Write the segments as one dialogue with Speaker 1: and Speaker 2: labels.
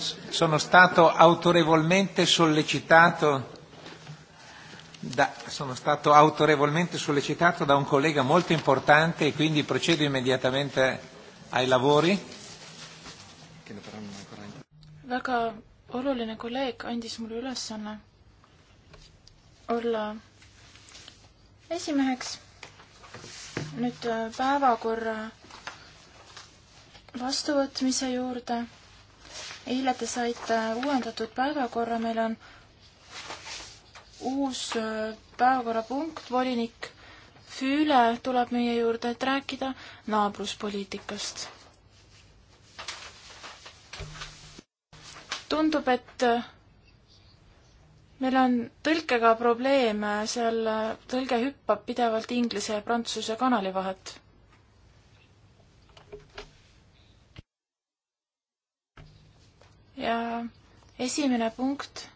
Speaker 1: sono stato autorevolmente sollecitato da, sono stato autorevolmente sollecitato da un collega molto importante e quindi procedo immediatamente ai lavori.
Speaker 2: väga oluline kolleeg andis mulle ülesanne olla esimeheks. nüüd päevakorra vastuvõtmise juurde eile te saite uuendatud päevakorra, meil on uus äh, päevakorrapunkt, volinik Füüle tuleb meie juurde, et rääkida naabruspoliitikast. tundub, et äh, meil on tõlkega probleeme, äh, seal tõlge hüppab pidevalt inglise ja prantsuse kanali vahet ja esimene punkt,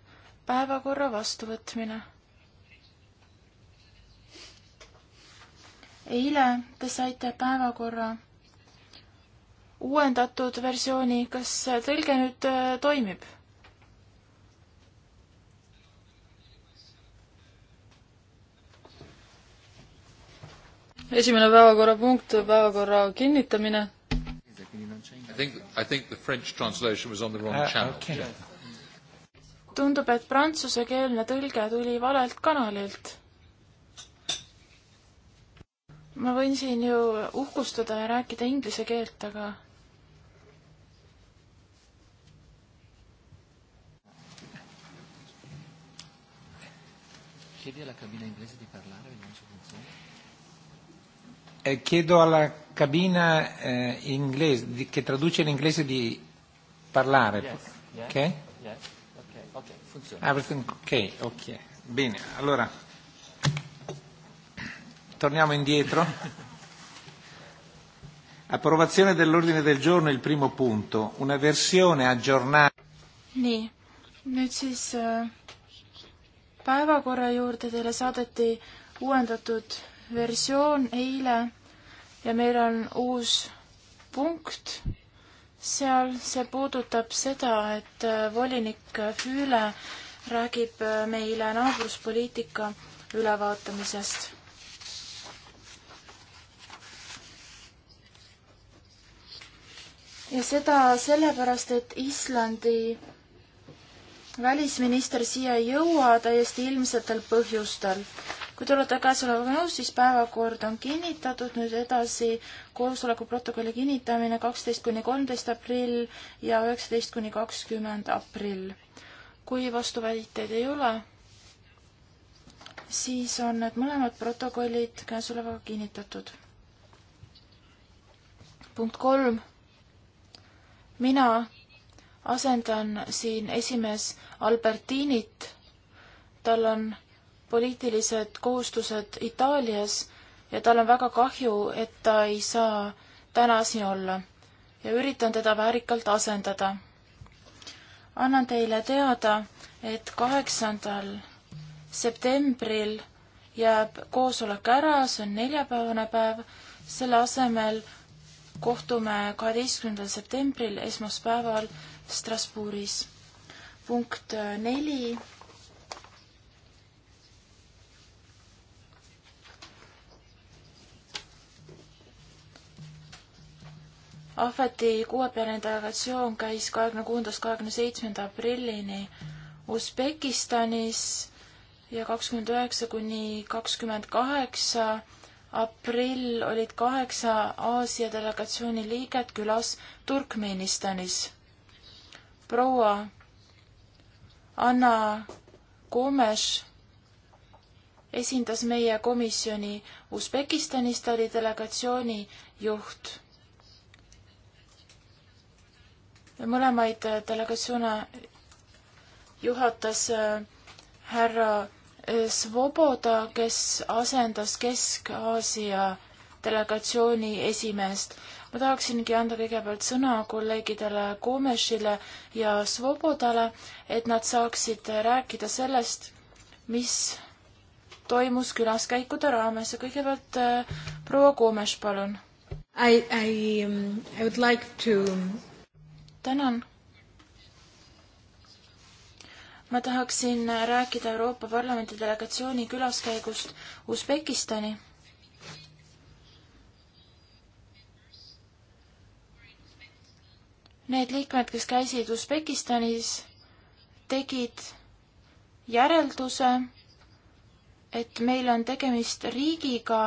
Speaker 2: päevakorra vastuvõtmine. eile te saite päevakorra uuendatud versiooni, kas tõlge nüüd äh, toimib?
Speaker 3: esimene päevakorrapunkt, päevakorra kinnitamine
Speaker 1: I think, I think the French translation was on the wrong ah, channel. Okay.
Speaker 2: tundub, et prantsusekeelne tõlge tuli valelt kanalilt. ma võin siin ju uhkustada ja rääkida inglise keelt, aga
Speaker 1: chiedi alla cabina inglese di parlare, vediamo se funziona. E chiedo alla cabina eh, in inglese di, che traduce l'inglese di parlare. Yes, yeah, ok? Yes,
Speaker 3: ok, ok, funziona. Everything
Speaker 1: ah, ok, ok. Bene, allora torniamo indietro. Approvazione dell'ordine del giorno, il primo punto, una versione aggiornata.
Speaker 2: Nii, nüüd siis eh, päevakorra juurde teile saadeti uuendatud versioon eile ja meil on uus punkt seal, see puudutab seda, et äh, volinik Füüle räägib äh, meile naabruspoliitika ülevaatamisest. ja seda sellepärast, et Islandi välisminister siia ei jõua täiesti ilmsetel põhjustel kui te olete käesolevaga nõus, siis päevakord on kinnitatud, nüüd edasi koosoleku protokolli kinnitamine kaksteist kuni kolmteist aprill ja üheksateist kuni kakskümmend aprill. kui vastuväiteid ei ole, siis on need mõlemad protokollid käesolevaga kinnitatud. punkt kolm. mina asendan siin esimees Albertinit, tal on poliitilised kohustused Itaalias ja tal on väga kahju, et ta ei saa täna siin olla ja üritan teda väärikalt asendada. annan teile teada, et kaheksandal septembril jääb koosolek ära, see on neljapäevane päev, selle asemel kohtume kaheteistkümnendal septembril esmaspäeval Strasbourgis. punkt neli ahveti kuuepealine delegatsioon käis kahekümne kuuendast kahekümne seitsmenda aprillini Usbekistanis ja kakskümmend üheksa kuni kakskümmend kaheksa aprill olid kaheksa Aasia delegatsiooni liiget külas Turkmenistanis. proua Anna Komes esindas meie komisjoni Usbekistanis, ta oli delegatsiooni juht mõlemaid äh, delegatsioone juhatas äh, härra äh, Svoboda, kes asendas Kesk-Aasia delegatsiooni esimeest. ma tahaksingi anda kõigepealt sõna kolleegidele Komešile ja Svobodale, et nad saaksid rääkida sellest, mis toimus külaskäikude raames ja kõigepealt proua Komeš, palun. I, I, um, I would like to tänan. ma tahaksin rääkida Euroopa Parlamendi delegatsiooni külaskäigust Usbekistani. Need liikmed, kes käisid Usbekistanis, tegid järelduse, et meil on tegemist riigiga,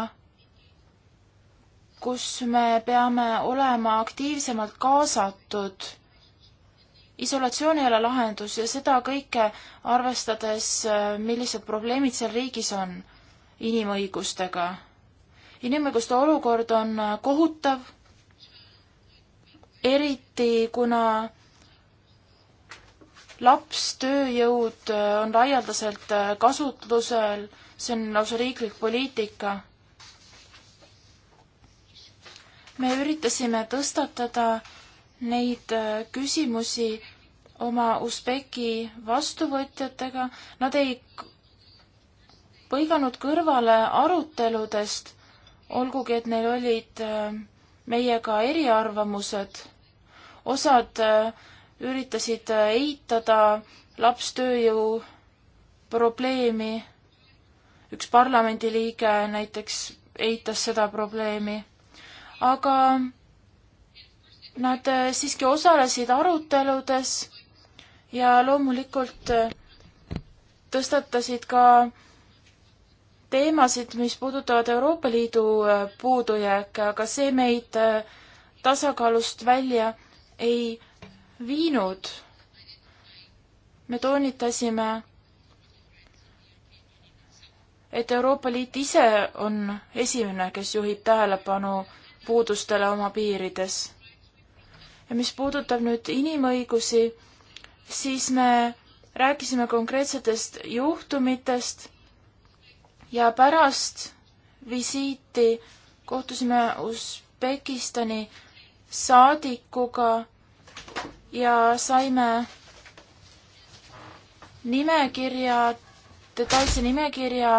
Speaker 2: kus me peame olema aktiivsemalt kaasatud isolatsioon ei ole lahendus ja seda kõike arvestades, äh, millised probleemid seal riigis on inimõigustega. inimõiguste olukord on äh, kohutav, eriti kuna lapstööjõud äh, on laialdaselt kasutusel, see on lausa riiklik poliitika. me üritasime tõstatada neid äh, küsimusi oma Usbeki vastuvõtjatega, nad ei põiganud kõrvale aruteludest, olgugi et neil olid äh, meiega eriarvamused. osad äh, üritasid eitada lapstööjõu probleemi. üks parlamendiliige näiteks eitas seda probleemi. aga Nad äh, siiski osalesid aruteludes ja loomulikult äh, tõstatasid ka teemasid, mis puudutavad Euroopa Liidu äh, puudujääke, aga see meid tasakaalust välja ei viinud. me toonitasime, et Euroopa Liit ise on esimene, kes juhib tähelepanu puudustele oma piirides ja mis puudutab nüüd inimõigusi, siis me rääkisime konkreetsetest juhtumitest ja pärast visiiti kohtusime Usbekistani saadikuga ja saime nimekirja, detailse nimekirja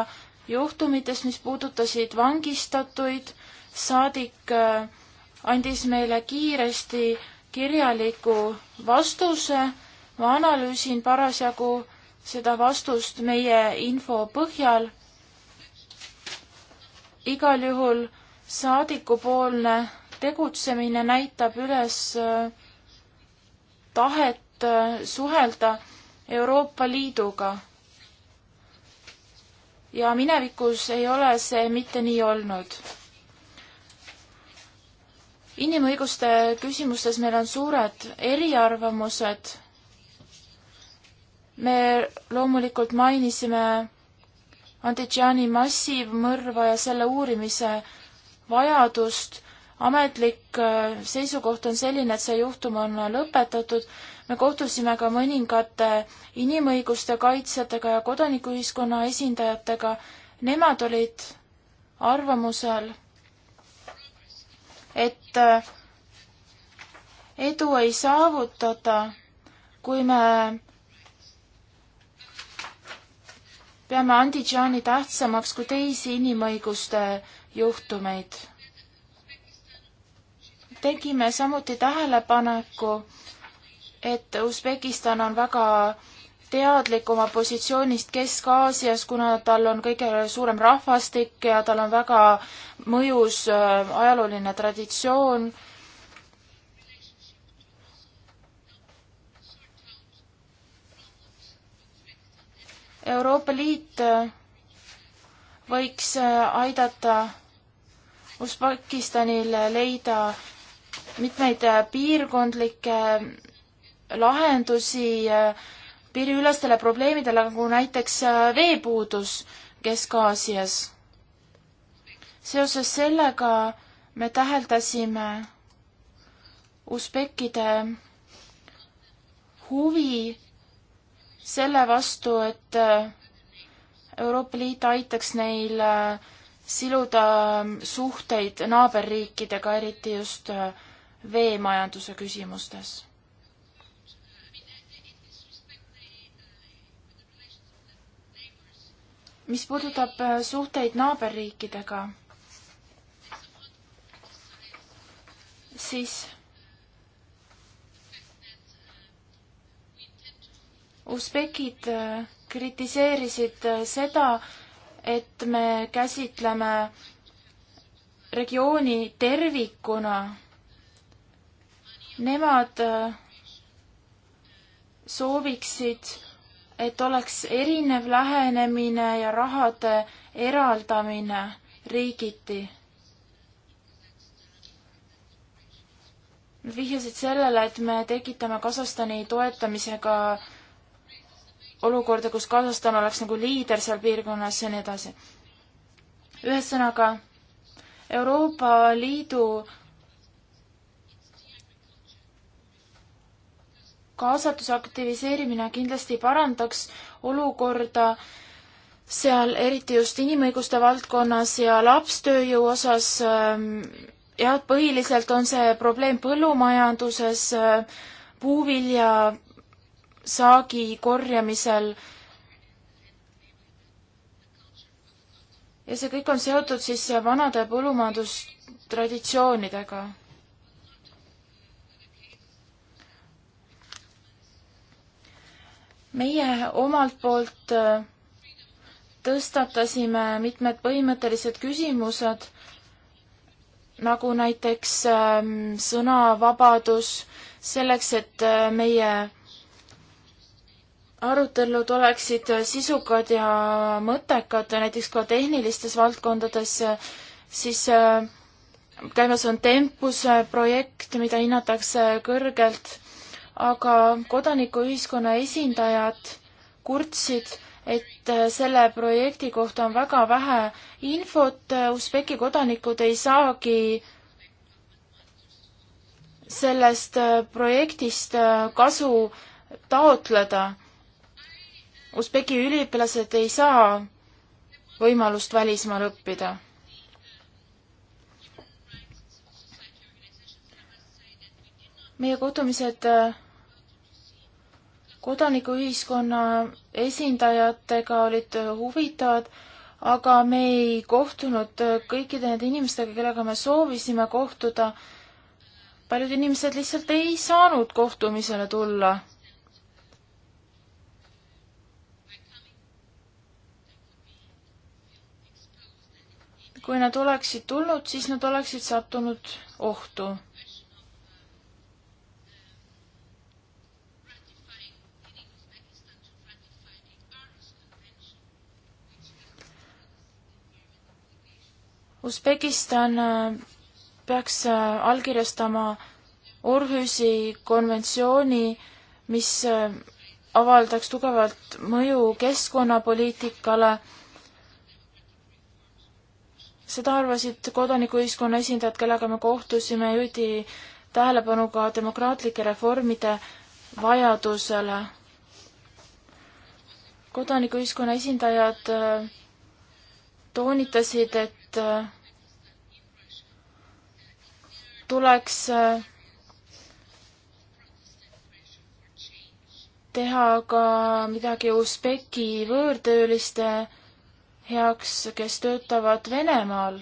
Speaker 2: juhtumitest, mis puudutasid vangistatuid. saadik äh, andis meile kiiresti kirjaliku vastuse, ma analüüsin parasjagu seda vastust meie info põhjal. igal juhul saadikupoolne tegutsemine näitab üles äh, tahet äh, suhelda Euroopa Liiduga. ja minevikus ei ole see mitte nii olnud inimõiguste küsimustes meil on suured eriarvamused. me loomulikult mainisime Antidžani massivmõrva ja selle uurimise vajadust. ametlik äh, seisukoht on selline, et see juhtum on lõpetatud. me kohtusime ka mõningate inimõiguste kaitsjatega ja kodanikuühiskonna esindajatega. Nemad olid arvamusel, et äh, edu ei saavutada, kui me peame Andidžaani tähtsamaks kui teisi inimõiguste juhtumeid. tegime samuti tähelepaneku, et Usbekistan on väga teadlik oma positsioonist Kesk-Aasias, kuna tal on kõige suurem rahvastik ja tal on väga mõjus äh, ajalooline traditsioon. Euroopa Liit äh, võiks äh, aidata Usbekistanil leida mitmeid piirkondlikke lahendusi äh, piiriülestele probleemidele, nagu näiteks äh, veepuudus Kesk-Aasias. seoses sellega me täheldasime usbekkide huvi selle vastu, et äh, Euroopa Liit aitaks neil äh, siluda ähm, suhteid naaberriikidega, eriti just veemajanduse küsimustes mis puudutab äh, suhteid naaberriikidega, siis usbekid äh, kritiseerisid äh, seda, et me käsitleme regiooni tervikuna. Nemad sooviksid et oleks erinev lähenemine ja rahade eraldamine riigiti. Nad vihjasid sellele, et me tekitame Kasahstani toetamisega olukorda, kus Kasahstan oleks nagu liider seal piirkonnas ja nii edasi. ühesõnaga, Euroopa Liidu kaasatuse aktiviseerimine kindlasti parandaks olukorda seal, eriti just inimõiguste valdkonnas ja lapstööjõu osas. Ähm, jah, põhiliselt on see probleem põllumajanduses, äh, puuvilja saagi korjamisel. ja see kõik on seotud siis vanade põllumajandustraditsioonidega meie omalt poolt äh, tõstatasime mitmed põhimõttelised küsimused, nagu näiteks ähm, sõnavabadus, selleks, et äh, meie arutelud oleksid sisukad ja mõttekad, näiteks ka tehnilistes valdkondades, siis äh, käimas on Tempuse projekt, mida hinnatakse kõrgelt aga kodanikuühiskonna esindajad kurtsid, et äh, selle projekti kohta on väga vähe infot, äh, Usbeki kodanikud ei saagi sellest äh, projektist kasu taotleda. Usbeki üliõpilased ei saa võimalust välismaal õppida. meie kohtumised kodanikuühiskonna esindajatega olid huvitavad, aga me ei kohtunud kõikide nende inimestega, kellega me soovisime kohtuda. paljud inimesed lihtsalt ei saanud kohtumisele tulla. kui nad oleksid tulnud, siis nad oleksid sattunud ohtu Usbekistan äh, peaks äh, allkirjastama Orhüsi konventsiooni, mis äh, avaldaks tugevalt mõju keskkonnapoliitikale. seda arvasid kodanikuühiskonna esindajad, kellega me kohtusime, juhiti tähelepanu ka demokraatlike reformide vajadusele. kodanikuühiskonna esindajad toonitasid, et tuleks äh, teha ka midagi Usbeki võõrtööliste heaks, kes töötavad Venemaal.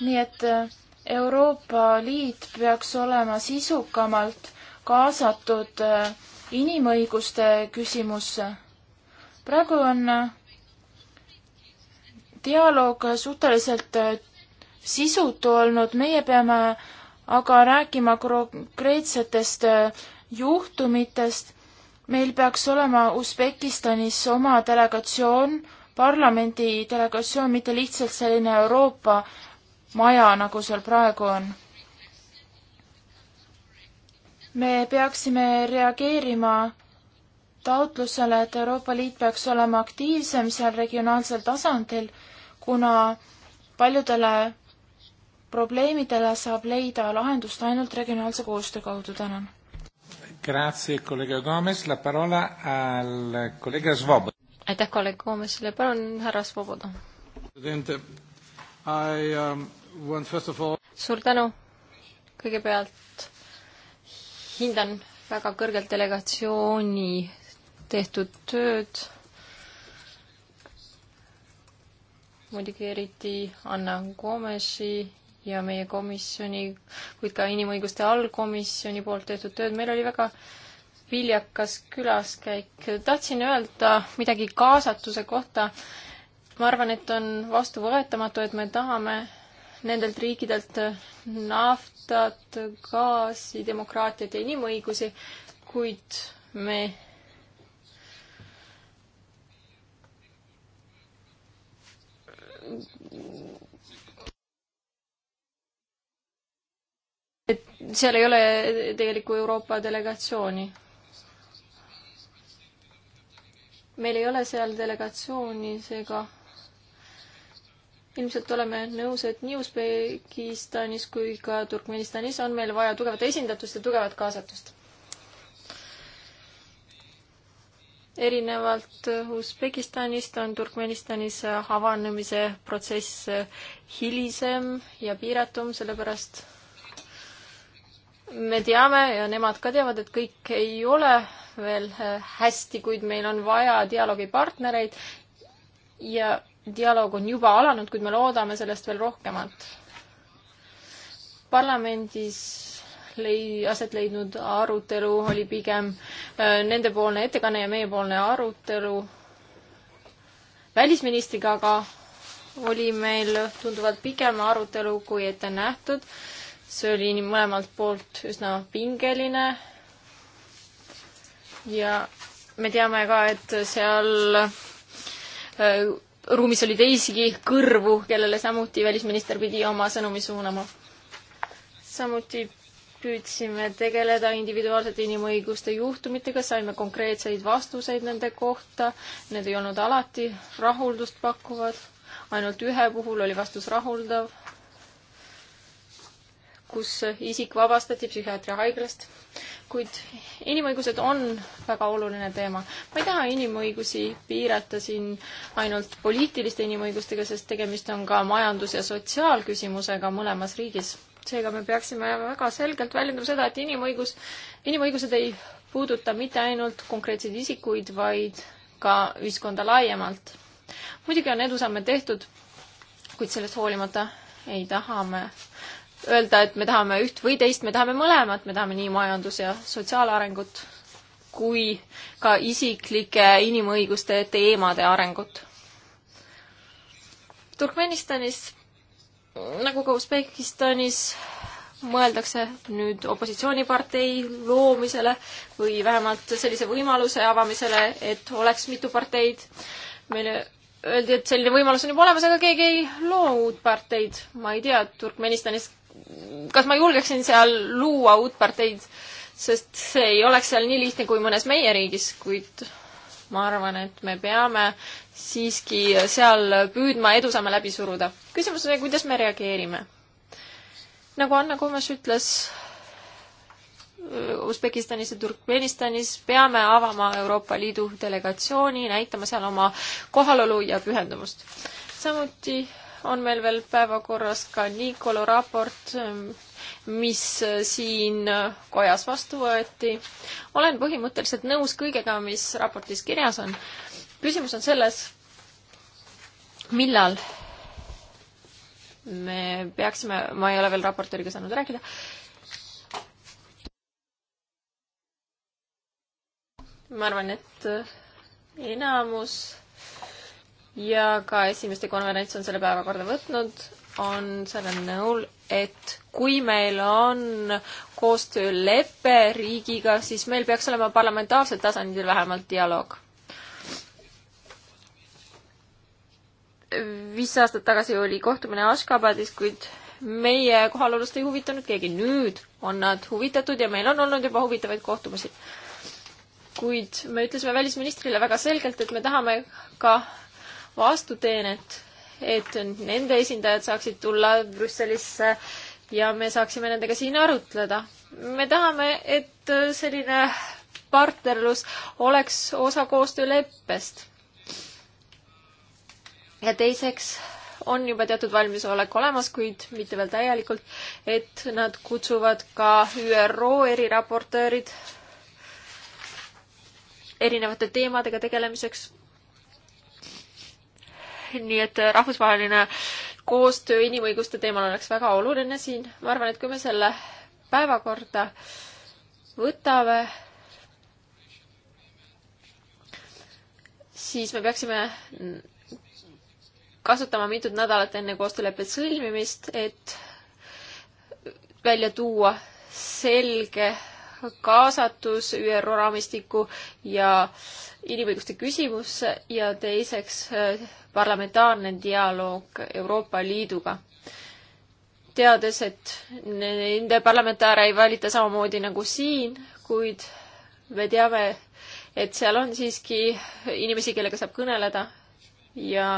Speaker 2: nii et äh, Euroopa Liit peaks olema sisukamalt kaasatud äh, inimõiguste küsimusse. praegu on dialoog suhteliselt sisutu olnud, meie peame aga rääkima konkreetsetest äh, juhtumitest. meil peaks olema Usbekistanis oma delegatsioon, parlamendi delegatsioon, mitte lihtsalt selline Euroopa maja, nagu seal praegu on. me peaksime reageerima taotlusele, et Euroopa Liit peaks olema aktiivsem seal regionaalsel tasandil, kuna paljudele probleemidele saab leida lahendust ainult regionaalse koostöö kaudu, tänan.
Speaker 1: Grazie, kolleeg Gomes, la parola al kolleeg Svoboda.
Speaker 2: aitäh kolleeg Gomesile,
Speaker 4: palun härra Svoboda.
Speaker 1: Um, all...
Speaker 4: suur tänu, kõigepealt hindan väga kõrgelt delegatsiooni tehtud tööd muidugi eriti Anna Gomesi ja meie komisjoni, kuid ka inimõiguste allkomisjoni poolt tehtud tööd, meil oli väga viljakas külaskäik. tahtsin öelda midagi kaasatuse kohta. ma arvan, et on vastuvõetamatu, et me tahame nendelt riikidelt naftat, gaasi, demokraatiat ja inimõigusi, kuid me seal ei ole tegelikku Euroopa delegatsiooni. meil ei ole seal delegatsiooni, seega ilmselt oleme nõus, et nii Usbekistanis kui ka Turkmenistanis on meil vaja tugevat esindatust ja tugevat kaasatust. erinevalt Usbekistanist on Turkmenistanis avanemise protsess hilisem ja piiratum, sellepärast me teame ja nemad ka teavad, et kõik ei ole veel äh, hästi, kuid meil on vaja dialoogipartnereid ja dialoog on juba alanud, kuid me loodame sellest veel rohkemat. parlamendis lei-, aset leidnud arutelu oli pigem äh, nendepoolne ettekanne ja meiepoolne arutelu välisministriga, aga oli meil tunduvalt pikem arutelu kui ette nähtud see oli mõlemalt poolt üsna pingeline ja me teame ka, et seal äh, ruumis oli teisigi kõrvu, kellele samuti välisminister pidi oma sõnumi suunama. samuti püüdsime tegeleda individuaalsete inimõiguste juhtumitega, saime konkreetseid vastuseid nende kohta, need ei olnud alati rahuldust pakkuvad, ainult ühe puhul oli vastus rahuldav kus isik vabastati psühhiaatria haiglast. kuid inimõigused on väga oluline teema. ma ei taha inimõigusi piirata siin ainult poliitiliste inimõigustega, sest tegemist on ka majandus- ja sotsiaalküsimusega mõlemas riigis. seega me peaksime väga selgelt väljendama seda, et inimõigus, inimõigused ei puuduta mitte ainult konkreetseid isikuid, vaid ka ühiskonda laiemalt. muidugi on edusamme tehtud, kuid sellest hoolimata ei taha me öelda, et me tahame üht või teist, me tahame mõlemat, me tahame nii majandus- ja sotsiaalarengut kui ka isiklike inimõiguste teemade arengut. Turkmenistanis nagu ka Usbekistanis mõeldakse nüüd opositsioonipartei loomisele või vähemalt sellise võimaluse avamisele, et oleks mitu parteid. meile öeldi, et selline võimalus on juba olemas, aga keegi ei loo uut parteid. ma ei tea, Turkmenistanis kas ma julgeksin seal luua uut parteid, sest see ei oleks seal nii lihtne kui mõnes meie riigis, kuid ma arvan, et me peame siiski seal püüdma edusamme läbi suruda. küsimus on see, kuidas me reageerime. nagu Anna Komes ütles, äh, Usbekistanis ja Turkmenistanis peame avama Euroopa Liidu delegatsiooni, näitama seal oma kohalolu ja pühendumust. samuti on meil veel päevakorras ka Nikolo raport, mis siin kojas vastu võeti. olen põhimõtteliselt nõus kõigega, mis raportis kirjas on. küsimus on selles, millal me peaksime, ma ei ole veel raportööriga saanud rääkida, ma arvan, et enamus ja ka esimeste konverents on selle päevakorda võtnud, on sellel nõul, et kui meil on koostöölepe riigiga, siis meil peaks olema parlamentaarsel tasandil vähemalt dialoog. viis aastat tagasi oli kohtumine Ashgabadis, kuid meie kohalolust ei huvitanud keegi, nüüd on nad huvitatud ja meil on olnud juba huvitavaid kohtumisi. kuid me ütlesime välisministrile väga selgelt, et me tahame ka vastuteenet, et nende esindajad saaksid tulla Brüsselisse ja me saaksime nendega siin arutleda. me tahame, et selline partnerlus oleks osa koostööleppest. ja teiseks on juba teatud valmisolek olemas, kuid mitte veel täielikult, et nad kutsuvad ka ÜRO eriraportöörid erinevate teemadega tegelemiseks nii et äh, rahvusvaheline koostöö inimõiguste teemal oleks väga oluline siin. ma arvan, et kui me selle päevakorda võtame, siis me peaksime kasutama mitut nädalat enne koostöölepet sõlmimist, et välja tuua selge kaasatus ÜRO raamistiku ja äh, inimõiguste küsimus ja teiseks äh, parlamentaarne dialoog Euroopa Liiduga. teades, et nende parlamentaare ei valita samamoodi nagu siin, kuid me teame, et seal on siiski inimesi, kellega saab kõneleda ja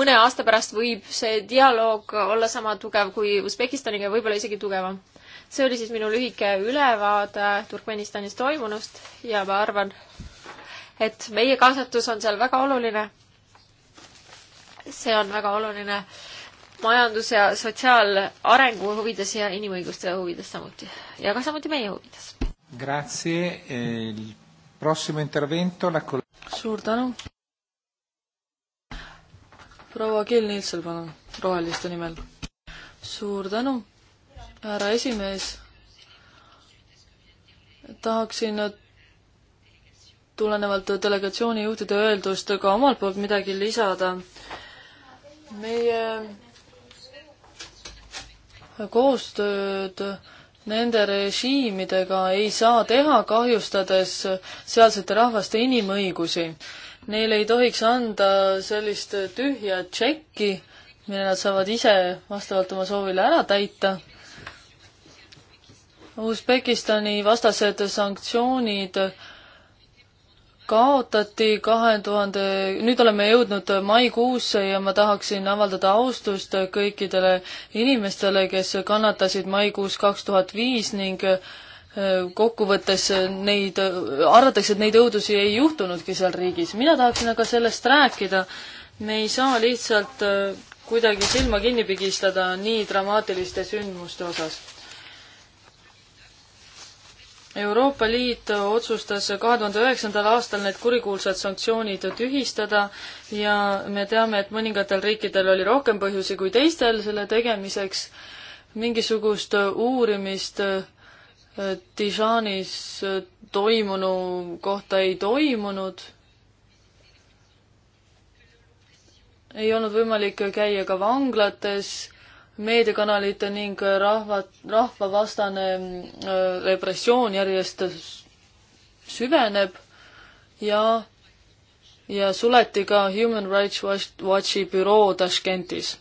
Speaker 4: mõne aasta pärast võib see dialoog olla sama tugev kui Usbekistaniga, võib-olla isegi tugevam. see oli siis minu lühike ülevaade Turkmenistanis toimunust ja ma arvan, et meie kaasatus on seal väga oluline. see on väga oluline majandus- ja sotsiaalarengu huvides ja inimõiguste huvides samuti ja ka samuti meie huvides.
Speaker 1: Grazie, eh, il prossimo intervento la col-.
Speaker 3: suur tänu. proua Kill Nielsen, palun, Roheliste nimel. suur tänu, härra esimees. tahaksin tulenevalt delegatsiooni juhtide öeldust ka omalt poolt midagi lisada. meie koostööd nende režiimidega ei saa teha, kahjustades sealsete rahvaste inimõigusi. Neile ei tohiks anda sellist tühja tšekki, mille nad saavad ise vastavalt oma soovile ära täita Usbekistani vastased sanktsioonid kaotati kahe tuhande, nüüd oleme jõudnud maikuusse ja ma tahaksin avaldada austust kõikidele inimestele, kes kannatasid maikuus kaks tuhat viis ning äh, kokkuvõttes neid, arvatakse, et neid õudusi ei juhtunudki seal riigis. mina tahaksin aga sellest rääkida. me ei saa lihtsalt äh, kuidagi silma kinni pigistada nii dramaatiliste sündmuste osas Euroopa Liit otsustas kahe tuhande üheksandal aastal need kurikuulsad sanktsioonid tühistada ja me teame, et mõningatel riikidel oli rohkem põhjusi kui teistel selle tegemiseks. mingisugust uurimist Dižaanis äh, äh, toimunu kohta ei toimunud. ei olnud võimalik käia ka vanglates meediakanalite ning rahva, rahvavastane äh, repressioon järjest süveneb ja, ja suleti ka Human Rights Watchi büroo Tashkentis.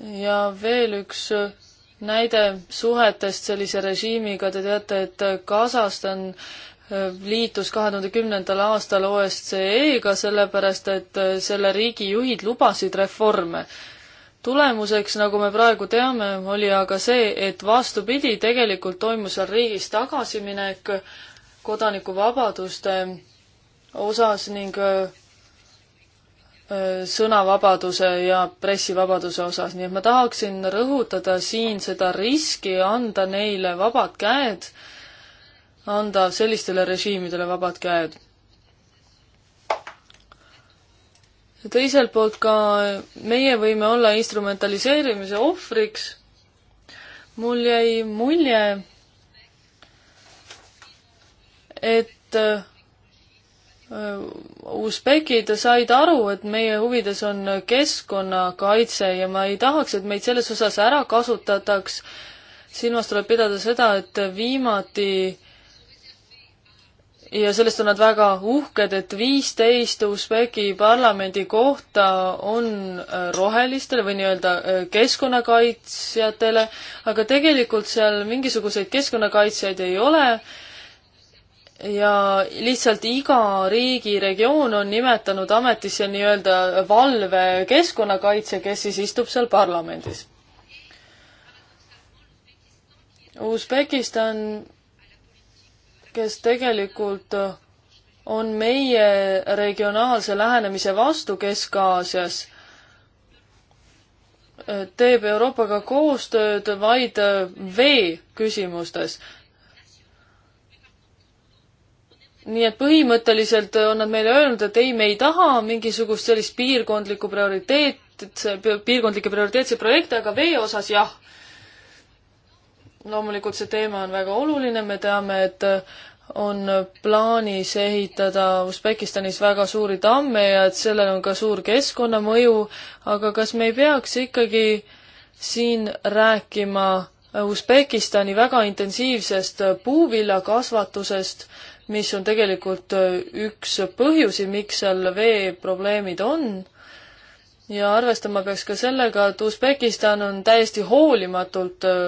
Speaker 3: ja veel üks äh, näide suhetest sellise režiimiga, te teate, et Kasahstan äh, liitus kahe tuhande kümnendal aastal OSCE-ga, sellepärast et äh, selle riigi juhid lubasid reforme. tulemuseks, nagu me praegu teame, oli aga see, et vastupidi, tegelikult toimus seal riigis tagasiminek kodanikuvabaduste osas ning äh, äh, sõnavabaduse ja pressivabaduse osas, nii et ma tahaksin rõhutada siin seda riski anda neile vabad käed anda sellistele režiimidele vabad käed. teiselt poolt ka meie võime olla instrumentaliseerimise ohvriks. mul jäi mulje, et äh, usbekid said aru, et meie huvides on keskkonnakaitse ja ma ei tahaks, et meid selles osas ära kasutataks. silmas tuleb pidada seda, et viimati äh, ja sellest on nad väga uhked, et viisteist Usbeki parlamendi kohta on äh, rohelistele või nii-öelda äh, keskkonnakaitsjatele, aga tegelikult seal mingisuguseid keskkonnakaitsjaid ei ole. ja lihtsalt iga riigi regioon on nimetanud ametisse nii-öelda valve keskkonnakaitse, kes siis istub seal parlamendis. Usbekistan kes tegelikult on meie regionaalse lähenemise vastu Kesk-Aasias, teeb Euroopaga koostööd vaid vee küsimustes. nii et põhimõtteliselt on nad meile öelnud, et ei, me ei taha mingisugust sellist piirkondlikku prioriteet, piirkondlikke prioriteetseid projekte, aga vee osas jah loomulikult see teema on väga oluline, me teame, et äh, on plaanis ehitada Usbekistanis väga suuri tamme ja et sellel on ka suur keskkonnamõju, aga kas me ei peaks ikkagi siin rääkima äh, Usbekistani väga intensiivsest äh, puuviljakasvatusest, mis on tegelikult üks põhjusi, miks seal veeprobleemid on ja arvestama peaks ka sellega, et Usbekistan on täiesti hoolimatult äh,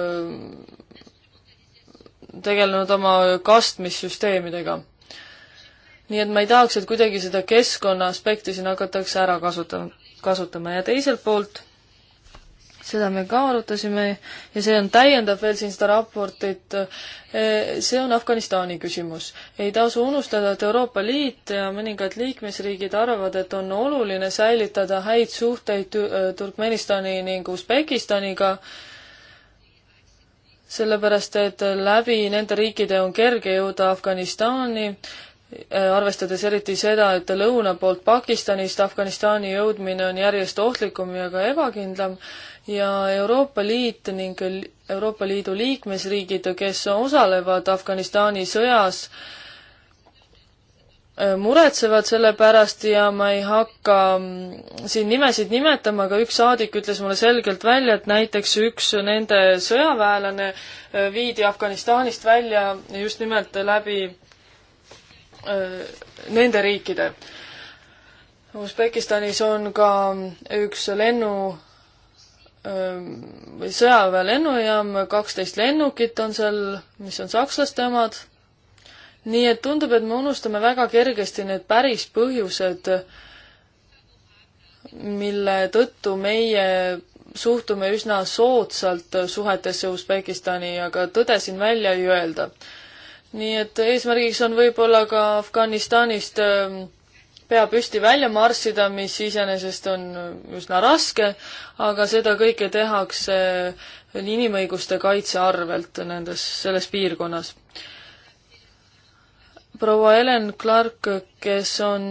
Speaker 3: tegelenud oma kastmissüsteemidega. nii et ma ei tahaks, et kuidagi seda keskkonna aspekti siin hakatakse ära kasutama, kasutama ja teiselt poolt seda me ka arutasime ja see on, täiendab veel siin seda raportit. E, see on Afganistani küsimus. ei tasu unustada, et Euroopa Liit ja mõningad liikmesriigid arvavad, et on oluline säilitada häid suhteid e, Turkmenistani ning Usbekistaniga, sellepärast et läbi nende riikide on kerge jõuda Afganistani e, arvestades eriti seda, et lõuna poolt Pakistanist Afganistani jõudmine on järjest ohtlikum ja ka ebakindlam ja Euroopa Liit ning Euroopa Liidu liikmesriigid, kes osalevad Afganistani sõjas, äh, muretsevad selle pärast ja ma ei hakka mm, siin nimesid nimetama, aga üks saadik ütles mulle selgelt välja, et näiteks üks nende sõjaväelane äh, viidi Afganistanist välja just nimelt läbi äh, nende riikide. Usbekistanis on ka üks lennu või sõjaväe lennujaam, kaksteist lennukit on seal, mis on sakslaste omad. nii et tundub, et me unustame väga kergesti need päris põhjused, mille tõttu meie suhtume üsna soodsalt suhetesse Usbekistani, aga tõde siin välja ei öelda. nii et eesmärgiks on võib-olla ka Afganistanist äh, pea püsti välja marssida, mis iseenesest on üsna raske, aga seda kõike tehakse inimõiguste kaitse arvelt nendes, selles piirkonnas. proua Helen Clark, kes on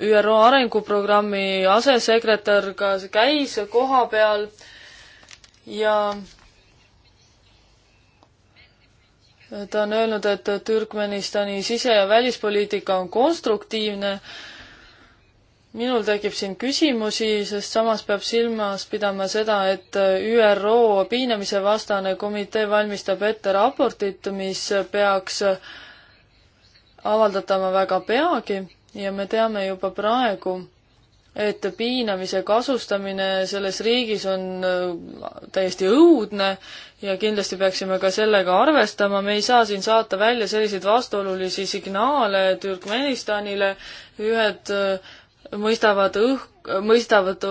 Speaker 3: ÜRO arenguprogrammi asesekretär, ka käis koha peal ja ta on öelnud, et Türkmenistani sise- ja välispoliitika on konstruktiivne. minul tekib siin küsimusi, sest samas peab silmas pidama seda, et ÜRO piinamise vastane komitee valmistab ette raportit, mis peaks avaldatama väga peagi ja me teame juba praegu, et piinamise kasustamine selles riigis on äh, täiesti õudne ja kindlasti peaksime ka sellega arvestama, me ei saa siin saata välja selliseid vastuolulisi signaale Türkmenistanile, ühed äh, mõistavad õhk, mõistavad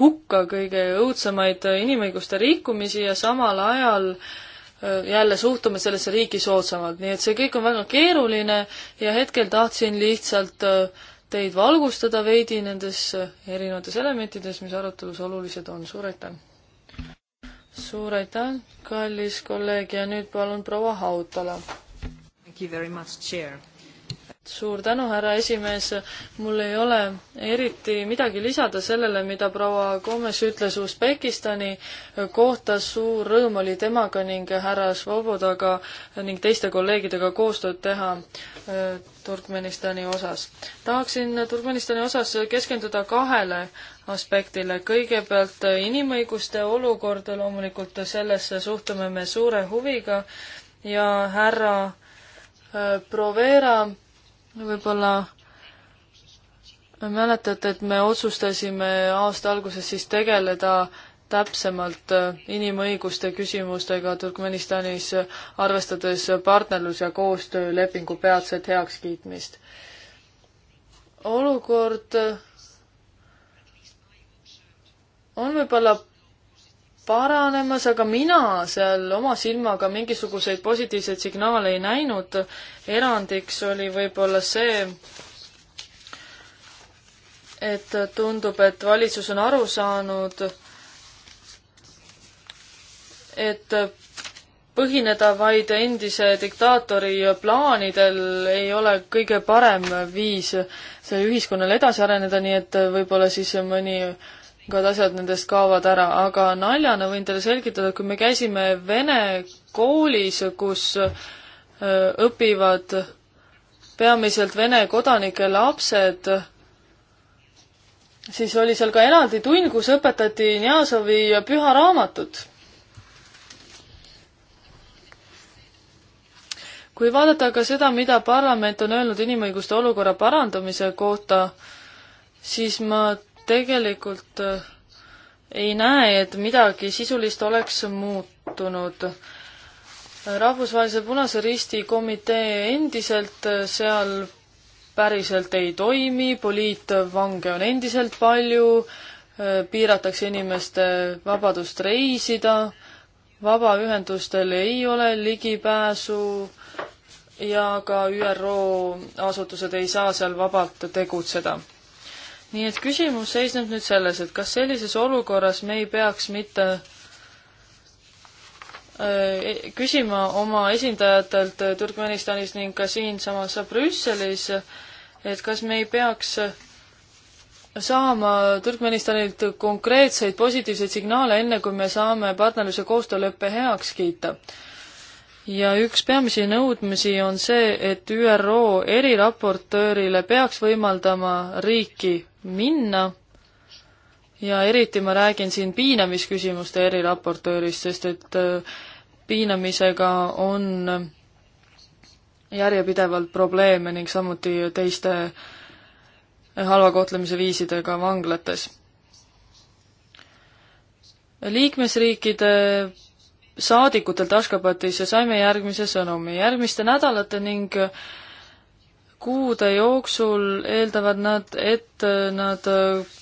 Speaker 3: hukka kõige õudsemaid inimõiguste rikkumisi ja samal ajal äh, jälle suhtume sellesse riiki soodsamalt, nii et see kõik on väga keeruline ja hetkel tahtsin lihtsalt äh, teid valgustada veidi nendes erinevates elementides, mis arutelus olulised on. suur aitäh! suur aitäh, kallis kolleeg ja nüüd palun proua Hautala. Thank you very much, chair suur tänu, härra esimees. mul ei ole eriti midagi lisada sellele, mida proua Gomes ütles Usbekistani kohta. suur rõõm oli temaga ning härra Svobodaga ning teiste kolleegidega koostööd teha äh, Turkmenistani osas. tahaksin Turkmenistani osas keskenduda kahele aspektile. kõigepealt inimõiguste olukord, loomulikult sellesse suhtume me suure huviga ja härra äh, Provera võib-olla mäletate, et me otsustasime aasta alguses siis tegeleda täpsemalt äh, inimõiguste küsimustega Turkmenistanis, arvestades partnerlus- ja koostöölepingu peatset heakskiitmist. olukord äh, on võib-olla paranemas, aga mina seal oma silmaga mingisuguseid positiivseid signaale ei näinud. erandiks oli võib-olla see, et tundub, et valitsus on aru saanud, et põhineda vaid endise diktaatori plaanidel ei ole kõige parem viis sellele ühiskonnale edasi areneda, nii et võib-olla siis mõni igad asjad nendest kaovad ära, aga naljana võin teile selgitada, kui me käisime vene koolis, kus äh, õpivad peamiselt Vene kodanike lapsed, siis oli seal ka eraldi tund, kus õpetati Njazovi püha raamatut. kui vaadata ka seda, mida parlament on öelnud inimõiguste olukorra parandamise kohta, siis ma tegelikult äh, ei näe, et midagi sisulist oleks muutunud. rahvusvahelise Punase Risti komitee endiselt äh, seal päriselt ei toimi, poliitvange on endiselt palju, äh, piiratakse inimeste vabadust reisida, vabaühendustel ei ole ligipääsu ja ka ÜRO asutused ei saa seal vabalt tegutseda nii et küsimus seisneb nüüd selles, et kas sellises olukorras me ei peaks mitte äh, e, küsima oma esindajatelt äh, Türkmenistanis ning ka siinsamas Brüsselis, et kas me ei peaks äh, saama Türkmenistanilt konkreetseid positiivseid signaale, enne kui me saame partnerluse koostööleppe heaks kiita. ja üks peamisi nõudmisi on see, et ÜRO eriraportöörile peaks võimaldama riiki minna ja eriti ma räägin siin piinamisküsimuste eriraportöörist, sest et äh, piinamisega on järjepidevalt probleeme ning samuti teiste äh, halva kohtlemise viisidega vanglates. liikmesriikide saadikutelt Ashgabatisse saime järgmise sõnumi. järgmiste nädalate ning kuude jooksul eeldavad nad, et nad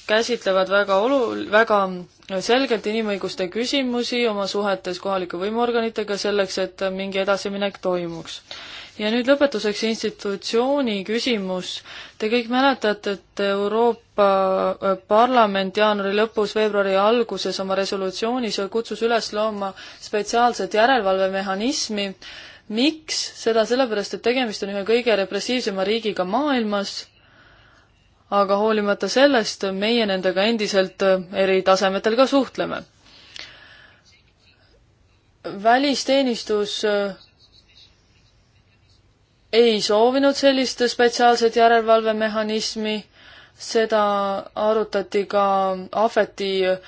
Speaker 3: käsitlevad väga olu-, väga selgelt inimõiguste küsimusi oma suhetes kohalike võimuorganitega selleks, et mingi edasiminek toimuks. ja nüüd lõpetuseks institutsiooni küsimus. Te kõik mäletate, et Euroopa Parlament jaanuari lõpus, veebruari alguses oma resolutsioonis kutsus üles looma spetsiaalset järelevalvemehhanismi, miks? seda sellepärast, et tegemist on ühe kõige repressiivsema riigiga maailmas, aga hoolimata sellest meie nendega endiselt äh, eri tasemetel ka suhtleme. välisteenistus äh, ei soovinud sellist spetsiaalset järelevalvemehhanismi, seda arutati ka Ahveti äh,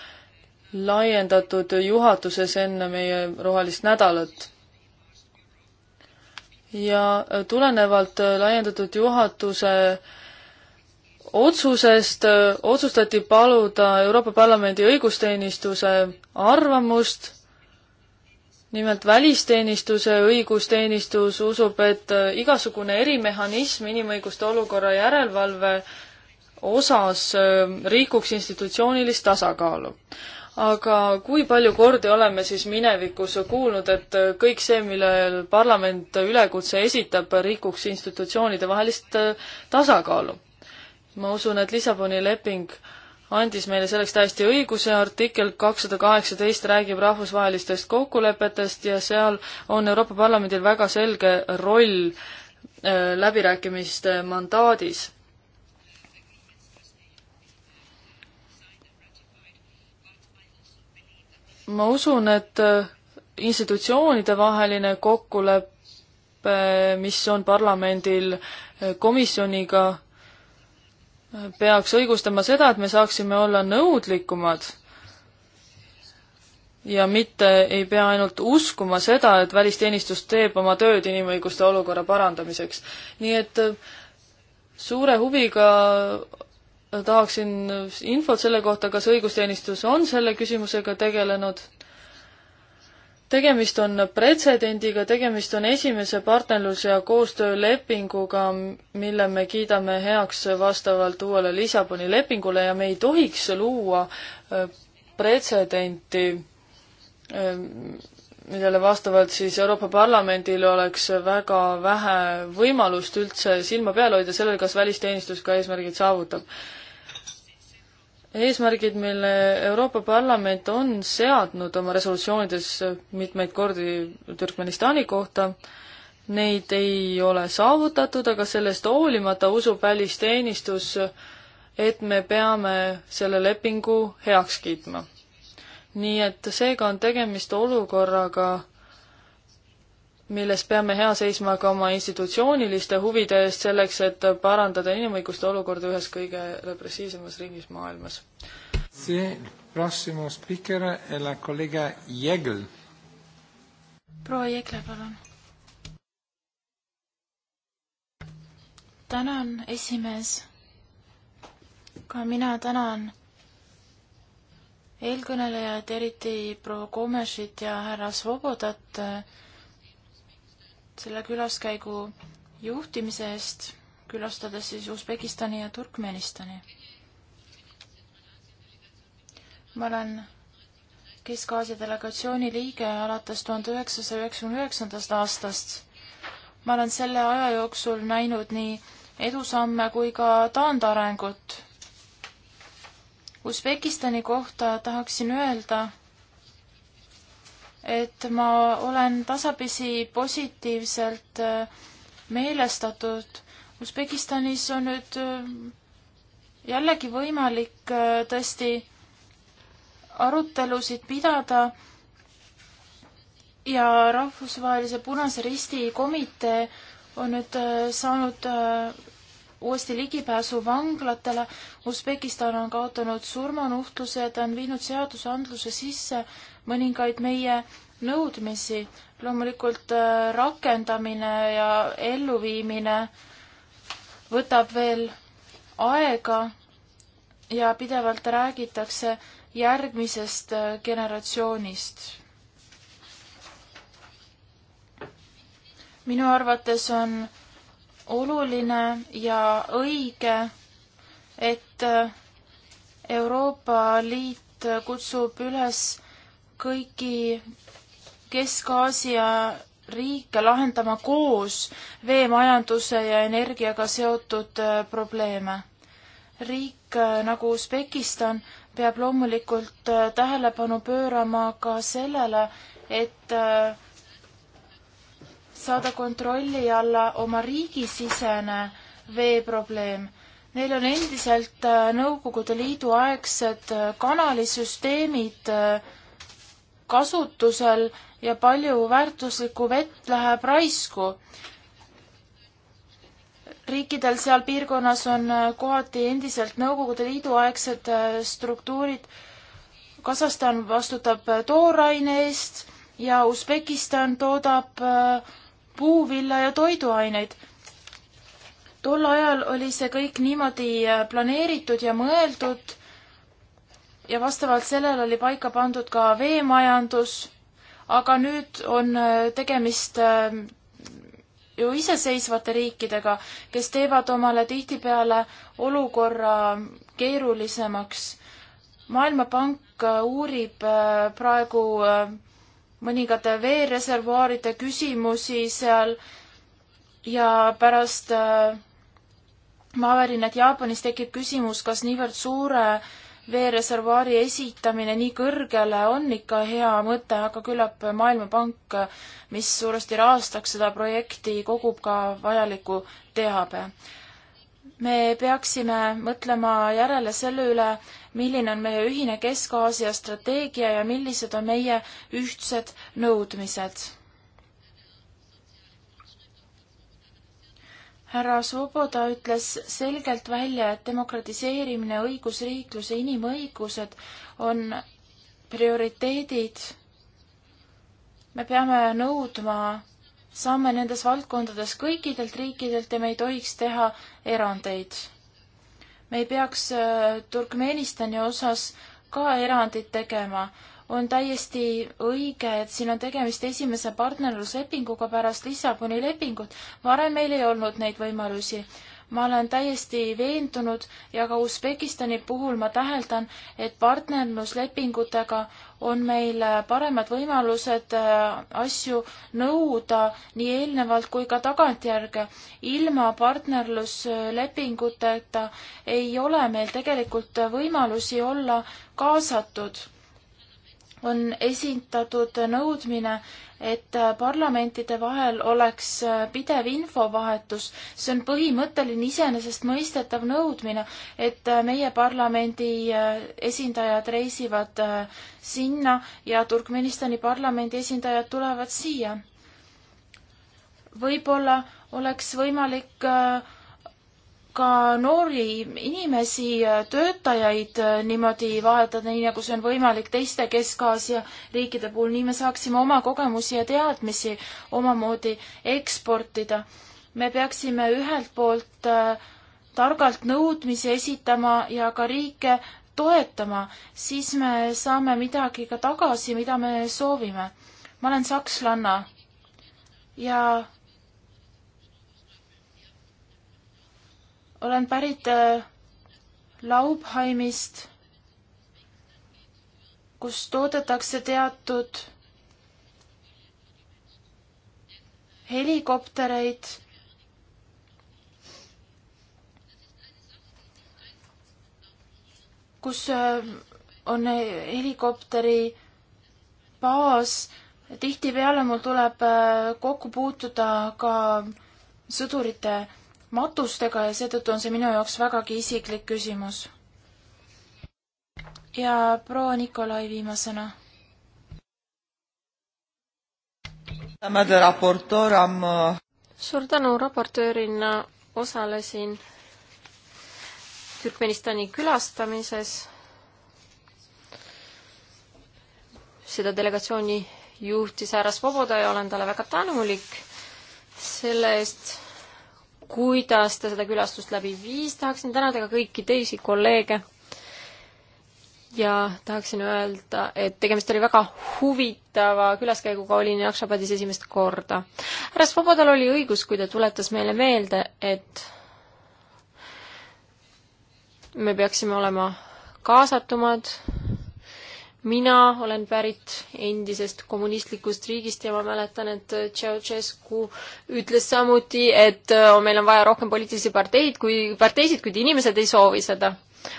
Speaker 3: laiendatud juhatuses enne meie rohelist nädalat ja äh, tulenevalt äh, laiendatud juhatuse otsusest äh, otsustati paluda Euroopa Parlamendi õigusteenistuse arvamust. nimelt välisteenistuse õigusteenistus usub, et igasugune erimehhanism inimõiguste olukorra järelevalve osas rikuks institutsioonilist tasakaalu aga kui palju kordi oleme siis minevikus kuulnud, et kõik see, millel parlament ülekutse esitab, rikuks institutsioonide vahelist äh, tasakaalu? ma usun, et Lissaboni leping andis meile selleks täiesti õiguse, artikkel kakssada kaheksateist räägib rahvusvahelistest kokkulepetest ja seal on Euroopa Parlamendil väga selge roll äh, läbirääkimiste mandaadis ma usun, et äh, institutsioonide vaheline kokkulepe, mis on parlamendil äh, komisjoniga, äh, peaks õigustama seda, et me saaksime olla nõudlikumad ja mitte ei pea ainult uskuma seda, et välisteenistus teeb oma tööd inimõiguste olukorra parandamiseks. nii et suure huviga tahaksin infot selle kohta, kas õigusteenistus on selle küsimusega tegelenud. tegemist on pretsedendiga, tegemist on esimese partnerlus- ja koostöölepinguga, mille me kiidame heaks vastavalt uuele Lissaboni lepingule ja me ei tohiks luua äh, pretsedenti, äh, millele vastavalt siis Euroopa Parlamendil oleks väga vähe võimalust üldse silma peal hoida sellel, kas välisteenistus ka eesmärgid saavutab eesmärgid, mille Euroopa Parlament on seadnud oma resolutsioonides mitmeid kordi Türkmenistani kohta, neid ei ole saavutatud, aga sellest hoolimata usub välisteenistus, et me peame selle lepingu heaks kiitma. nii et seega on tegemist olukorraga, milles peame hea seisma ka oma institutsiooniliste huvide eest, selleks et parandada inimõiguste olukorda ühes kõige repressiivsemas riigis maailmas.
Speaker 2: proua Jegle, palun. tänan, esimees. ka mina tänan eelkõnelejad, eriti proua Komesit ja härra Svobodat selle külaskäigu juhtimise eest, külastades siis Usbekistani ja Turkmenistani. ma olen Kesk-Aasia delegatsiooni liige alates tuhande üheksasaja üheksakümne üheksandast aastast. ma olen selle aja jooksul näinud nii edusamme kui ka taandarengut. Usbekistani kohta tahaksin öelda, et ma olen tasapisi positiivselt äh, meelestatud. Usbekistanis on nüüd äh, jällegi võimalik äh, tõesti arutelusid pidada ja Rahvusvahelise Punase Risti komitee on nüüd saanud uuesti ligipääsu vanglatele. Usbekistan on kaotanud surmanuhtluse ja ta on viinud seadusandluse sisse, mõningaid meie nõudmisi. loomulikult äh, rakendamine ja elluviimine võtab veel aega ja pidevalt räägitakse järgmisest äh, generatsioonist. minu arvates on oluline ja õige, et äh, Euroopa Liit kutsub üles kõiki Kesk-Aasia riike lahendama koos veemajanduse ja energiaga seotud äh, probleeme. riik äh, nagu Usbekistan peab loomulikult äh, tähelepanu pöörama ka sellele, et saada kontrolli alla oma riigisisene veeprobleem. Neil on endiselt Nõukogude Liidu aegsed kanalisüsteemid äh, kasutusel ja palju väärtuslikku vett läheb raisku. riikidel seal piirkonnas on äh, kohati endiselt Nõukogude Liidu aegsed äh, struktuurid. Kasahstan vastutab äh, tooraine eest ja Usbekistan toodab puuvilja ja toiduaineid. tol ajal oli see kõik niimoodi planeeritud ja mõeldud ja vastavalt sellele oli paika pandud ka veemajandus, aga nüüd on äh, tegemist äh, ju iseseisvate riikidega, kes teevad omale tihtipeale olukorra keerulisemaks. maailmapank äh, uurib praegu mõningate veereservuaaride küsimusi seal ja pärast maavärinat Jaapanis tekib küsimus, kas niivõrd suure äh, veereservuaari esitamine nii kõrgele on ikka hea mõte, aga küllap Maailmapank, mis suuresti rahastaks seda projekti, kogub ka vajaliku teabe. me peaksime mõtlema järele selle üle, milline on meie ühine Kesk-Aasia strateegia ja millised on meie ühtsed nõudmised härra Svoboda ütles selgelt välja, et demokratiseerimine, õigusriiklus ja inimõigused on prioriteedid. me peame nõudma samme nendes valdkondades kõikidelt riikidelt ja me ei tohiks teha erandeid. me ei peaks äh, Turkmenistani osas ka erandit tegema on täiesti õige, et siin on tegemist esimese partnerluslepinguga pärast Lissaboni lepingut. varem meil ei olnud neid võimalusi. ma olen täiesti veendunud ja ka Usbekistani puhul ma täheldan, et partnerluslepingutega on meil paremad võimalused äh, asju nõuda nii eelnevalt kui ka tagantjärge. ilma partnerluslepinguteta ei ole meil tegelikult võimalusi olla kaasatud on esitatud nõudmine, et parlamentide vahel oleks pidev infovahetus. see on põhimõtteline iseenesestmõistetav nõudmine, et meie parlamendi esindajad reisivad sinna ja Turkmenistani parlamendi esindajad tulevad siia. võib-olla oleks võimalik äh, ka noori inimesi, töötajaid niimoodi vahetada, nii nagu see on võimalik teiste Kesk-Aasia riikide puhul, nii me saaksime oma kogemusi ja teadmisi omamoodi eksportida. me peaksime ühelt poolt äh, targalt nõudmisi esitama ja ka riike toetama, siis me saame midagi ka tagasi, mida me soovime. ma olen sakslanna ja olen pärit äh, Laubheimist, kus toodetakse teatud helikoptereid. kus äh, on helikopteri baas. tihtipeale mul tuleb äh, kokku puutuda ka sõdurite matustega ja seetõttu on see minu jaoks vägagi isiklik küsimus. ja proua Nikolai viimasena.
Speaker 3: Äh,
Speaker 4: suur tänu, raportöörina osalesin Türkmenistani külastamises. seda delegatsiooni juhtis härra Svoboda ja olen talle väga tänulik selle eest kuidas ta seda külastust läbi viis, tahaksin tänada ka kõiki teisi kolleege ja tahaksin öelda, et tegemist oli väga huvitava külaskäiguga, olin Jakšabadis esimest korda. härra Svobodal oli õigus, kui ta tuletas meile meelde, et me peaksime olema kaasatumad mina olen pärit endisest kommunistlikust riigist ja ma mäletan, et Ceausescu ütles samuti, et äh, meil on vaja rohkem poliitilisi parteid kui, parteisid, kuid inimesed ei soovi seda.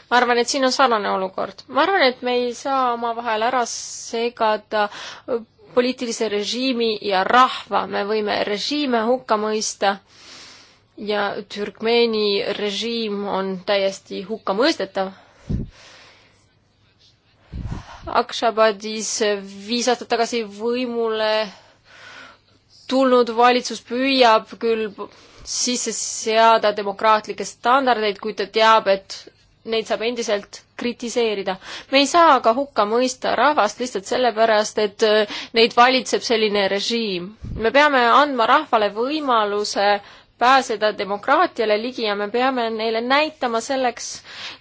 Speaker 4: ma arvan, et siin on sarnane olukord. ma arvan, et me ei saa omavahel ära segada äh, poliitilise režiimi ja rahva, me võime režiime hukka mõista ja Türkmeeni režiim on täiesti hukkamõistetav Akshabadis viis aastat tagasi võimule tulnud valitsus püüab küll sisse seada demokraatlikke standardeid, kuid ta teab, et neid saab endiselt kritiseerida. me ei saa aga hukka mõista rahvast lihtsalt sellepärast, et äh, neid valitseb selline režiim. me peame andma rahvale võimaluse pääseda demokraatiale ligi ja me peame neile näitama selleks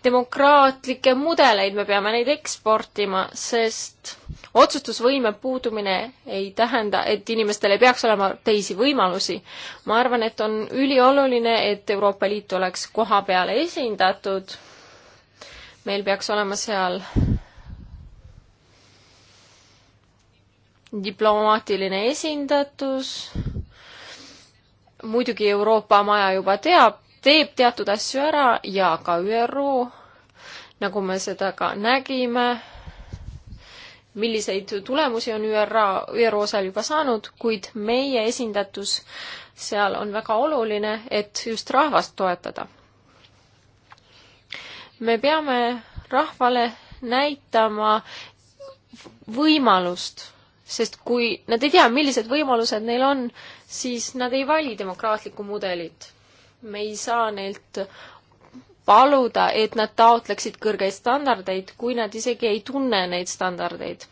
Speaker 4: demokraatlikke mudeleid, me peame neid eksportima, sest otsustusvõime puudumine ei tähenda, et inimestel ei peaks olema teisi võimalusi. ma arvan, et on ülioluline, et Euroopa Liit oleks koha peal esindatud. meil peaks olema seal diplomaatiline esindatus muidugi Euroopa Maja juba teab, teeb teatud asju ära ja ka ÜRO, nagu me seda ka nägime, milliseid tulemusi on ÜRA, ÜRO seal juba saanud, kuid meie esindatus seal on väga oluline, et just rahvast toetada. me peame rahvale näitama võimalust sest kui nad ei tea, millised võimalused neil on, siis nad ei vali demokraatlikku mudelit. me ei saa neilt paluda, et nad taotleksid kõrgeid standardeid, kui nad isegi ei tunne neid standardeid.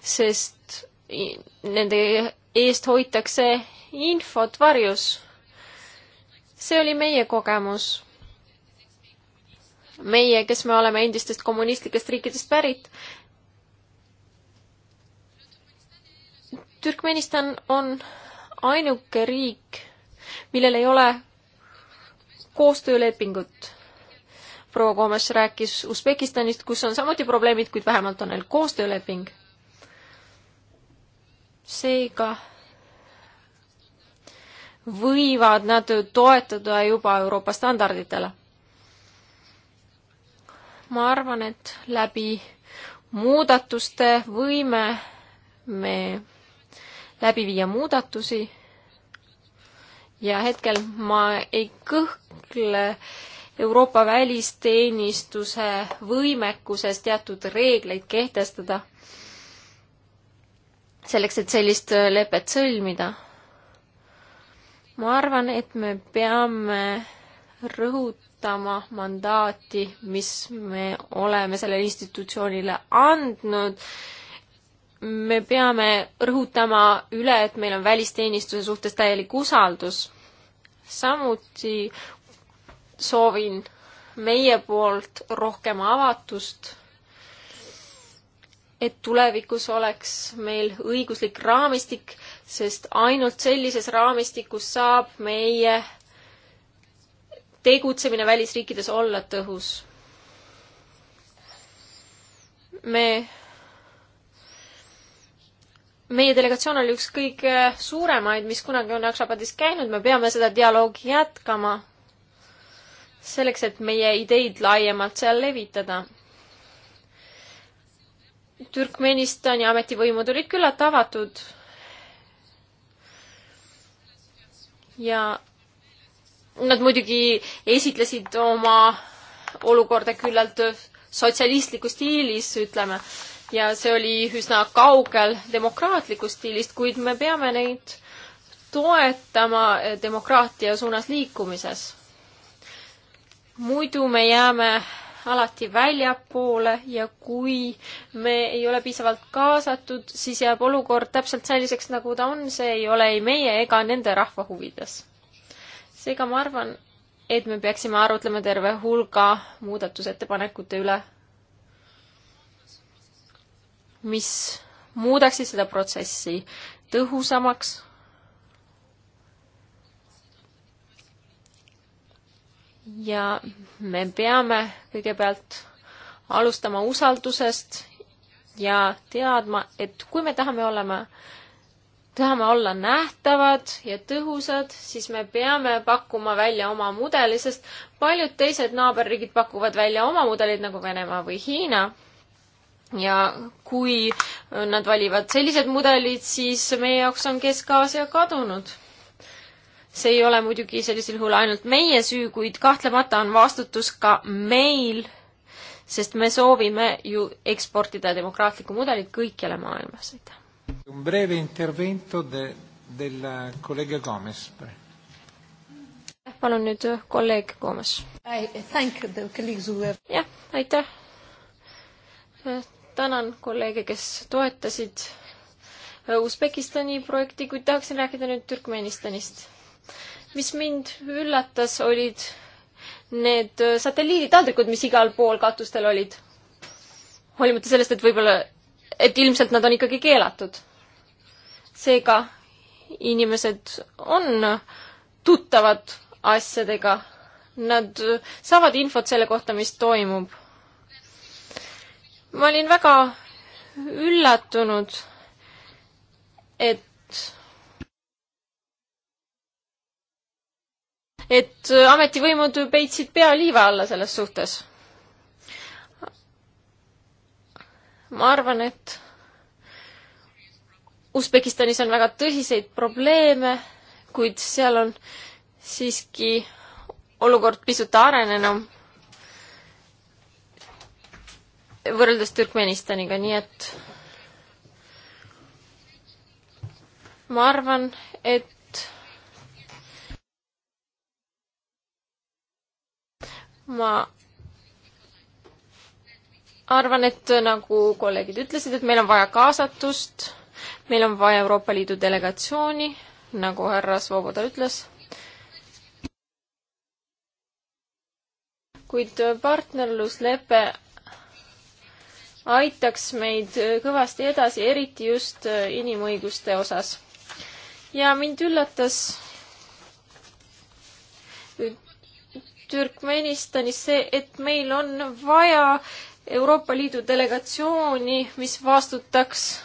Speaker 4: sest nende eest hoitakse infot varjus. see oli meie kogemus. meie, kes me oleme endistest kommunistlikest riikidest pärit Türkmenistan on ainuke riik, millel ei ole koostöölepingut. proua Gomes rääkis Usbekistanist, kus on samuti probleemid, kuid vähemalt on neil koostööleping. seega võivad nad toetuda juba Euroopa standarditele. ma arvan, et läbi muudatuste võime me läbi viia muudatusi. ja hetkel ma ei kõhkle Euroopa välisteenistuse võimekuses teatud reegleid kehtestada selleks, et sellist lepet sõlmida. ma arvan, et me peame rõhutama mandaati, mis me oleme sellele institutsioonile andnud me peame rõhutama üle, et meil on välisteenistuse suhtes täielik usaldus. samuti soovin meie poolt rohkem avatust, et tulevikus oleks meil õiguslik raamistik, sest ainult sellises raamistikus saab meie tegutsemine välisriikides olla tõhus. me meie delegatsioon oli üks kõige suuremaid, mis kunagi on Akshabadis käinud, me peame seda dialoogi jätkama selleks, et meie ideid laiemalt seal levitada. Türkmenistani ametivõimud olid küllalt avatud ja nad muidugi esitlesid oma olukorda küllalt sotsialistlikus stiilis, ütleme ja see oli üsna kaugel demokraatlikust stiilist, kuid me peame neid toetama eh, demokraatia suunas liikumises. muidu me jääme alati väljapoole ja kui me ei ole piisavalt kaasatud, siis jääb olukord täpselt selliseks, nagu ta on, see ei ole ei meie ega nende rahva huvides. seega ma arvan, et me peaksime arutlema terve hulga muudatusettepanekute üle mis muudaksid seda protsessi tõhusamaks. ja me peame kõigepealt alustama usaldusest ja teadma, et kui me tahame olema, tahame olla nähtavad ja tõhusad, siis me peame pakkuma välja oma mudeli, sest paljud teised naaberriigid pakuvad välja oma mudelid nagu Venemaa või Hiina ja kui nad valivad sellised mudelid, siis meie jaoks on Kesk-Aasia kadunud. see ei ole muidugi sellisel juhul ainult meie süü, kuid kahtlemata on vastutus ka meil, sest me soovime ju eksportida demokraatlikku mudelit kõikjale
Speaker 1: maailmas, aitäh. Un breve intervento de, della collega Gomes.
Speaker 4: palun nüüd eh, kolleeg Gomes. jah, aitäh eh, tänan kolleege, kes toetasid Usbekistani projekti, kuid tahaksin rääkida nüüd Türkmenistanist. mis mind üllatas, olid need äh, satelliiditaldrikud, mis igal pool katustel olid. hoolimata sellest, et võib-olla, et ilmselt nad on ikkagi keelatud. seega inimesed on tuttavad asjadega. Nad saavad infot selle kohta, mis toimub ma olin väga üllatunud, et et ametivõimud peitsid pea liiva alla selles suhtes. ma arvan, et Usbekistanis on väga tõsiseid probleeme, kuid seal on siiski olukord pisut arenenum. võrreldes Türkmenistaniga, nii et ma arvan, et ma arvan, et nagu kolleegid ütlesid, et meil on vaja kaasatust, meil on vaja Euroopa Liidu delegatsiooni, nagu härra Svoboda ütles. kuid partnerluslepe aitaks meid äh, kõvasti edasi, eriti just äh, inimõiguste osas. ja mind üllatas Türkmenistanis see, et meil on vaja Euroopa Liidu delegatsiooni, mis vastutaks.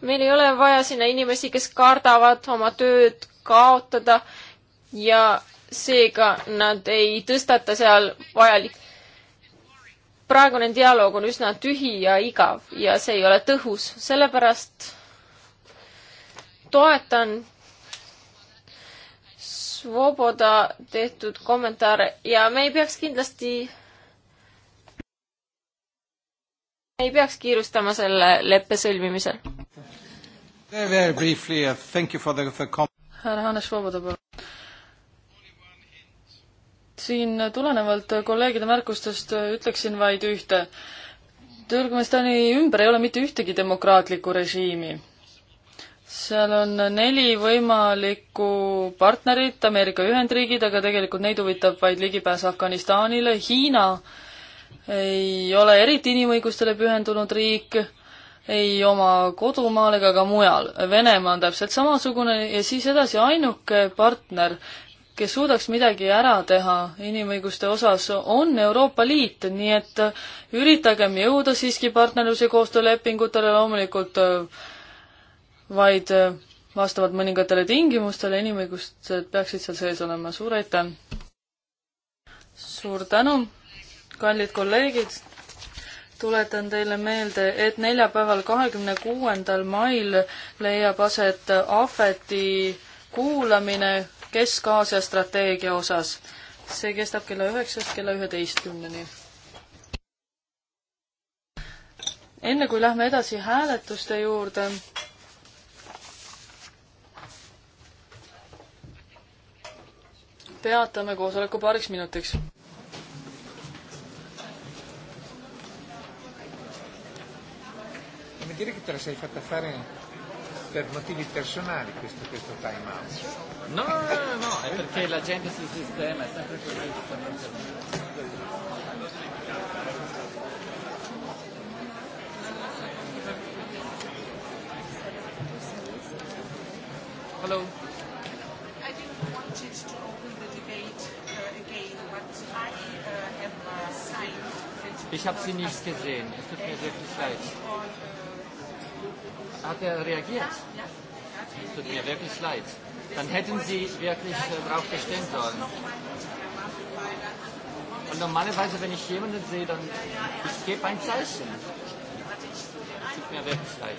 Speaker 4: meil ei ole vaja sinna inimesi, kes kardavad oma tööd kaotada ja seega nad ei tõstata seal vajalikke praegune dialoog on üsna tühi ja igav ja see ei ole tõhus, sellepärast toetan Svoboda tehtud kommentaare ja me ei peaks kindlasti, ei peaks kiirustama selle leppe sõlmimisel.
Speaker 1: Uh,
Speaker 3: härra Hannes Svoboda, palun siin tulenevalt kolleegide märkustest ütleksin vaid ühte. Türgmestani ümber ei ole mitte ühtegi demokraatlikku režiimi. seal on neli võimalikku partnerit, Ameerika Ühendriigid, aga tegelikult neid huvitab vaid ligipääs Afganistanile, Hiina ei ole eriti inimõigustele pühendunud riik, ei oma kodumaal ega ka mujal. Venemaa on täpselt samasugune ja siis edasi ainuke partner, kes suudaks midagi ära teha inimõiguste osas, on Euroopa Liit, nii et üritagem jõuda siiski partnerluse koostöölepingutele loomulikult äh, vaid äh, vastavalt mõningatele tingimustele, inimõigused peaksid seal sees olema, suur aitäh! suur tänu, kallid kolleegid! tuletan teile meelde, et neljapäeval, kahekümne kuuendal mail leiab aset Ahveti kuulamine Kesk-Aasia strateegia osas. see kestab kella üheksast kella üheteistkümneni. enne kui lähme edasi hääletuste juurde, peatame koosoleku paariks minutiks.
Speaker 1: Me dire che te la sei fatta fare per motivi personali questo, questo time out. No, no, no, no, è perché la gente sul sistema è sempre così. Hello. I didn't
Speaker 3: want it to open the debate uh, again, but I uh, have uh,
Speaker 2: signed.
Speaker 1: Ich habe sie nicht gesehen. Es tut mir wirklich leid. On, uh, Hat er reagiert? Es tut mir wirklich leid. Dann hätten Sie wirklich äh, darauf bestehen sollen.
Speaker 2: Und normalerweise,
Speaker 1: wenn ich
Speaker 3: jemanden sehe, dann ich gebe ein Zeichen.
Speaker 2: Es tut mir
Speaker 3: wirklich leid.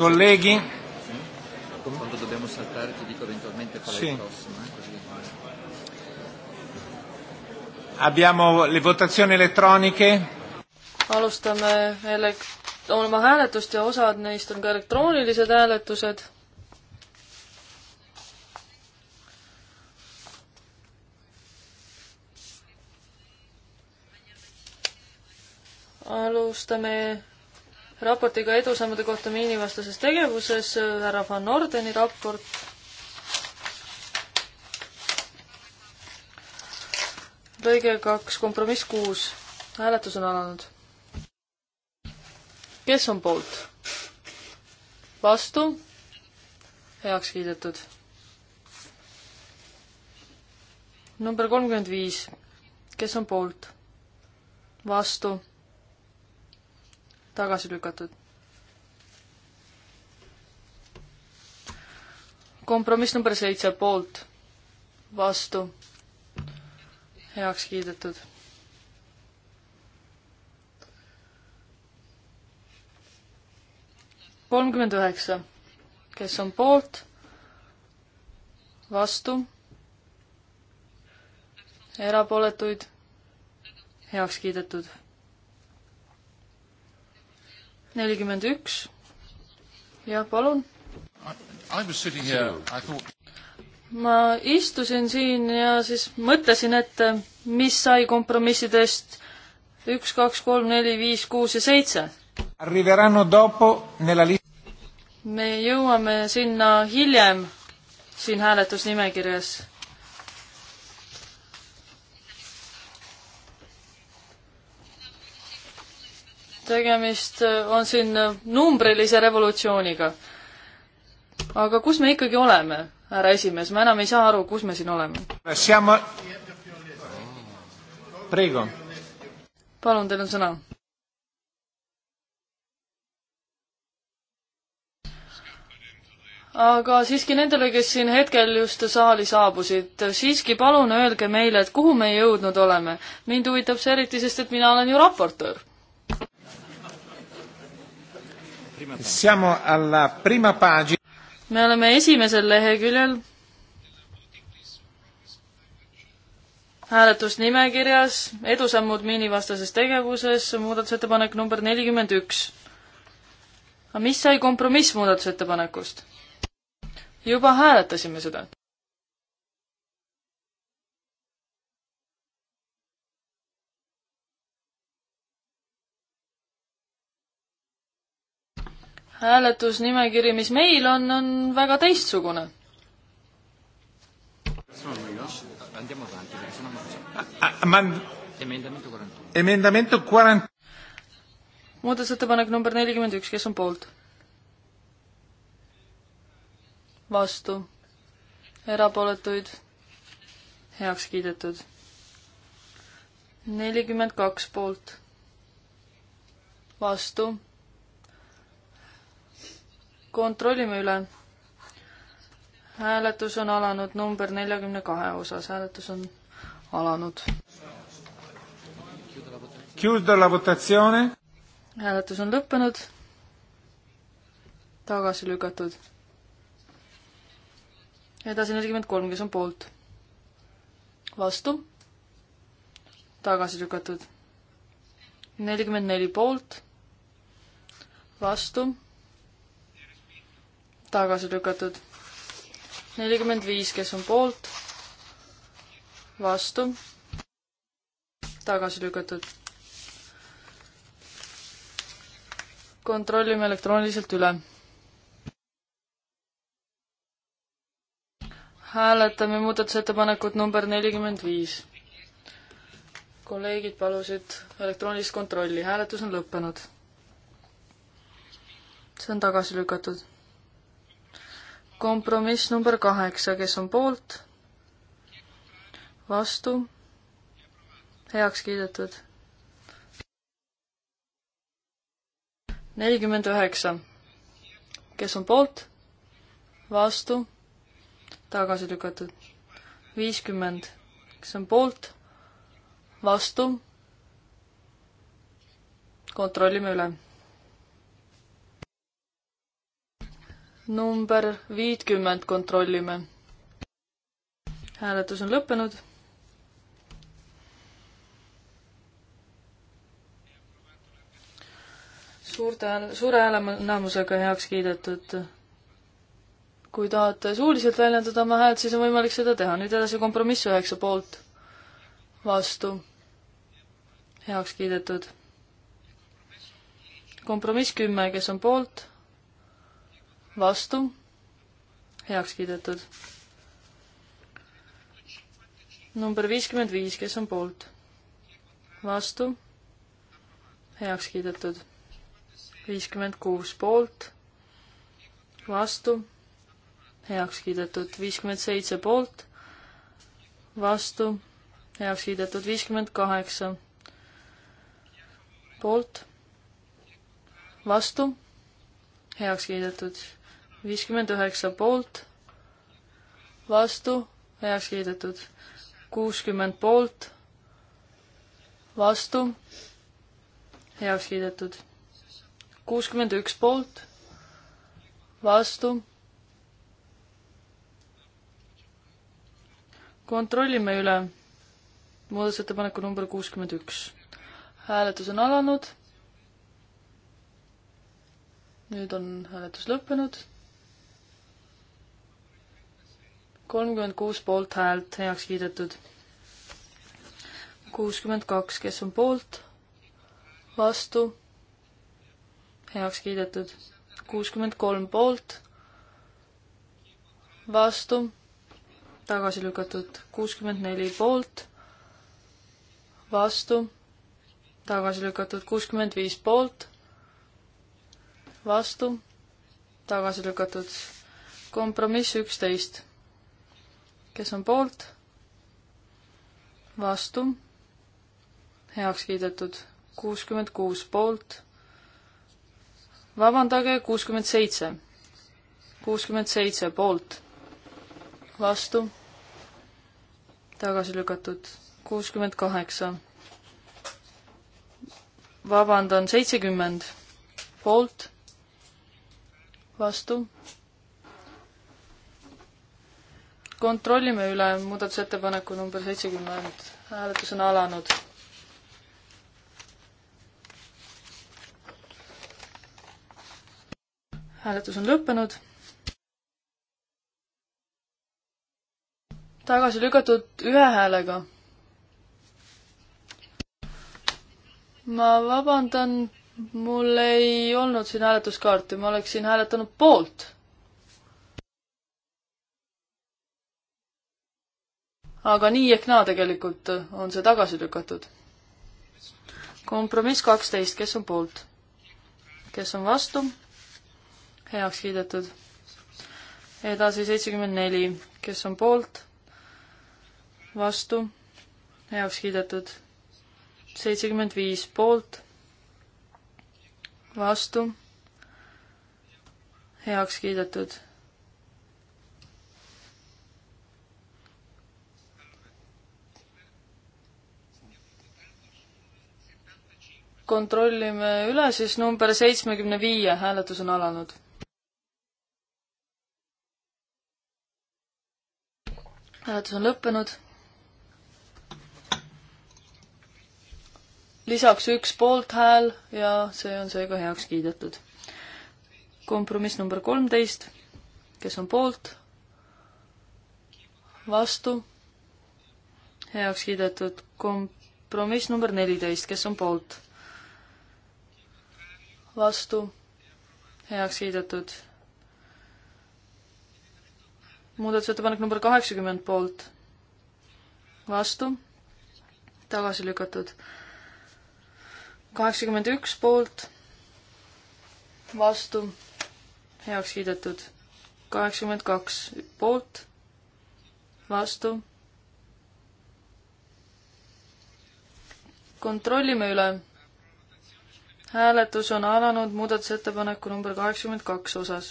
Speaker 1: colleghi. Quando dobbiamo saltare ti dico eventualmente qual è sì. il prossimo. Eh? Così. Abbiamo le votazioni elettroniche.
Speaker 3: alustame elekt-, oma hääletust ja osad neist on ka elektroonilised hääletused. alustame raportiga edusammude kohta miinivastases tegevuses, härra Van Ordeni raport. lõige kaks, kompromiss kuus. hääletus on alanud. kes on poolt? vastu? heaks kiidetud. number kolmkümmend viis. kes on poolt? vastu tagasi lükatud. kompromiss number seitse poolt, vastu, heaks kiidetud. kolmkümmend üheksa, kes on poolt, vastu, erapooletuid, heaks kiidetud nelikümmend üks. jah, palun. ma istusin siin ja siis mõtlesin, et äh, mis sai kompromissidest üks, kaks, kolm, neli, viis, kuus ja seitse. me jõuame sinna hiljem siin hääletusnimekirjas tegemist äh, on siin äh, numbrilise revolutsiooniga. aga kus me ikkagi oleme, härra esimees, ma enam ei saa aru, kus me siin oleme. palun, teil on sõna. aga siiski nendele, kes siin hetkel just saali saabusid, siiski palun öelge meile, et kuhu me jõudnud oleme. mind huvitab see eriti, sest et mina olen ju raportöör
Speaker 1: Siamo alla prima pagina. me oleme
Speaker 3: esimesel leheküljel hääletusnimekirjas edusammud miinivastases tegevuses, muudatusettepanek number nelikümmend üks. aga mis sai kompromissmuudatusettepanekust? juba hääletasime seda hääletusnimekiri, mis meil on, on väga teistsugune.
Speaker 1: muudatusettepanek
Speaker 3: number nelikümmend üks, kes on poolt? vastu, erapooletuid, heaks kiidetud. nelikümmend kaks poolt, vastu kontrollime üle. hääletus on alanud number neljakümne kahe osas, hääletus on alanud. hääletus on lõppenud. tagasi lükatud. edasi nelikümmend kolm, kes on poolt. vastu. tagasi lükatud. nelikümmend neli poolt. vastu tagasi lükatud. nelikümmend viis, kes on poolt, vastu, tagasi lükatud. kontrollime elektrooniliselt üle. hääletame muudatusettepanekut number nelikümmend viis. kolleegid palusid elektroonilist kontrolli, hääletus on lõppenud. see on tagasi lükatud kompromiss number kaheksa, kes on poolt, vastu, heaks kiidetud. nelikümmend üheksa, kes on poolt, vastu, tagasi lükatud. viiskümmend, kes on poolt, vastu, kontrollime üle number viitkümmend kontrollime. hääletus on lõppenud. suurte hääl-, suure häälenamusega heaks kiidetud. kui tahate suuliselt väljendada oma häält, siis on võimalik seda teha. nüüd edasi kompromiss üheksa poolt, vastu, heaks kiidetud. kompromiss kümme, kes on poolt vastu, heaks kiidetud. number viiskümmend viis, kes on poolt, vastu, heaks kiidetud. viiskümmend kuus poolt, vastu, heaks kiidetud. viiskümmend seitse poolt, vastu, heaks kiidetud. viiskümmend kaheksa poolt, vastu, heaks kiidetud viiskümmend üheksa poolt, vastu, heaks kiidetud. kuuskümmend poolt, vastu, heaks kiidetud. kuuskümmend üks poolt, vastu. kontrollime üle muudatusettepaneku number kuuskümmend üks. hääletus on alanud. nüüd on hääletus lõppenud kolmkümmend kuus poolthäält heaks kiidetud. kuuskümmend kaks, kes on poolt, vastu, heaks kiidetud. kuuskümmend kolm poolt, vastu, tagasi lükatud. kuuskümmend neli poolt, vastu, tagasi lükatud. kuuskümmend viis poolt, vastu, tagasi lükatud. kompromiss üksteist kes on poolt, vastu, heaks kiidetud, kuuskümmend kuus poolt, vabandage, kuuskümmend seitse, kuuskümmend seitse poolt, vastu, tagasi lükatud, kuuskümmend kaheksa, vabandan, seitsekümmend poolt, vastu kontrollime üle muudatusettepaneku number seitsekümmend. hääletus on alanud. hääletus on lõppenud. tagasi lükatud ühe häälega. ma vabandan, mul ei olnud siin hääletuskaarti, ma oleksin hääletanud poolt aga nii ehk naa tegelikult on see tagasi lükatud. kompromiss kaksteist, kes on poolt? kes on vastu? heaks kiidetud. edasi seitsekümmend neli, kes on poolt? vastu? heaks kiidetud. seitsekümmend viis poolt? vastu? heaks kiidetud kontrollime üle, siis number seitsmekümne viie hääletus on alanud. hääletus on lõppenud. lisaks üks poolthääl ja see on seega heaks kiidetud. kompromiss number kolmteist, kes on poolt, vastu, heaks kiidetud kompromiss number neliteist, kes on poolt vastu, heaks kiidetud. muudatusettepanek number kaheksakümmend poolt, vastu, tagasi lükatud. kaheksakümmend üks poolt, vastu, heaks kiidetud. kaheksakümmend kaks poolt, vastu kontrollime üle hääletus on alanud muudatusettepaneku number kaheksakümmend kaks osas.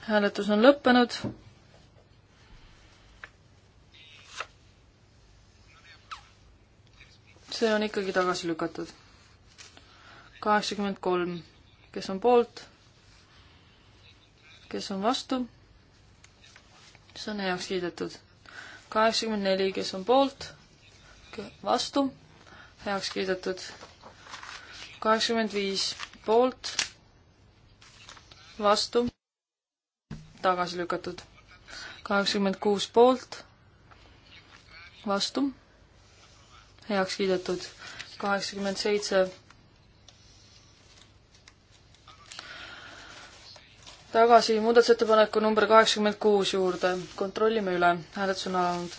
Speaker 3: hääletus on lõppenud. see on ikkagi tagasi lükatud. kaheksakümmend kolm, kes on poolt, kes on vastu, see on heaks kiidetud kaheksakümmend neli, kes on poolt, vastu, heaks kiidetud. kaheksakümmend viis poolt, vastu, tagasi lükatud. kaheksakümmend kuus poolt, vastu, heaks kiidetud. kaheksakümmend seitse tagasi muudatusettepaneku number kaheksakümmend kuus juurde, kontrollime üle, hääletus on alanud.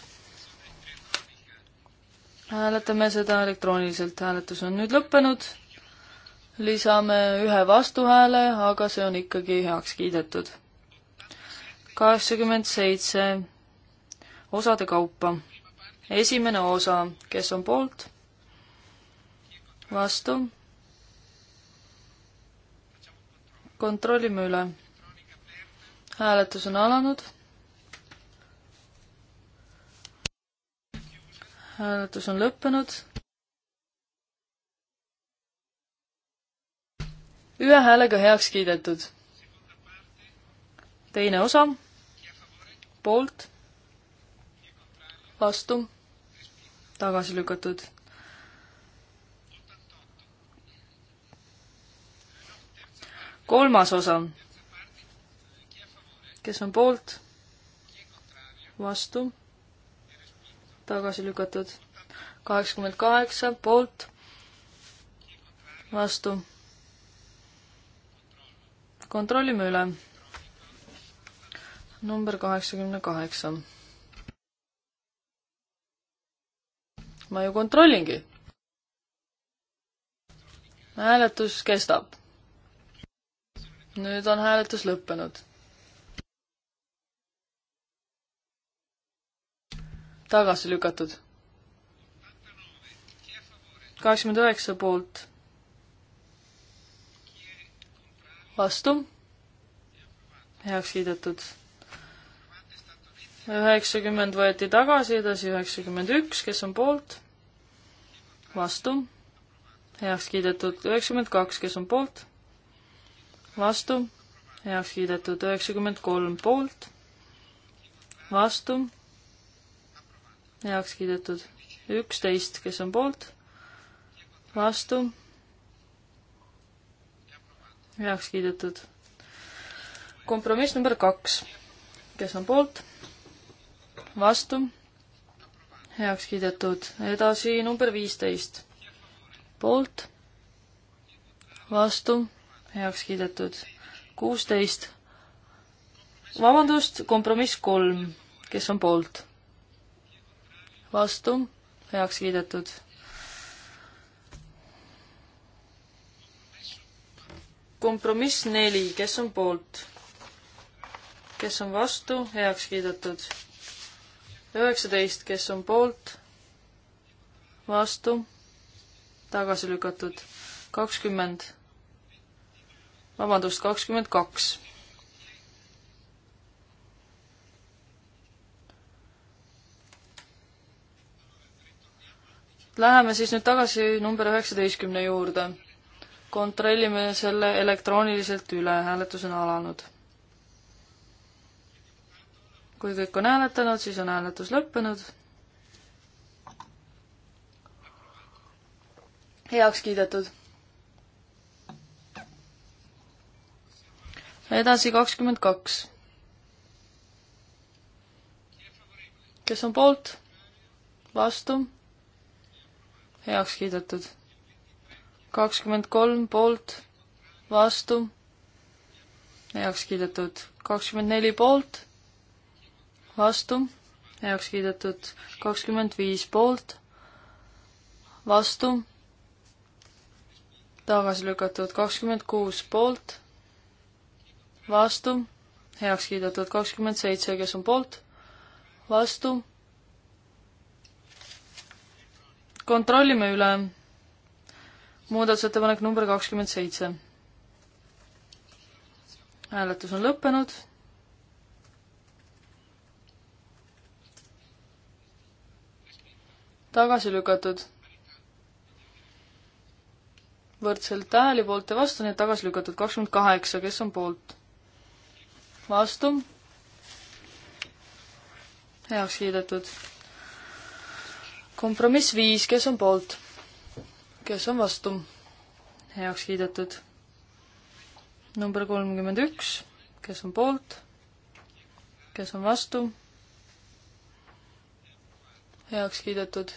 Speaker 3: hääletame seda elektrooniliselt, hääletus on nüüd lõppenud, lisame ühe vastuhääle, aga see on ikkagi heaks kiidetud. kaheksakümmend seitse, osade kaupa. esimene osa, kes on poolt? vastu kontrollime üle hääletus on alanud. hääletus on lõppenud. ühe häälega heaks kiidetud. teine osa, poolt, vastu, tagasi lükatud kolmas osa kes on poolt, vastu, tagasi lükatud. kaheksakümmend kaheksa poolt, vastu. kontrollime üle. number kaheksakümne kaheksa. ma ju kontrollingi. hääletus kestab. nüüd on hääletus lõppenud tagasi lükatud. kaheksakümmend üheksa poolt. vastu. heaks kiidetud. üheksakümmend võeti tagasi, edasi üheksakümmend üks, kes on poolt? vastu. heaks kiidetud üheksakümmend kaks, kes on poolt? vastu. heaks kiidetud üheksakümmend kolm poolt. vastu heaks kiidetud. üksteist, kes on poolt, vastu, heaks kiidetud. kompromiss number kaks, kes on poolt, vastu, heaks kiidetud. edasi number viisteist, poolt, vastu, heaks kiidetud. kuusteist, vabandust, kompromiss kolm, kes on poolt vastu, heaks kiidetud. kompromiss neli, kes on poolt? kes on vastu, heaks kiidetud. üheksateist, kes on poolt, vastu, tagasi lükatud. kakskümmend, vabandust, kakskümmend kaks Läheme siis nüüd tagasi number üheksateistkümne juurde. kontrollime selle elektrooniliselt üle, hääletus on alanud. kui kõik on hääletanud, siis on hääletus lõppenud. heaks kiidetud. edasi kakskümmend kaks. kes on poolt? vastu heaks kiidetud. kakskümmend kolm poolt, vastu, heaks kiidetud. kakskümmend neli poolt, vastu, heaks kiidetud. kakskümmend viis poolt, vastu, tagasi lükatud. kakskümmend kuus poolt, vastu, heaks kiidetud. kakskümmend seitse, kes on poolt, vastu kontrollime üle muudatusettepanek number kakskümmend seitse. hääletus on lõppenud. tagasi lükatud. võrdselt hääli poolt ja vastu, nii et tagasi lükatud kakskümmend kaheksa, kes on poolt? vastu. heaks kiidetud kompromiss viis, kes on poolt? kes on vastu? heaks kiidetud. number kolmkümmend üks, kes on poolt? kes on vastu? heaks kiidetud.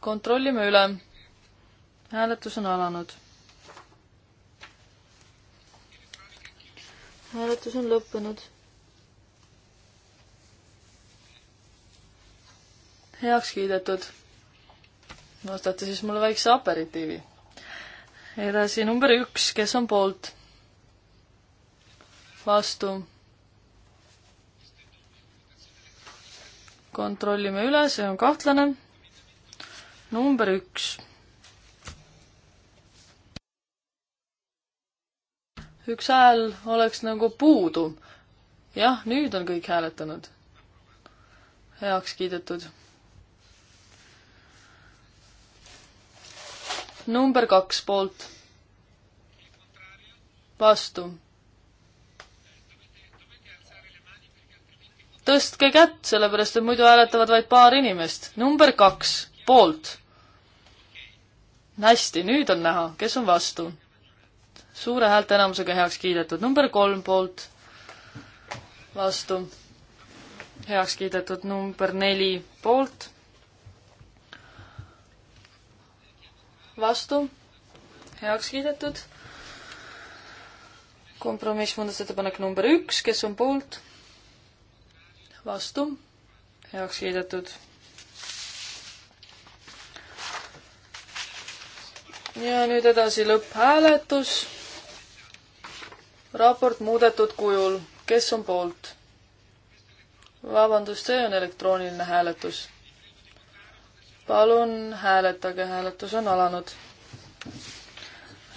Speaker 3: kontrollime üle. hääletus on alanud. hääletus on lõppenud heaks kiidetud. ostate siis mulle väikse aperitiivi. edasi number üks, kes on poolt? vastu. kontrollime üle, see on kahtlane. number üks. üks hääl oleks nagu puudu. jah, nüüd on kõik hääletanud. heaks kiidetud number kaks poolt. vastu. tõstke kätt, sellepärast et muidu hääletavad vaid paar inimest. number kaks poolt. hästi, nüüd on näha, kes on vastu. suure häälteenamusega heaks kiidetud. number kolm poolt. vastu. heaks kiidetud number neli poolt vastu, heaks kiidetud. kompromiss muudatusettepanek number üks, kes on poolt, vastu, heaks kiidetud. ja nüüd edasi lõpphääletus. raport muudetud kujul, kes on poolt? vabandust, see on elektrooniline hääletus palun hääletage, hääletus on alanud.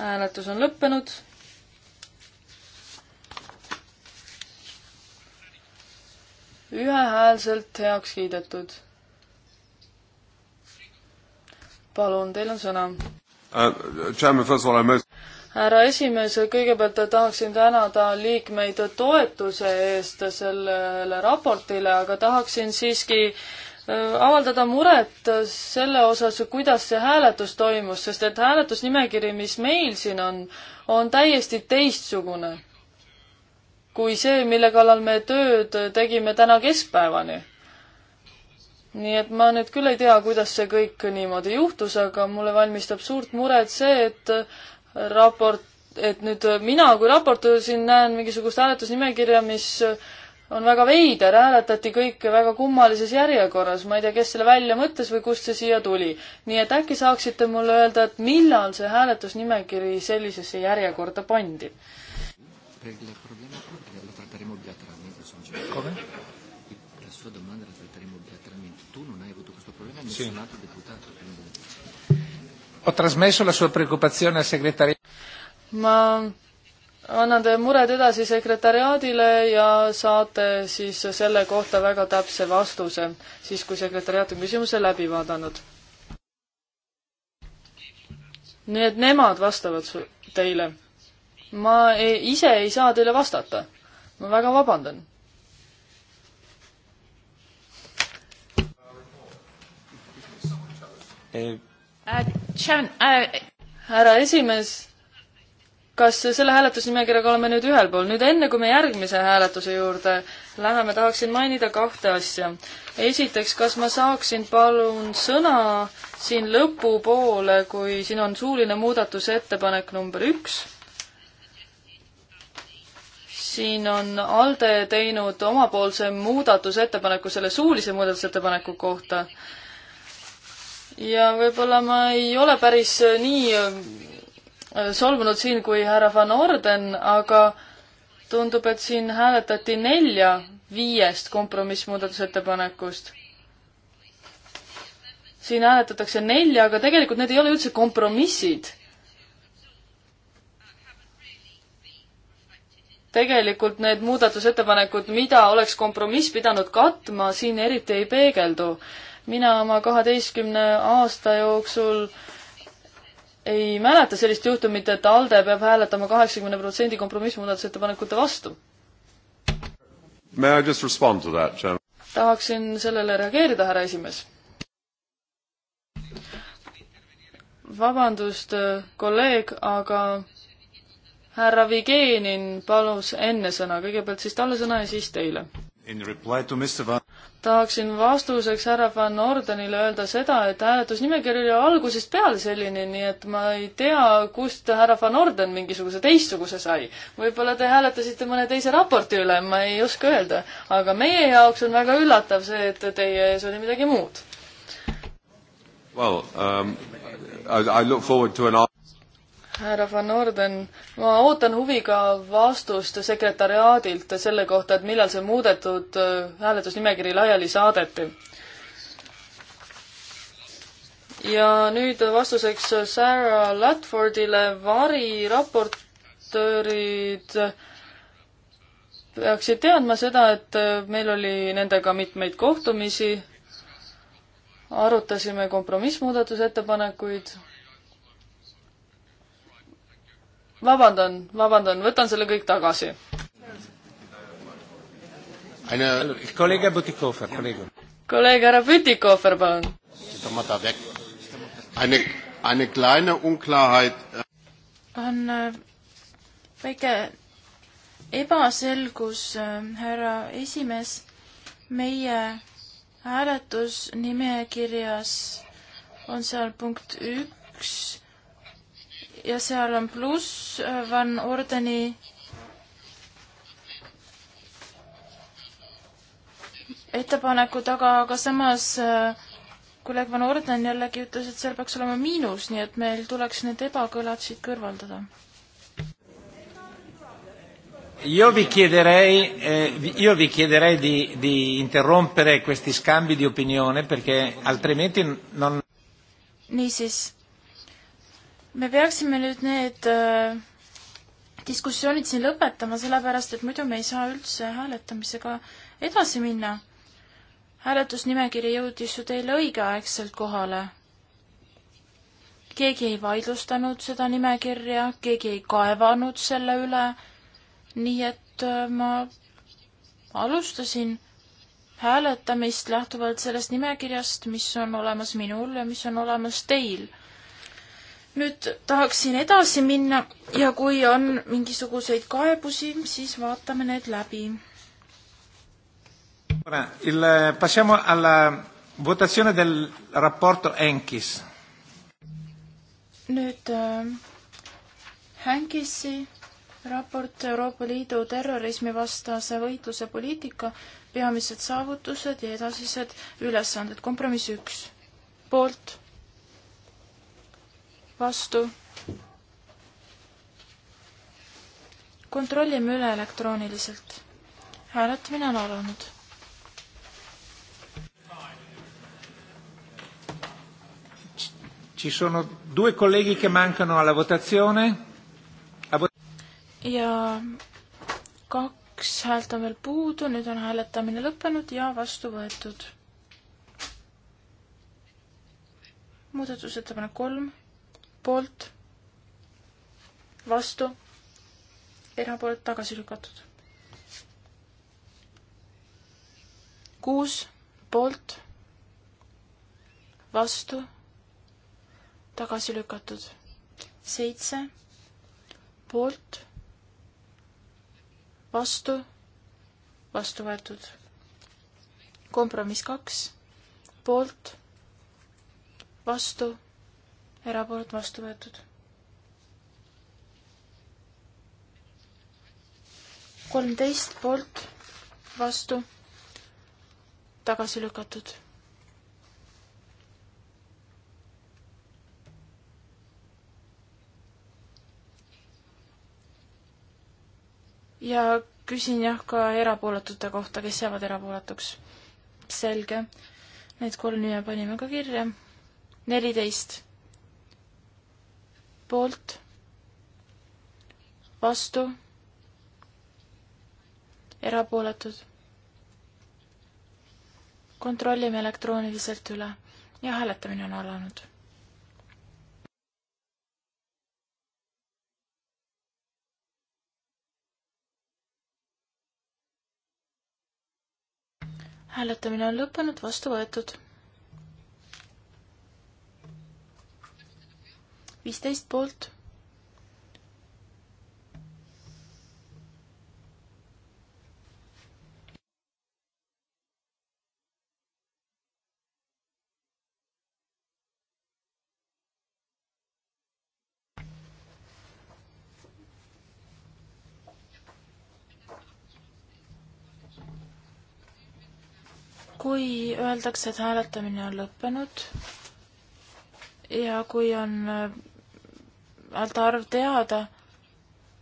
Speaker 3: hääletus on lõppenud. ühehäälselt heaks kiidetud. palun, teil on sõna
Speaker 1: uh,.
Speaker 3: härra esimees, kõigepealt tahaksin tänada liikmeid toetuse eest sellele raportile, aga tahaksin siiski uh, Äh, avaldada muret selle osas, kuidas see hääletus toimus, sest et hääletusnimekiri, mis meil siin on, on täiesti teistsugune kui see, mille kallal me tööd tegime täna keskpäevani. nii et ma nüüd küll ei tea, kuidas see kõik niimoodi juhtus, aga mulle valmistab suurt muret see, et raport, et nüüd mina kui raportöör siin näen mingisugust hääletusnimekirja, mis äh, on väga veider, hääletati kõik väga kummalises järjekorras, ma ei tea, kes selle välja mõtles või kust see siia tuli. nii et äkki saaksite mulle öelda, et millal see hääletusnimekiri sellisesse järjekorda pandi? ma annan teie mured edasi sekretäriaadile ja saate siis selle kohta väga täpse vastuse, siis kui sekretäriaat on küsimuse läbi vaadanud. nii et nemad vastavad teile. ma ei, ise ei saa teile vastata. ma väga vabandan.
Speaker 1: Eh. Äh,
Speaker 3: äh, härra esimees kas selle hääletusnimekirjaga oleme nüüd ühel pool? nüüd enne, kui me järgmise hääletuse juurde läheme, tahaksin mainida kahte asja. esiteks, kas ma saaksin palun sõna siin lõpupoole, kui siin on suuline muudatusettepanek number üks. siin on ALDE teinud omapoolse muudatusettepaneku selle suulise muudatusettepaneku kohta. ja võib-olla ma ei ole päris nii Äh, solvunud siin kui härra Van Orden, aga tundub, et siin hääletati nelja viiest kompromissmuudatusettepanekust. siin hääletatakse nelja, aga tegelikult need ei ole üldse kompromissid. tegelikult need muudatusettepanekud, mida oleks kompromiss pidanud katma, siin eriti ei peegeldu. mina oma kaheteistkümne aasta jooksul äh, ei mäleta sellist juhtumit, et ALDE peab hääletama kaheksakümne protsendi kompromissmuudatusettepanekute vastu. tahaksin sellele reageerida, härra esimees. vabandust, kolleeg, aga härra Vigenin palus enne sõna, kõigepealt siis talle sõna ja siis teile Van... tahaksin vastuseks härra Van Ordenile öelda seda, et hääletusnimekiri oli algusest peale selline, nii et ma ei tea, kust härra Van Orden mingisuguse teistsuguse sai. võib-olla te hääletasite mõne teise raporti üle, ma ei oska öelda, aga meie jaoks on väga üllatav see, et teie ees oli midagi muud. Well, um, I, I look forward to an härra Van Orden, ma ootan huviga vastust sekretariaadilt selle kohta, et millal see muudetud äh, hääletusnimekiri laiali saadeti. ja nüüd vastuseks Sarah Ladfordile, variraportöörid peaksid teadma seda, et meil oli nendega mitmeid kohtumisi, arutasime kompromissmuudatusettepanekuid vabandan, vabandan, võtan selle kõik tagasi.
Speaker 1: kolleeg Butikofer, kolleeg.
Speaker 3: kolleeg härra Butikofer,
Speaker 1: palun.
Speaker 2: on äh, väike ebaselgus, äh, härra esimees, meie hääletusnimekirjas on seal punkt üks ja seal on pluss äh, Van Ordeni ettepaneku taga, aga samas äh, kolleeg Van Orden jällegi ütles, et seal peaks olema miinus, nii et meil tuleks need ebakõlad siit kõrvaldada.
Speaker 1: Io vi chiederei, eh, io vi chiederei di, di interrompere questi scambi di opinione perché altrimenti non. Niisiis,
Speaker 2: me peaksime nüüd need äh, diskussioonid siin lõpetama, sellepärast et muidu me ei saa üldse hääletamisega edasi minna. hääletusnimekiri jõudis ju teile õigeaegselt kohale. keegi ei vaidlustanud seda nimekirja, keegi ei kaevanud selle üle, nii et äh, ma alustasin hääletamist lähtuvalt sellest nimekirjast, mis on olemas minul ja mis on olemas teil nüüd tahaksin edasi minna ja kui on mingisuguseid kaebusi, siis vaatame need läbi.
Speaker 1: Passiamo alla votazione del rapporto Enkis.
Speaker 2: nüüd äh, Henkisi raport Euroopa Liidu terrorismivastase võitluse poliitika, peamised saavutused ja edasised ülesanded, kompromiss üks, poolt vastu. kontrollime üle elektrooniliselt. hääletamine on alanud.
Speaker 1: Ci sono due colleghi che mancano alla votazione.
Speaker 2: ja kaks häält on veel puudu, nüüd on hääletamine lõppenud ja vastu võetud muudatusettepanek kolm poolt, vastu, erapooletud tagasi lükatud. kuus poolt, vastu, tagasi lükatud. seitse poolt, vastu, vastu võetud. kompromiss kaks, poolt, vastu erapoolt vastu võetud. kolmteist poolt vastu tagasi lükatud ja küsin jah ka erapooletute kohta, kes jäävad erapooletuks. selge. Need kolm nime panime ka kirja. neliteist poolt, vastu, erapooletud. kontrollime elektrooniliselt üle ja hääletamine on alanud. hääletamine on lõppenud, vastu võetud viisteist poolt. kui öeldakse, et hääletamine on lõppenud ja kui on anda arv teada,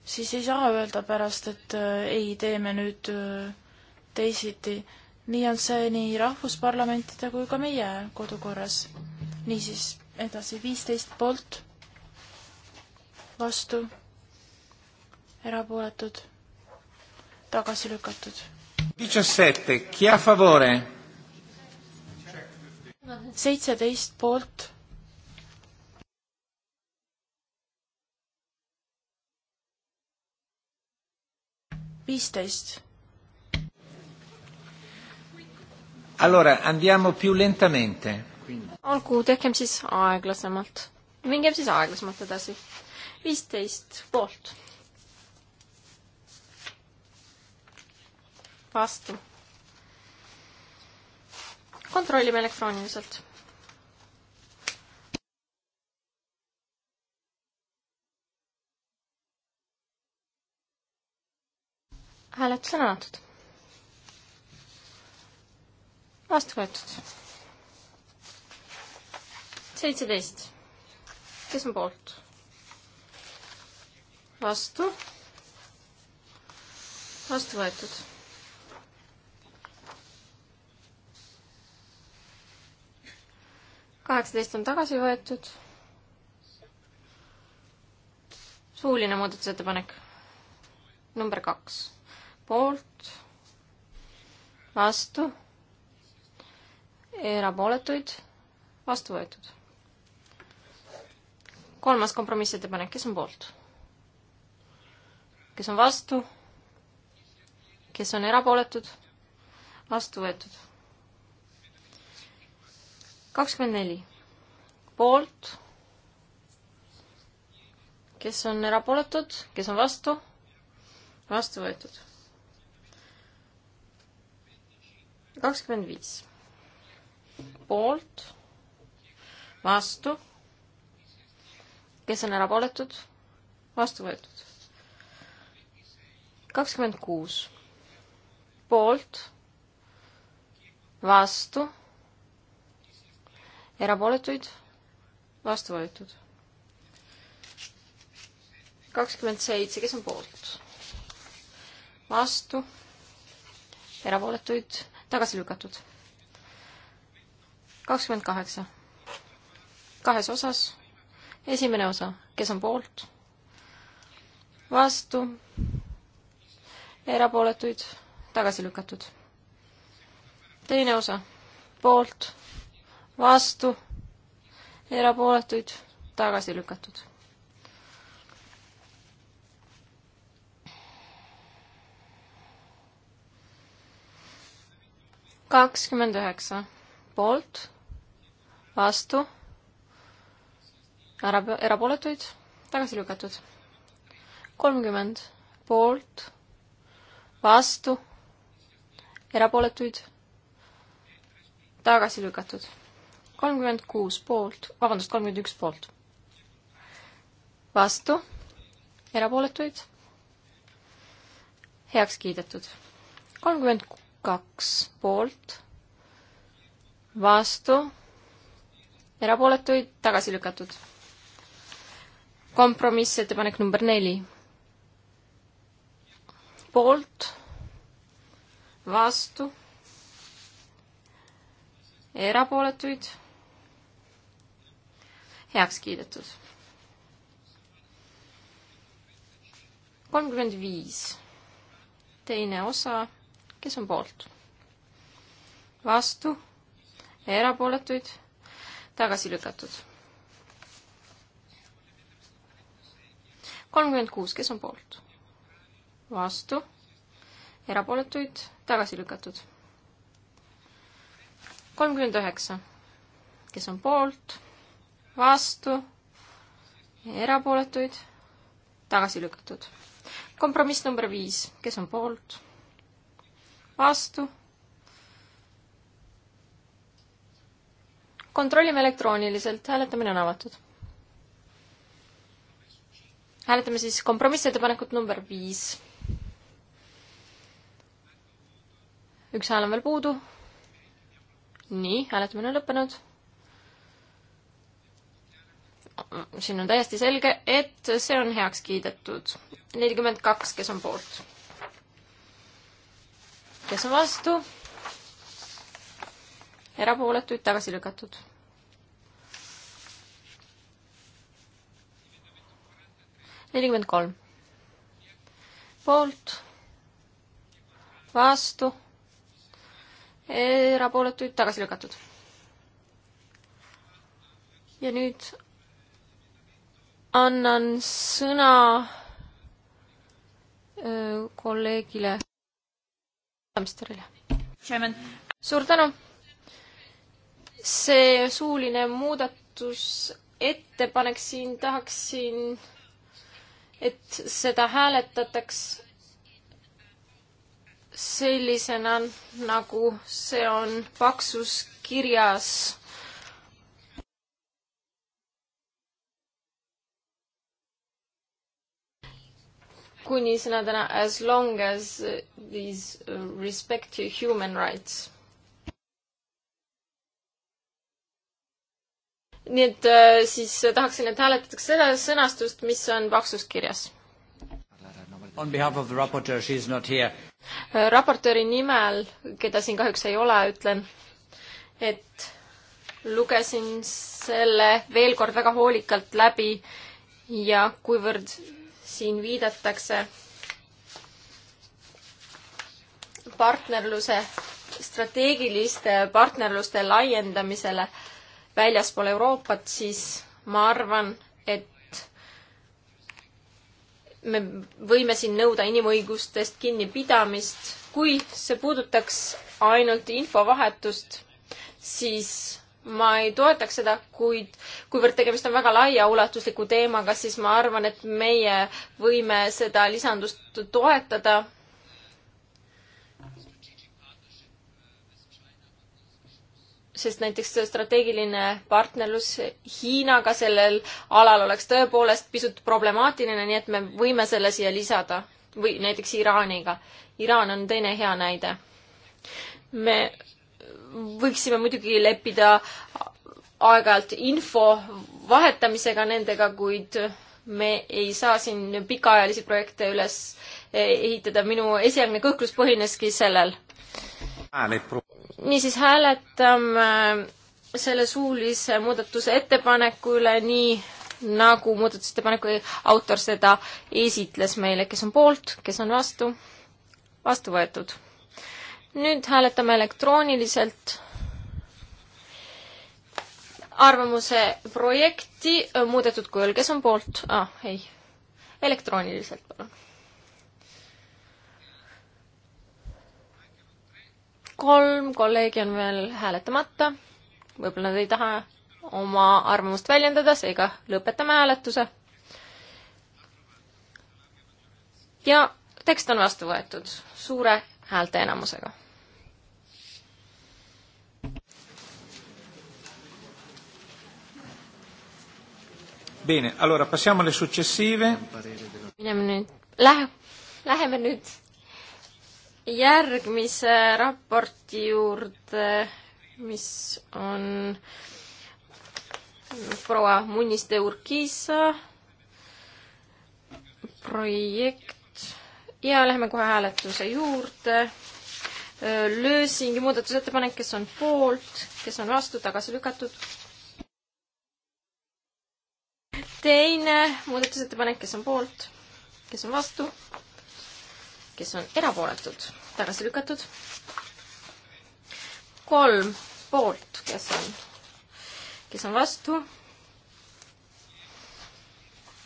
Speaker 2: siis ei saa öelda pärast, et äh, ei, teeme nüüd äh, teisiti. nii on see nii rahvusparlamentide kui ka meie kodukorras. niisiis, edasi viisteist poolt, vastu, erapooletud, tagasi lükatud. seitseteist poolt viisteist.
Speaker 1: Allora andiamo più lentamente.
Speaker 4: olgu, tehkem siis aeglasemalt. mingem siis aeglasemalt edasi. viisteist poolt. vastu. kontrollime elektrooniliselt hääletus on avatud. vastu võetud. seitseteist. kes on poolt? vastu. vastu võetud. kaheksateist on tagasi võetud. suuline muudatusettepanek number kaks poolt, vastu, erapooletuid, vastu võetud. kolmas kompromissettepanek, kes on poolt? kes on vastu? kes on erapooletud? vastu võetud. kakskümmend neli. poolt. kes on erapooletud, kes on vastu? vastu võetud kakskümmend viis poolt, vastu, kes on erapooletud, vastu võetud. kakskümmend kuus poolt, vastu, erapooletuid, vastu võetud. kakskümmend seitse, kes on poolt, vastu, erapooletuid tagasi lükatud. kakskümmend kaheksa. kahes osas. esimene osa, kes on poolt? vastu. erapooletuid, tagasi lükatud. teine osa, poolt, vastu, erapooletuid, tagasi lükatud kakskümmend üheksa poolt, vastu, ära, erapooletuid, tagasi lükatud. kolmkümmend poolt, vastu, erapooletuid, tagasi lükatud. kolmkümmend kuus poolt, vabandust, kolmkümmend üks poolt, vastu, erapooletuid heaks kiidetud. kolmkümmend kaks poolt, vastu, erapooletuid tagasi lükatud. kompromissettepanek number neli. poolt, vastu, erapooletuid heaks kiidetud. kolmkümmend viis, teine osa kes on poolt? vastu, erapooletuid, tagasi lükatud. kolmkümmend kuus, kes on poolt? vastu, erapooletuid, tagasi lükatud. kolmkümmend üheksa, kes on poolt? vastu, erapooletuid, tagasi lükatud. kompromiss number viis, kes on poolt? vastu. kontrollime elektrooniliselt, hääletamine on avatud. hääletame siis kompromissettepanekut number viis. üks hääl on veel puudu. nii, hääletamine on lõppenud siin on täiesti selge, et see on heaks kiidetud. nelikümmend kaks, kes on poolt kes on vastu? erapooletuid tagasi lükatud. nelikümmend kolm. poolt, vastu, erapooletuid tagasi lükatud. ja nüüd annan sõna äh, kolleegile peaministrile. suur tänu. see suuline muudatusettepanek siin tahaksin, et seda hääletataks sellisena, nagu see on paksus kirjas kuni sõnadena as long as these uh, respect human rights. nii et uh, siis tahaksin, et hääletatakse seda sõnastust, mis on paksus kirjas.
Speaker 1: On behalf of the raporteur, she is not here.
Speaker 4: Uh, raportööri nimel, keda siin kahjuks ei ole, ütlen, et lugesin selle veel kord väga hoolikalt läbi ja kuivõrd siin viidatakse partnerluse, strateegiliste partnerluste laiendamisele väljaspool Euroopat, siis ma arvan, et me võime siin nõuda inimõigustest kinnipidamist. kui see puudutaks ainult infovahetust, siis ma ei toetaks seda, kuid kuivõrd tegemist on väga laiaulatusliku teemaga, siis ma arvan, et meie võime seda lisandust toetada. sest näiteks strateegiline partnerlus Hiinaga sellel alal oleks tõepoolest pisut problemaatiline, nii et me võime selle siia lisada või näiteks Iraaniga. Iraan on teine hea näide. me võiksime muidugi leppida aeg-ajalt info vahetamisega nendega, kuid me ei saa siin pikaajalisi projekte üles ehitada, minu esialgne kõhklus põhineski sellel. niisiis hääletame selle suulise muudatuse ettepaneku üle, nii nagu muudatusettepaneku autor seda esitles meile, kes on poolt, kes on vastu, vastu võetud nüüd hääletame elektrooniliselt arvamuse projekti äh, muudetud kujul, kes on poolt ah,? ei, elektrooniliselt, palun. kolm kolleegi on veel hääletamata. võib-olla nad ei taha oma arvamust väljendada, seega lõpetame hääletuse. ja tekst on vastu võetud suure häälteenamusega
Speaker 1: Bene, allora passiamo alle successive.
Speaker 4: mineme nüüd, lähe, läheme nüüd järgmise raporti juurde, mis on proua Muniste Urkisa projekt ja läheme kohe hääletuse juurde. Lösingi muudatusettepanek, kes on poolt, kes on vastu, tagasi lükatud teine muudatusettepanek, kes on poolt, kes on vastu, kes on erapooletud, tagasi lükatud. kolm poolt, kes on, kes on vastu,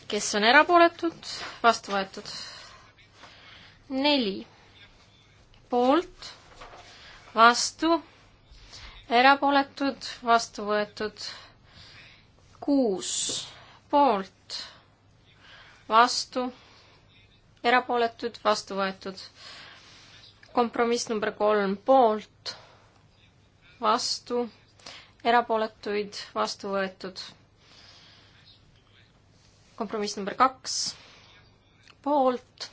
Speaker 4: kes on erapooletud, vastu võetud. neli poolt, vastu, erapooletud, vastu võetud kuus poolt, vastu, erapooletud, vastu võetud. kompromiss number kolm, poolt, vastu, erapooletuid, vastu võetud. kompromiss number kaks, poolt,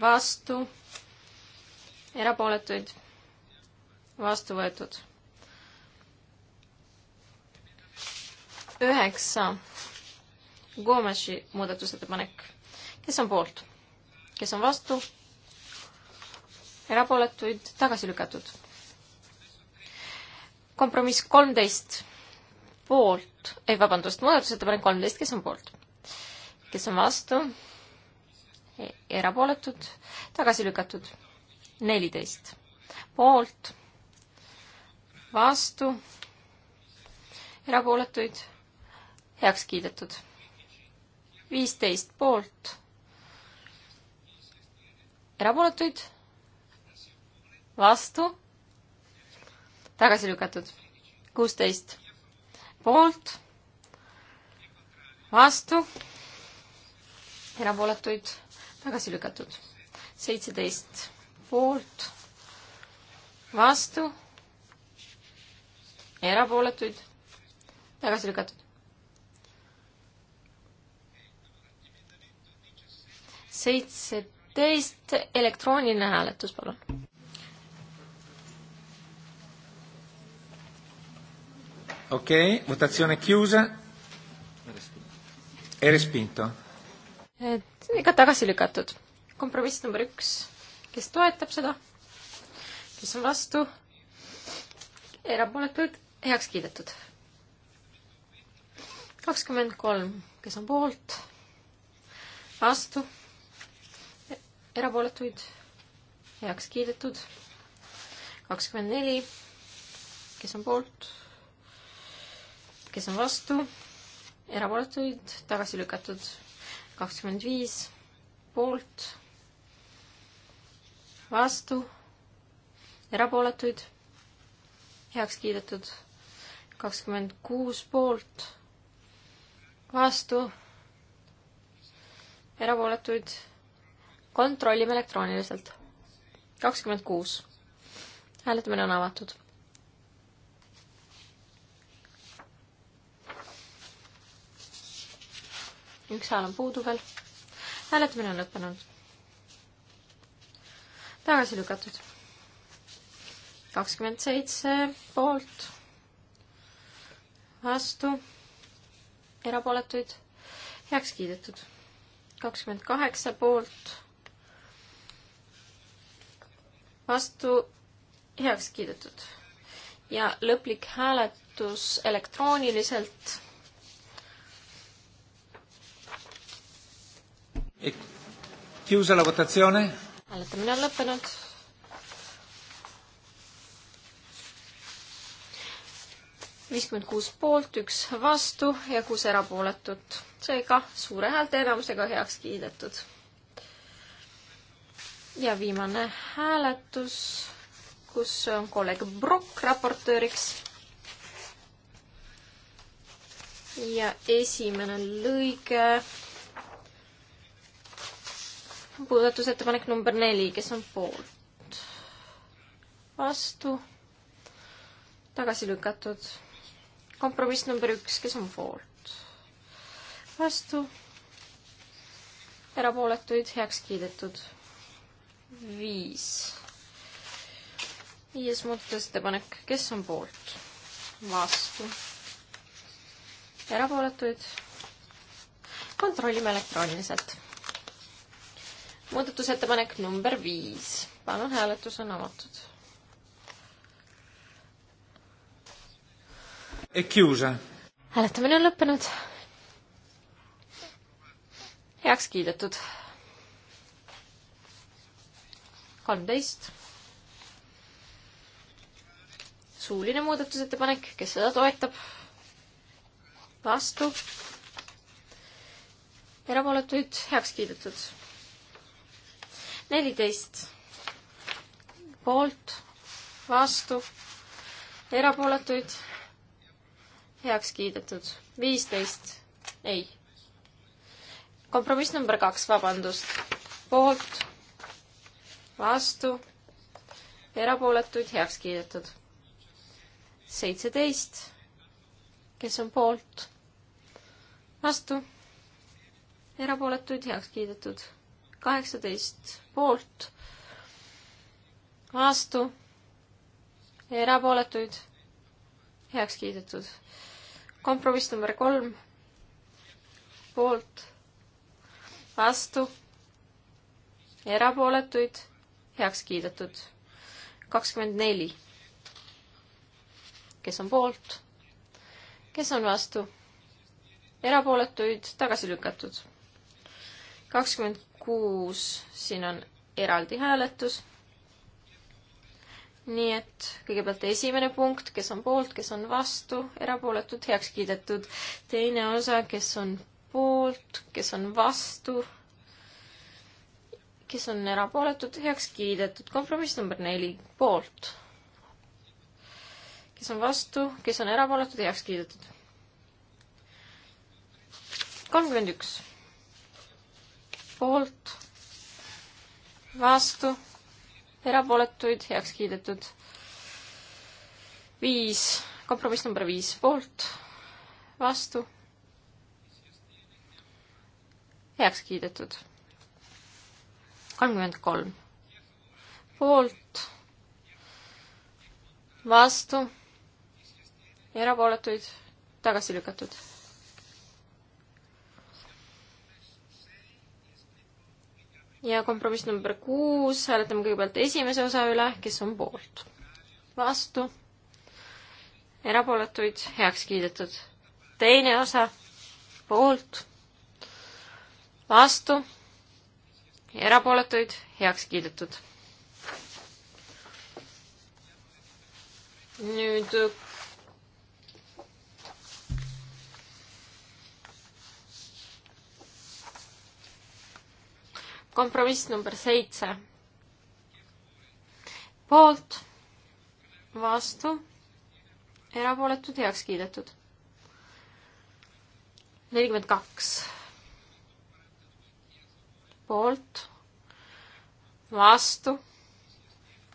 Speaker 4: vastu, erapooletuid, vastu võetud. üheksa Gomesi muudatusettepanek, kes on poolt, kes on vastu, erapooletuid tagasi lükatud. kompromiss kolmteist poolt, ei vabandust, muudatusettepanek kolmteist, kes on poolt? kes on vastu? E, erapooletud, tagasi lükatud. neliteist poolt, vastu, erapooletuid, heaks kiidetud viisteist poolt, erapooletuid, vastu, tagasi lükatud, kuusteist poolt, vastu, erapooletuid, tagasi lükatud, seitseteist poolt, vastu, erapooletuid, tagasi lükatud seitseteist, elektrooniline hääletus, palun.
Speaker 1: okei okay,, votatsioone chiusa. E respinto.
Speaker 4: et ega tagasi lükatud. kompromiss number üks, kes toetab seda, kes on vastu, erapooletud, heaks kiidetud. kakskümmend kolm, kes on poolt, vastu erapooletuid, heaks kiidetud. kakskümmend neli, kes on poolt, kes on vastu, erapooletuid, tagasi lükatud. kakskümmend viis, poolt, vastu, erapooletuid, heaks kiidetud. kakskümmend kuus poolt, vastu, erapooletuid kontrollime elektrooniliselt. kakskümmend kuus. hääletamine on avatud. üks hääl on puudu veel. hääletamine on lõppenud. tagasi lükatud. kakskümmend seitse poolt, vastu, erapooletuid, heaks kiidetud. kakskümmend kaheksa poolt vastu heaks kiidetud. ja lõplik hääletus elektrooniliselt.
Speaker 1: Eh, chiusa la votazione.
Speaker 4: hääletamine on lõppenud. viiskümmend kuus poolt, üks vastu ja kuus erapooletut. seega suure häälteenamusega heaks kiidetud ja viimane hääletus, kus on kolleeg Brock raportööriks. ja esimene lõige. muudatusettepanek number neli, kes on poolt? vastu? tagasi lükatud. kompromiss number üks, kes on poolt? vastu? erapooletuid heaks kiidetud viis. viies muudatusettepanek, kes on poolt? vastu. erapooletuid? kontrollime elektrooniliselt. muudatusettepanek number viis. palun, hääletus on avatud. hääletamine on lõppenud. heaks kiidetud kolmteist. suuline muudatusettepanek, kes seda toetab? vastu. erapooletuid heaks kiidetud. neliteist poolt, vastu, erapooletuid heaks kiidetud. viisteist, ei. kompromiss number kaks, vabandust. poolt vastu, erapooletuid heaks kiidetud. seitseteist, kes on poolt, vastu, erapooletuid heaks kiidetud. kaheksateist poolt, vastu, erapooletuid heaks kiidetud. kompromiss number kolm, poolt, vastu, erapooletuid heaks kiidetud. kakskümmend neli. kes on poolt? kes on vastu? erapooletuid tagasi lükatud. kakskümmend kuus, siin on eraldi hääletus. nii et kõigepealt esimene punkt, kes on poolt, kes on vastu, erapooletud, heaks kiidetud. teine osa, kes on poolt, kes on vastu, kes on erapooletud, heaks kiidetud. kompromiss number neli, poolt. kes on vastu, kes on erapooletud, heaks kiidetud. kolmkümmend üks. poolt, vastu, erapooletuid, heaks kiidetud. viis, kompromiss number viis, poolt, vastu, heaks kiidetud kolmkümmend kolm. poolt, vastu, erapooletuid, tagasi lükatud. ja kompromiss number kuus, hääletame kõigepealt esimese osa üle, kes on poolt, vastu, erapooletuid, heaks kiidetud. teine osa, poolt, vastu erapooletuid, heaks kiidetud. nüüd kompromiss number seitse. poolt, vastu, erapooletud, heaks kiidetud. nelikümmend kaks poolt, vastu,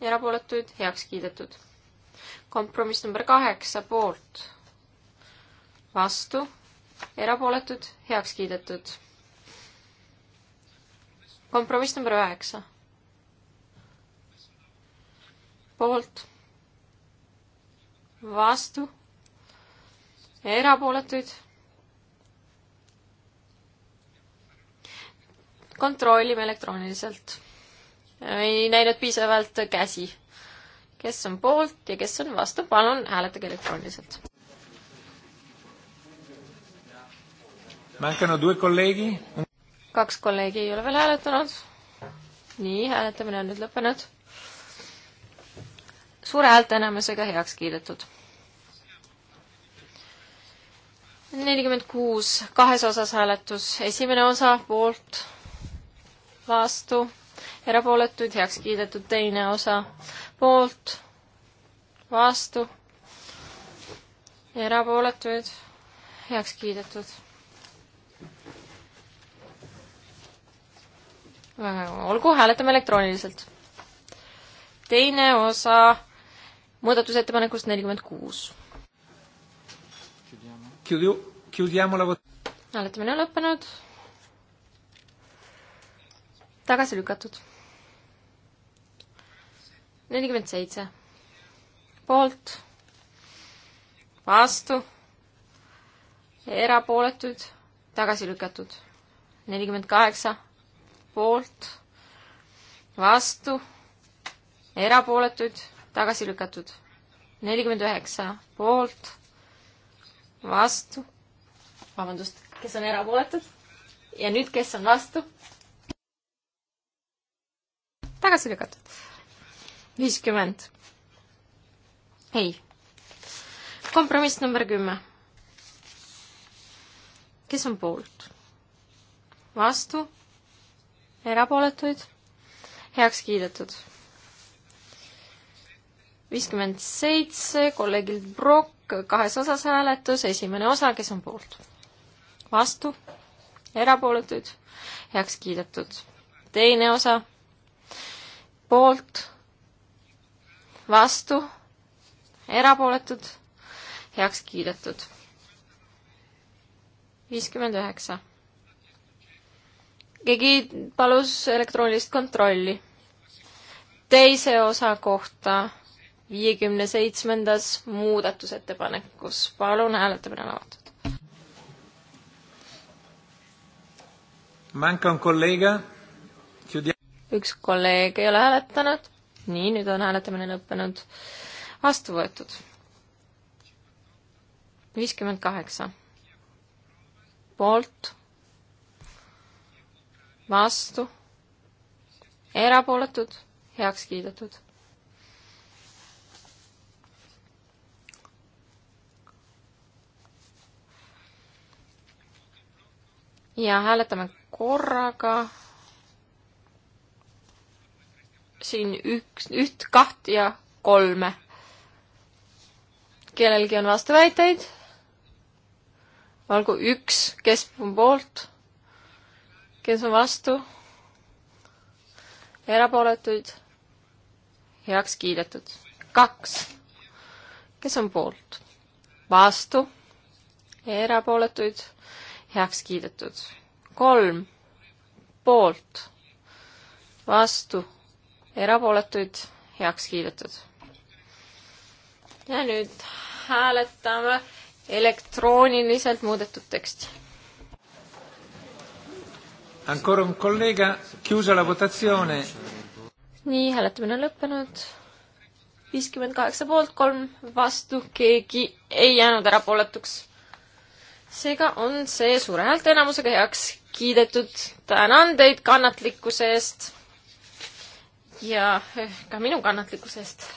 Speaker 4: erapooletuid heaks kiidetud. kompromiss number kaheksa poolt, vastu, erapooletud, heaks kiidetud. kompromiss number üheksa. poolt, vastu, erapooletuid kontrollime elektrooniliselt. ei näinud piisavalt käsi. kes on poolt ja kes on vastu, palun hääletage elektrooniliselt. kaks kolleegi ei ole veel hääletanud. nii, hääletamine on nüüd lõppenud. suure häälteenamusega heaks kiidetud nelikümmend kuus, kahes osas hääletus, esimene osa poolt, vastu, erapooletuid heaks kiidetud teine osa poolt, vastu, erapooletuid heaks kiidetud. olgu, hääletame elektrooniliselt. teine osa muudatusettepanekust nelikümmend kuus. hääletamine on lõppenud tagasi lükatud. nelikümmend seitse. poolt, vastu, erapooletud, tagasi lükatud. nelikümmend kaheksa, poolt, vastu, erapooletud, tagasi lükatud. nelikümmend üheksa, poolt, vastu, vabandust, kes on erapooletud ja nüüd, kes on vastu tagasi lükatud. viiskümmend. ei. kompromiss number kümme. kes on poolt? vastu? erapooletuid? heaks kiidetud. viiskümmend seitse kolleegilt Brock, kahes osas hääletus, esimene osa, kes on poolt? vastu? erapooletuid? heaks kiidetud. teine osa poolt, vastu, erapooletud, heaks kiidetud. viiskümmend üheksa. keegi palus elektroonilist kontrolli teise osa kohta viiekümne seitsmendas muudatusettepanekus. palun hääletamine on avatud.
Speaker 1: Manca un collega
Speaker 4: üks kolleeg ei ole hääletanud. nii, nüüd on hääletamine lõppenud. vastu võetud. viiskümmend kaheksa. poolt. vastu. erapooletud, heaks kiidetud ja hääletame korraga siin üks, üht, kaht ja kolme. kellelgi on vastuväiteid? olgu üks, kes on poolt, kes on vastu, erapooletuid, heaks kiidetud. kaks, kes on poolt, vastu, erapooletuid, heaks kiidetud. kolm, poolt, vastu erapooletuid heaks kiidetud. ja nüüd hääletame elektrooniliselt muudetud teksti.
Speaker 1: Ancora un collega, chiusa la votazione.
Speaker 4: nii, hääletamine on lõppenud. viiskümmend kaheksa poolt, kolm vastu, keegi ei jäänud erapooletuks. seega on see suure häälteenamusega heaks kiidetud. tänan teid kannatlikkuse eest ja ka minu kannatlikkuse eest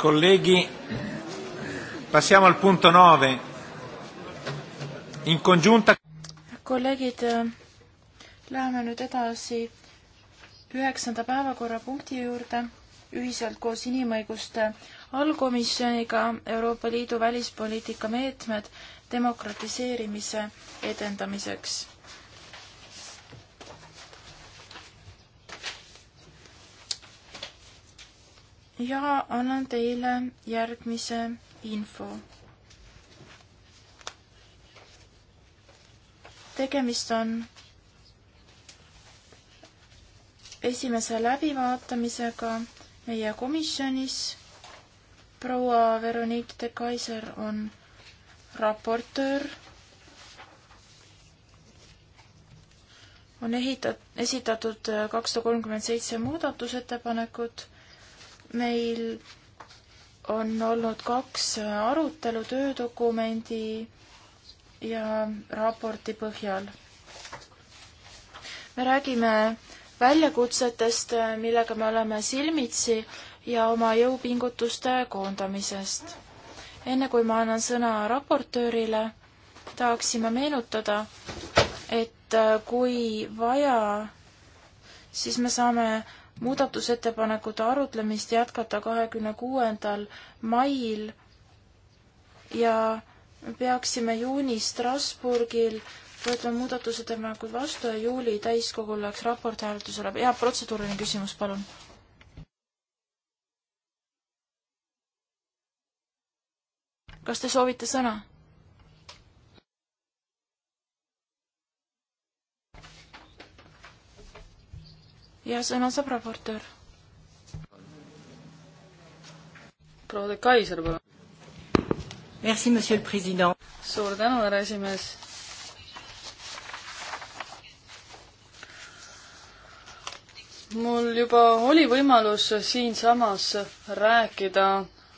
Speaker 1: Colleghi, passiamo al punto 9. In congiunta...
Speaker 2: Kolleegid, äh, läheme nüüd edasi üheksanda päevakorrapunkti juurde ühiselt koos inimõiguste allkomisjoniga Euroopa Liidu välispoliitika meetmed demokratiseerimise edendamiseks ja annan teile järgmise info. tegemist on esimese läbivaatamisega meie komisjonis. proua Veronique de Kaiser on raportöör. on ehitat-, esitatud kakssada kolmkümmend seitse muudatusettepanekut meil on olnud kaks arutelu töödokumendi ja raporti põhjal. me räägime väljakutsetest, millega me oleme silmitsi ja oma jõupingutuste koondamisest. enne kui ma annan sõna raportöörile, tahaksime meenutada, et kui vaja, siis me saame muudatusettepanekute arutlemist jätkata kahekümne kuuendal mail ja me peaksime juunis Strasburgil võtma muudatusettepanekud vastu ja juuli täiskogul läks raport hääletusele. jaa, protseduuriline küsimus, palun. kas te soovite sõna? ja sõna saab raportöör.
Speaker 3: proua de Kaiser, palun.
Speaker 2: Merci, monsieur le president. suur
Speaker 3: tänu, härra esimees. mul juba oli võimalus siinsamas rääkida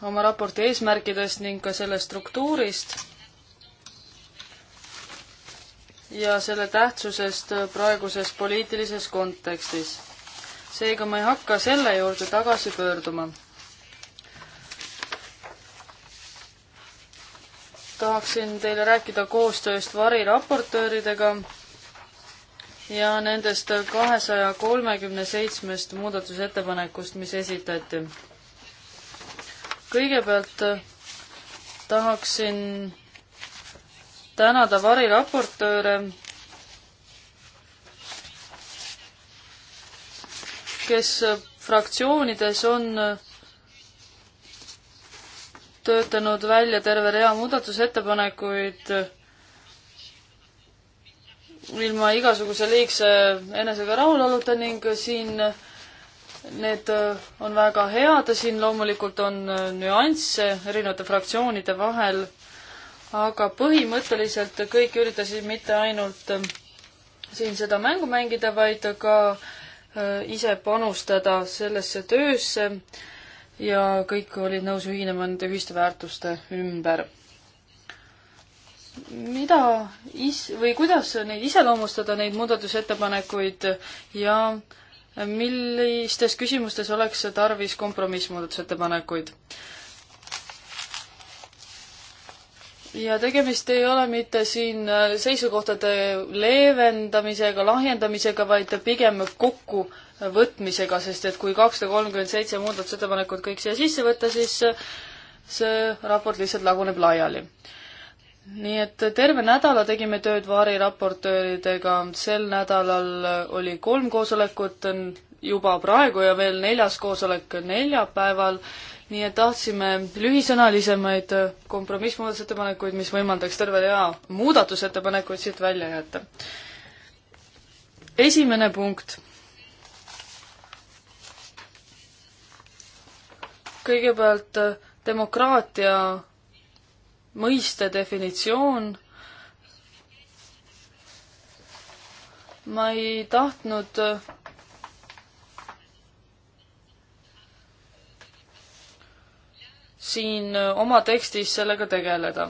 Speaker 3: oma raporti eesmärkidest ning ka selle struktuurist ja selle tähtsusest praeguses poliitilises kontekstis seega ma ei hakka selle juurde tagasi pöörduma. tahaksin teile rääkida koostööst variraportööridega ja nendest kahesaja kolmekümne seitsmest muudatusettepanekust, mis esitati. kõigepealt tahaksin tänada variraportööre kes äh, fraktsioonides on äh, töötanud välja terve rea muudatusettepanekuid äh, ilma igasuguse liigse enesega rahuloluta ning siin need on väga head ja siin loomulikult on nüansse erinevate fraktsioonide vahel, aga põhimõtteliselt kõik üritasid mitte ainult siin seda mängu mängida, vaid ka äh, Äh, ise panustada sellesse töösse ja kõik olid nõus ühinema nende ühiste väärtuste ümber. mida is- või kuidas neid iseloomustada, neid muudatusettepanekuid ja millistes küsimustes oleks tarvis kompromissmuudatusettepanekuid? ja tegemist ei ole mitte siin äh, seisukohtade leevendamisega, lahjendamisega, vaid pigem kokkuvõtmisega, sest et kui kakssada kolmkümmend seitse muudatusettepanekut kõik siia sisse võtta, siis äh, see raport lihtsalt laguneb laiali. nii et terve nädala tegime tööd variraportööridega, sel nädalal äh, oli kolm koosolekut juba praegu ja veel neljas koosolek neljapäeval nii et tahtsime lühisõnalisemaid kompromissmuudatusettepanekuid, mis võimaldaks terve rea muudatusettepanekuid siit välja jätta. esimene punkt. kõigepealt äh, demokraatia mõiste definitsioon. ma ei tahtnud äh, siin äh, oma tekstis sellega tegeleda.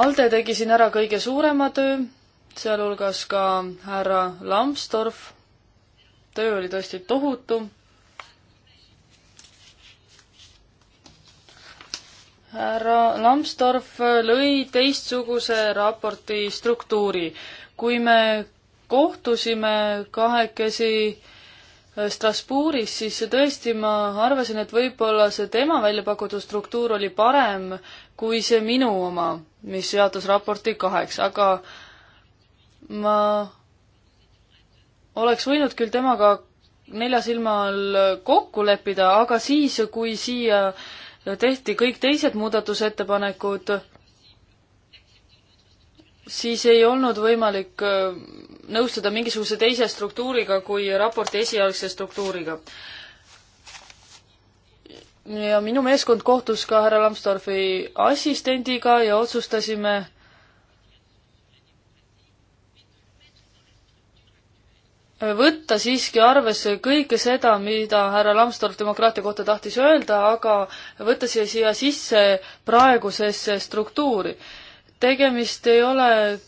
Speaker 3: Alde tegi siin ära kõige suurema töö, sealhulgas ka härra Lambsdorff. töö oli tõesti tohutu. härra Lambsdorff lõi teistsuguse raporti struktuuri. kui me kohtusime kahekesi äh, Äh, Strasbourgis, siis tõesti ma arvasin, et võib-olla see tema välja pakutud struktuur oli parem kui see minu oma, mis jaotus raporti kaheks, aga ma oleks võinud küll temaga nelja silma all kokku leppida, aga siis, kui siia tehti kõik teised muudatusettepanekud, siis ei olnud võimalik äh, nõustuda mingisuguse teise struktuuriga kui raporti esialgse struktuuriga. ja minu meeskond kohtus ka härra Lambsdorfi assistendiga ja otsustasime võtta siiski arvesse kõike seda, mida härra Lambsdorff demokraatia kohta tahtis öelda, aga võtta siia, siia sisse praegusesse struktuuri. tegemist ei ole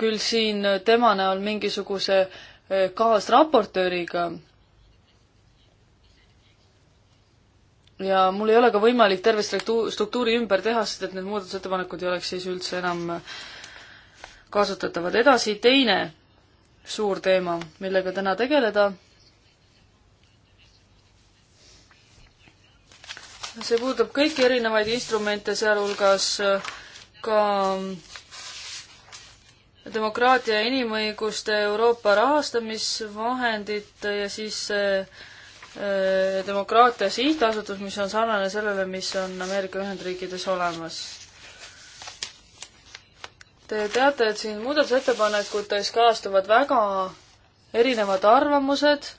Speaker 3: küll siin tema näol mingisuguse eh, kaasraportööriga. ja mul ei ole ka võimalik terve struktuuri, struktuuri ümber teha, sest et need muudatusettepanekud ei oleks siis üldse enam eh, kasutatavad. edasi teine suur teema, millega täna tegeleda see puudutab kõiki erinevaid instrumente, sealhulgas eh, ka mm, demokraatia ja inimõiguste Euroopa rahastamisvahendit ja siis äh, demokraatia sihtasutus, mis on sarnane sellele, mis on Ameerika Ühendriikides olemas. Te teate, et siin muudatusettepanekutes kajastuvad väga erinevad arvamused.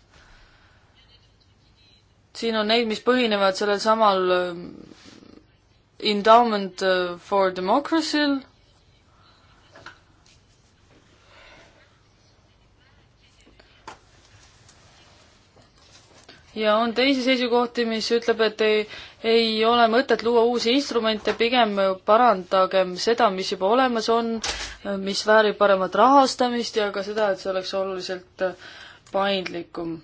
Speaker 3: siin on neid, mis põhinevad sellel samal äh, endowment äh, for democracy'l ja on teisi seisukohti, mis ütleb, et ei, ei ole mõtet luua uusi instrumente, pigem parandagem seda, mis juba olemas on, mis väärib paremat rahastamist ja ka seda, et see oleks oluliselt paindlikum.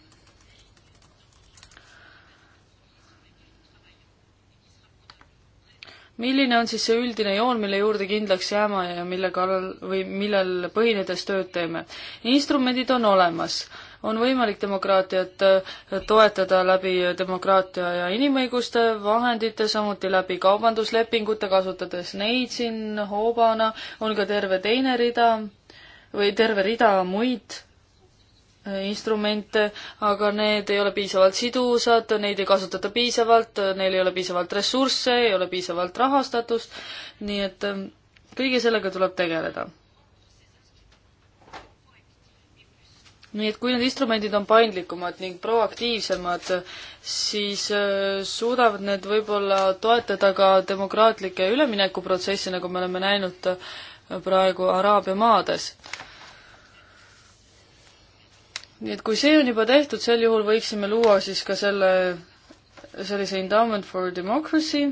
Speaker 3: milline on siis see üldine joon, mille juurde kindlaks jääma ja mille kallal või millel põhinedes tööd teeme? instrumendid on olemas on võimalik demokraatiat äh, toetada läbi demokraatia ja inimõiguste vahendite, samuti läbi kaubanduslepingute, kasutades neid siin hoobana, on ka terve teine rida või terve rida muid äh, instrumente, aga need ei ole piisavalt sidusad, neid ei kasutata piisavalt, neil ei ole piisavalt ressursse, ei ole piisavalt rahastatust, nii et äh, kõige sellega tuleb tegeleda nii et kui need instrumendid on paindlikumad ning proaktiivsemad, siis äh, suudavad need võib-olla toetada ka demokraatlikke üleminekuprotsesse, nagu me oleme näinud äh, praegu Araabia maades. nii et kui see on juba tehtud, sel juhul võiksime luua siis ka selle, sellise endowment for democracy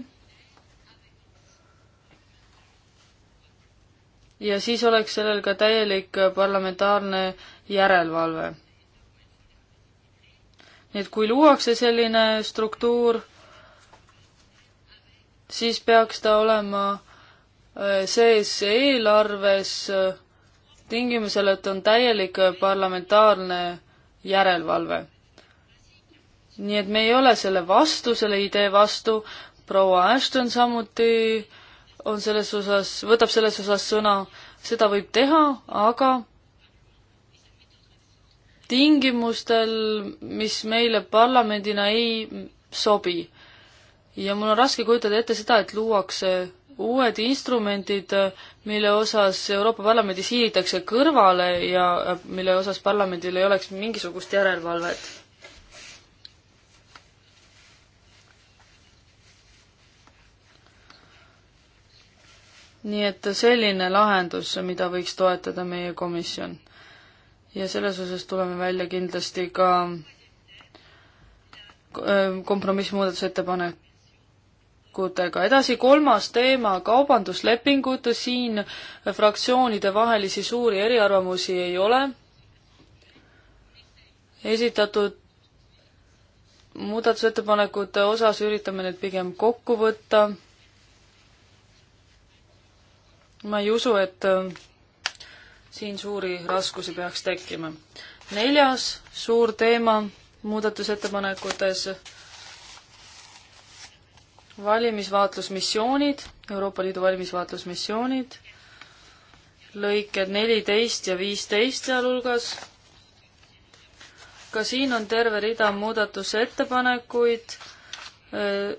Speaker 3: ja siis oleks sellel ka täielik parlamentaarne järelevalve. nii et kui luuakse selline struktuur, siis peaks ta olema äh, sees eelarves äh, tingimusel, et on täielik äh, parlamentaarne järelevalve. nii et me ei ole selle vastu, selle idee vastu, proua Ashton samuti äh, on selles osas, võtab selles osas sõna, seda võib teha, aga tingimustel, mis meile parlamendina ei sobi. ja mul on raske kujutada ette seda, et luuakse uued instrumendid, mille osas Euroopa Parlamendis hiilitakse kõrvale ja mille osas parlamendil ei oleks mingisugust järelevalvet nii et selline lahendus, mida võiks toetada meie komisjon. ja selles osas tuleme välja kindlasti ka äh, kompromissmuudatusettepanekutega. edasi kolmas teema, kaubanduslepingud, siin fraktsioonide vahelisi suuri eriarvamusi ei ole. esitatud muudatusettepanekute osas üritame need pigem kokku võtta ma ei usu, et äh, siin suuri raskusi peaks tekkima. neljas suur teema muudatusettepanekutes valimisvaatlusmissioonid, Euroopa Liidu valimisvaatlusmissioonid, lõiked neliteist ja viisteist sealhulgas. ka siin on terve rida muudatusettepanekuid. Äh,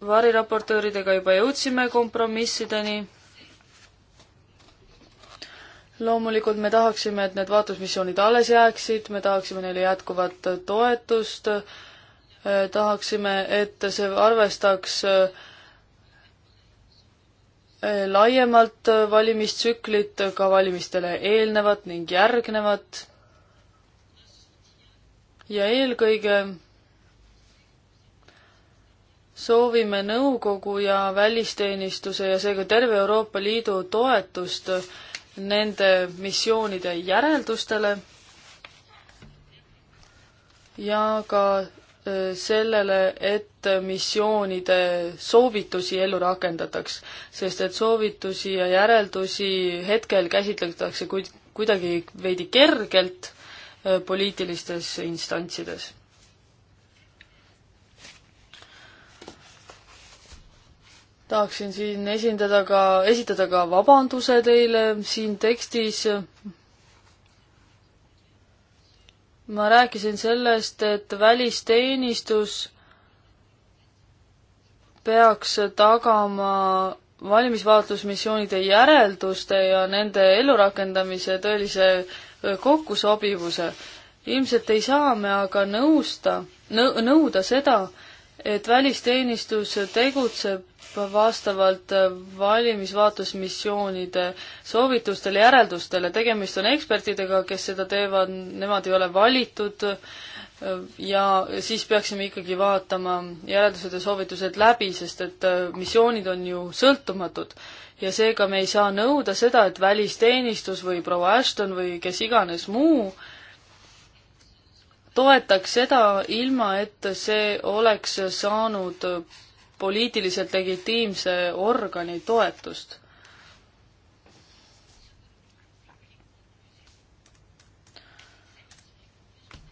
Speaker 3: variraportööridega juba jõudsime kompromissideni loomulikult me tahaksime, et need vaatlusmissioonid alles jääksid, me tahaksime neile jätkuvat toetust, äh, tahaksime, et see arvestaks äh, laiemalt valimistsüklit, ka valimistele eelnevat ning järgnevat. ja eelkõige soovime nõukogu ja välisteenistuse ja seega terve Euroopa Liidu toetust nende missioonide järeldustele ja ka sellele, et missioonide soovitusi ellu rakendataks, sest et soovitusi ja järeldusi hetkel käsitletakse kuid-, kuidagi veidi kergelt poliitilistes instantsides. tahaksin siin esindada ka, esitada ka vabanduse teile siin tekstis. ma rääkisin sellest, et välisteenistus peaks tagama valimisvaatlusmissioonide järelduste ja nende ellurakendamise tõelise kokkusobivuse. ilmselt ei saa me aga nõusta, nõuda seda, et välisteenistus tegutseb vastavalt äh, valimisvaatlusmissioonide soovitustele, järeldustele, tegemist on ekspertidega, kes seda teevad, nemad ei ole valitud äh, ja siis peaksime ikkagi vaatama järeldused ja soovitused läbi, sest et äh, missioonid on ju sõltumatud. ja seega me ei saa nõuda seda, et välisteenistus või proua Ashton või kes iganes muu toetaks seda, ilma et see oleks saanud poliitiliselt legitiimse organi toetust.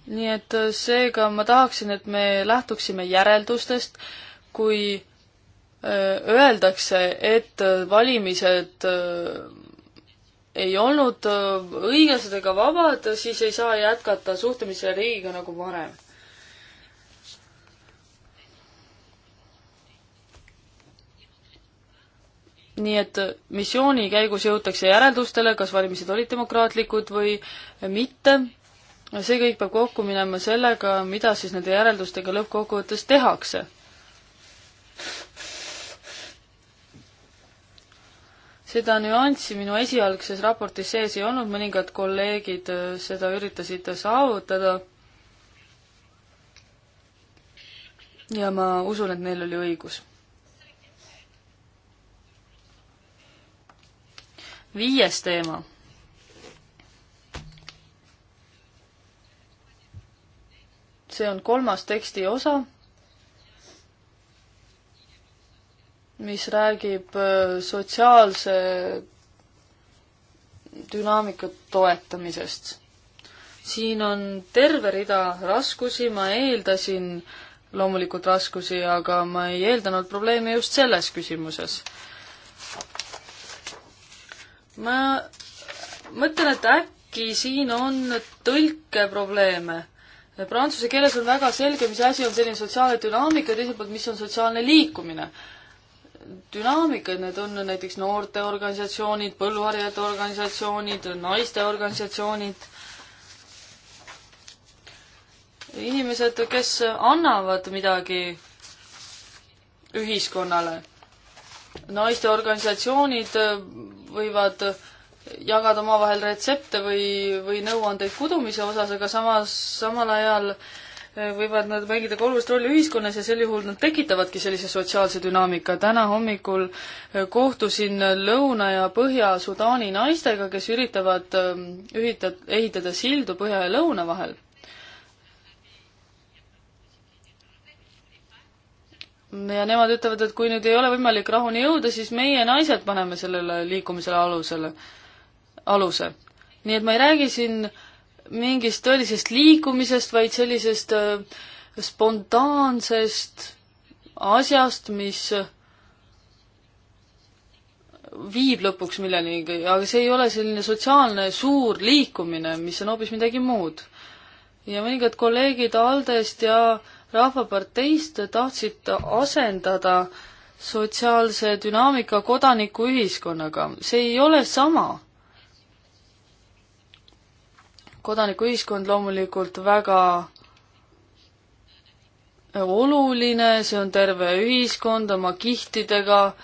Speaker 3: nii et äh, seega ma tahaksin, et me lähtuksime järeldustest, kui äh, öeldakse, et äh, valimised ei olnud õiglased ega vabad, siis ei saa jätkata suhtlemise riigiga nagu varem. nii et äh, missiooni käigus jõutakse järeldustele, kas valimised olid demokraatlikud või mitte. see kõik peab kokku minema sellega, mida siis nende järeldustega lõppkokkuvõttes tehakse. seda nüanssi minu esialgses raportis sees ei olnud, mõningad kolleegid äh, seda üritasid saavutada. ja ma usun, et neil oli õigus viies teema. see on kolmas teksti osa, mis räägib äh, sotsiaalse dünaamika toetamisest. siin on terve rida raskusi, ma eeldasin loomulikult raskusi, aga ma ei eeldanud probleeme just selles küsimuses ma mõtlen, et äkki siin on tõlkeprobleeme. Prantsuse keeles on väga selge, mis asi on selline sotsiaalne dünaamika ja teiselt poolt, mis on sotsiaalne liikumine. dünaamikad, need on näiteks noorteorganisatsioonid, põlluharjade organisatsioonid, naiste organisatsioonid inimesed, kes annavad midagi ühiskonnale. naisteorganisatsioonid võivad jagada omavahel retsepte või, või nõuandeid kudumise osas, aga samas, samal ajal eh, võivad nad mängida ka olulist rolli ühiskonnas ja sel juhul nad tekitavadki sellise sotsiaalse dünaamika. täna hommikul eh, kohtusin Lõuna- ja Põhja-Sudaani naistega, kes üritavad eh, ühita-, ehitada sildu Põhja ja Lõuna vahel. ja nemad ütlevad, et kui nüüd ei ole võimalik rahuni jõuda, siis meie naised paneme sellele liikumisele alusele, aluse. nii et ma ei räägi siin mingist tõelisest liikumisest, vaid sellisest äh, spontaansest asjast, mis äh, viib lõpuks millenigi, aga see ei ole selline sotsiaalne suur liikumine, mis on hoopis midagi muud. ja mõningad kolleegid Aldest ja äh, Rahvaparteist tahtsite asendada sotsiaalse dünaamika kodanikuühiskonnaga. see ei ole sama. kodanikuühiskond loomulikult väga oluline, see on terve ühiskond oma kihtidega,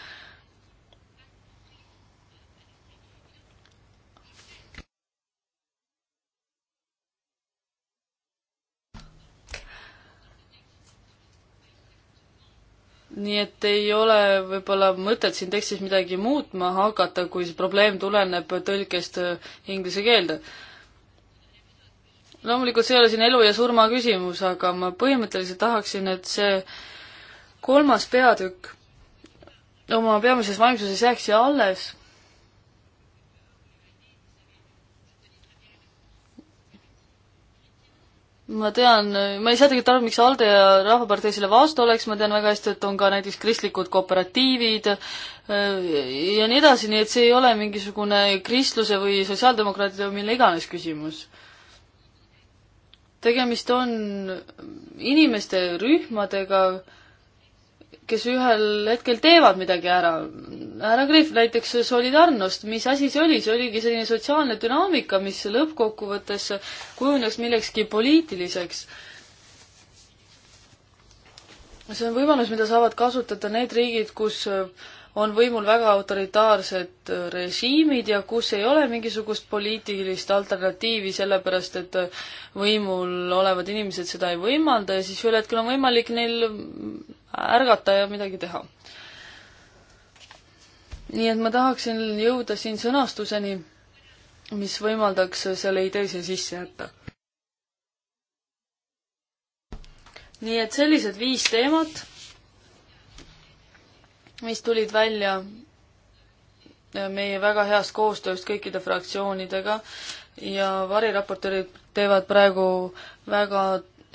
Speaker 3: nii et ei ole võib-olla mõtet siin tekstis midagi muutma hakata, kui see probleem tuleneb tõlkest inglise keelde. loomulikult see ei ole siin elu ja surma küsimus, aga ma põhimõtteliselt tahaksin, et see kolmas peatükk oma peamises vaimsuses jääks siia alles ma tean, ma ei saa tegelikult aru, miks ALDE ja Rahvapartei selle vastu oleks, ma tean väga hästi, et on ka näiteks kristlikud kooperatiivid äh, ja nii edasi, nii et see ei ole mingisugune kristluse või sotsiaaldemokraatide või mille iganes küsimus. tegemist on inimeste rühmadega, kes ühel hetkel teevad midagi ära. härra Griff, näiteks solidaarnust, mis asi see oli, see oligi selline sotsiaalne dünaamika, mis lõppkokkuvõttes kujunes millekski poliitiliseks. see on võimalus, mida saavad kasutada need riigid, kus on võimul väga autoritaarsed režiimid ja kus ei ole mingisugust poliitilist alternatiivi, sellepärast et võimul olevad inimesed seda ei võimalda ja siis ühel hetkel on võimalik neil ärgata ja midagi teha. nii et ma tahaksin jõuda siin sõnastuseni, mis võimaldaks selle idee siia sisse jätta. nii et sellised viis teemat, mis tulid välja meie väga heast koostööst kõikide fraktsioonidega ja variraportöörid teevad praegu väga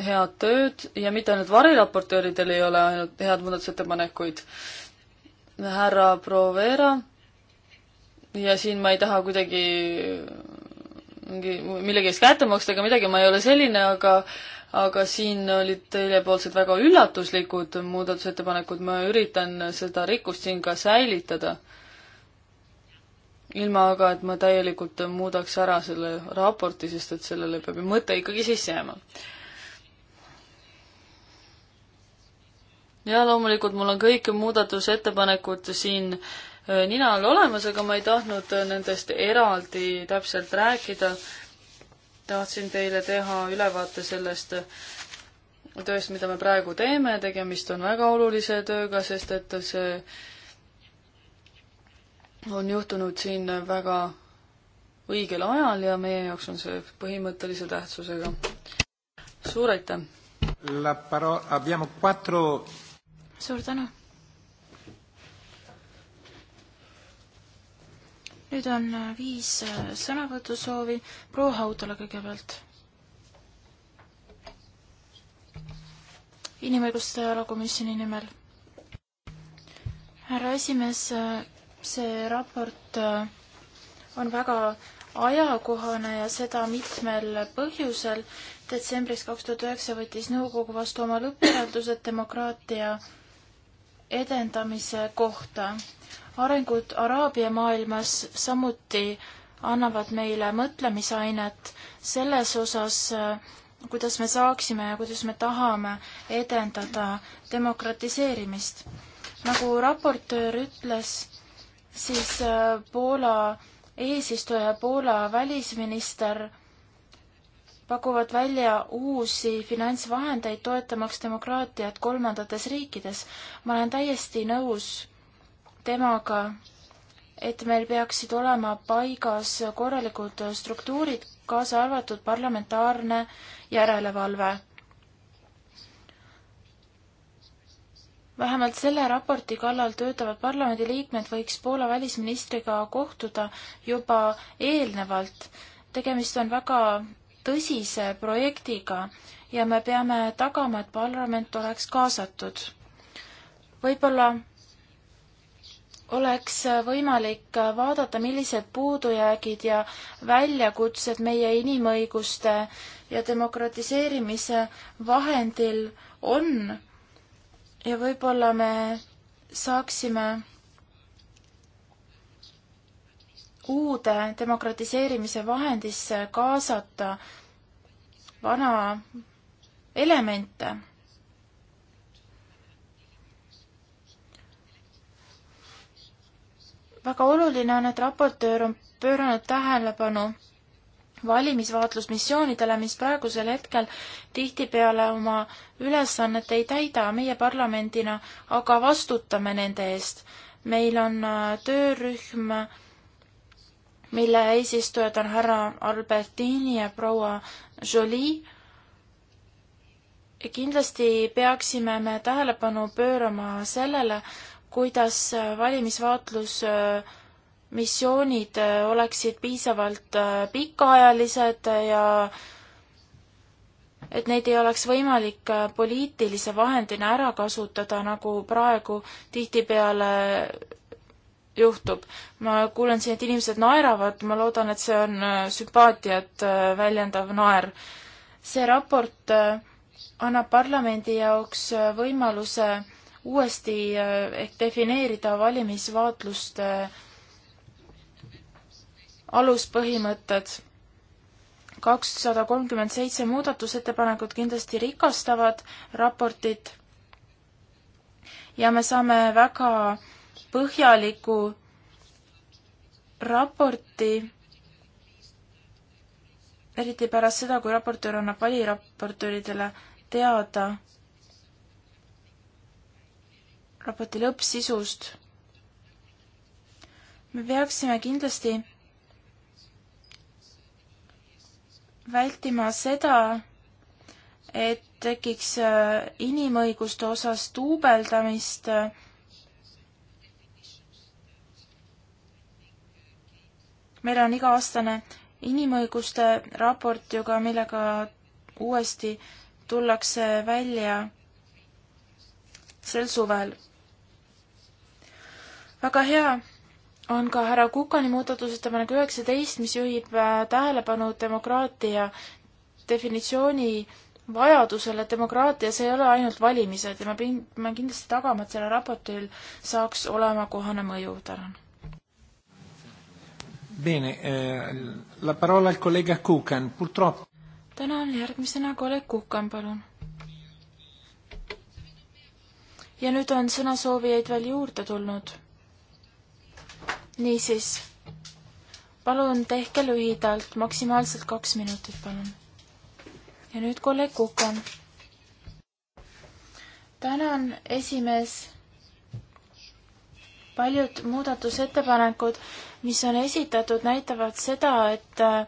Speaker 3: head tööd ja mitte ainult variraportööridel ei ole ainult head muudatusettepanekuid. härra Provera ja siin ma ei taha kuidagi mingi, millegi eest kätte maksta ega midagi, ma ei ole selline, aga aga siin olid teiepoolsed väga üllatuslikud muudatusettepanekud, ma üritan seda rikkust siin ka säilitada. ilma aga, et ma täielikult muudaks ära selle raporti, sest et sellele peab ju mõte ikkagi sisse jääma. ja loomulikult mul on kõik muudatusettepanekud siin äh, nina all olemas, aga ma ei tahtnud äh, nendest eraldi täpselt rääkida. tahtsin teile teha ülevaate sellest äh, tööst, mida me praegu teeme, tegemist on väga olulise tööga, sest et see on juhtunud siin väga õigel ajal ja meie jaoks on see põhimõttelise tähtsusega.
Speaker 1: suur aitäh! Abbiamo quattro
Speaker 2: suur tänu. nüüd on äh, viis äh, sõnavõtusoovi. proua Haudala kõigepealt. inimõiguste alakomisjoni nimel. härra esimees, äh, see raport on väga ajakohane ja seda mitmel põhjusel. detsembris kaks tuhat üheksa võttis nõukogu vastu oma lõppjäreldused demokraatia edendamise kohta. arengud Araabia maailmas samuti annavad meile mõtlemisainet selles osas, äh, kuidas me saaksime ja kuidas me tahame edendada demokratiseerimist. nagu raportöör ütles, siis äh, Poola eesistuja, Poola välisminister pakuvad välja uusi finantsvahendeid toetamaks demokraatiat kolmandates riikides. ma olen täiesti nõus temaga, et meil peaksid olema paigas korralikud struktuurid, kaasa arvatud parlamentaarne järelevalve. vähemalt selle raporti kallal töötavad parlamendiliikmed võiks Poola välisministriga kohtuda juba eelnevalt. tegemist on väga tõsise projektiga ja me peame tagama, et parlament oleks kaasatud. võib-olla oleks võimalik vaadata, millised puudujäägid ja väljakutsed meie inimõiguste ja demokratiseerimise vahendil on ja võib-olla me saaksime uude demokratiseerimise vahendisse kaasata vana elemente. väga oluline on, et raportöör on pööranud tähelepanu valimisvaatlusmissioonidele, mis praegusel hetkel tihtipeale oma ülesannet ei täida, meie parlamendina aga vastutame nende eest. meil on äh, töörühm äh, mille eesistujad on härra Albertini ja proua Jolie. kindlasti peaksime me tähelepanu pöörama sellele, kuidas valimisvaatlusmissioonid äh, oleksid piisavalt äh, pikaajalised ja et neid ei oleks võimalik äh, poliitilise vahendina ära kasutada, nagu praegu tihtipeale juhtub. ma kuulen siin, et inimesed naeravad, ma loodan, et see on äh, sümpaatiat äh, väljendav naer. see raport äh, annab parlamendi jaoks võimaluse uuesti ehk defineerida valimisvaatluste aluspõhimõtted. kakssada kolmkümmend seitse muudatusettepanekut kindlasti rikastavad raportit ja me saame väga äh, põhjaliku raporti, eriti pärast seda, kui raportöör annab valiraportööridele teada raporti lõppsisust. me peaksime kindlasti vältima seda, et tekiks äh, inimõiguste osas duubeldamist äh, meil on iga-aastane inimõiguste raport ju ka, millega uuesti tullakse välja sel suvel. väga hea on ka härra Kukani muudatusettepanek üheksateist, mis juhib äh, tähelepanu demokraatia definitsiooni vajadusele, et demokraatia, see ei ole ainult valimised ja ma pidin, ma kindlasti tagama, et sellel raportil saaks olema kohane mõju, tänan
Speaker 1: Bene, eh, la parola al collega Kukan, purtroppo.
Speaker 2: tänan, järgmisena kolleeg Kukan, palun. ja nüüd on sõnasoovijaid veel juurde tulnud. niisiis, palun tehke lühidalt, maksimaalselt kaks minutit, palun. ja nüüd kolleeg Kukan. tänan, esimees paljud muudatusettepanekud, mis on esitatud, näitavad seda, et äh,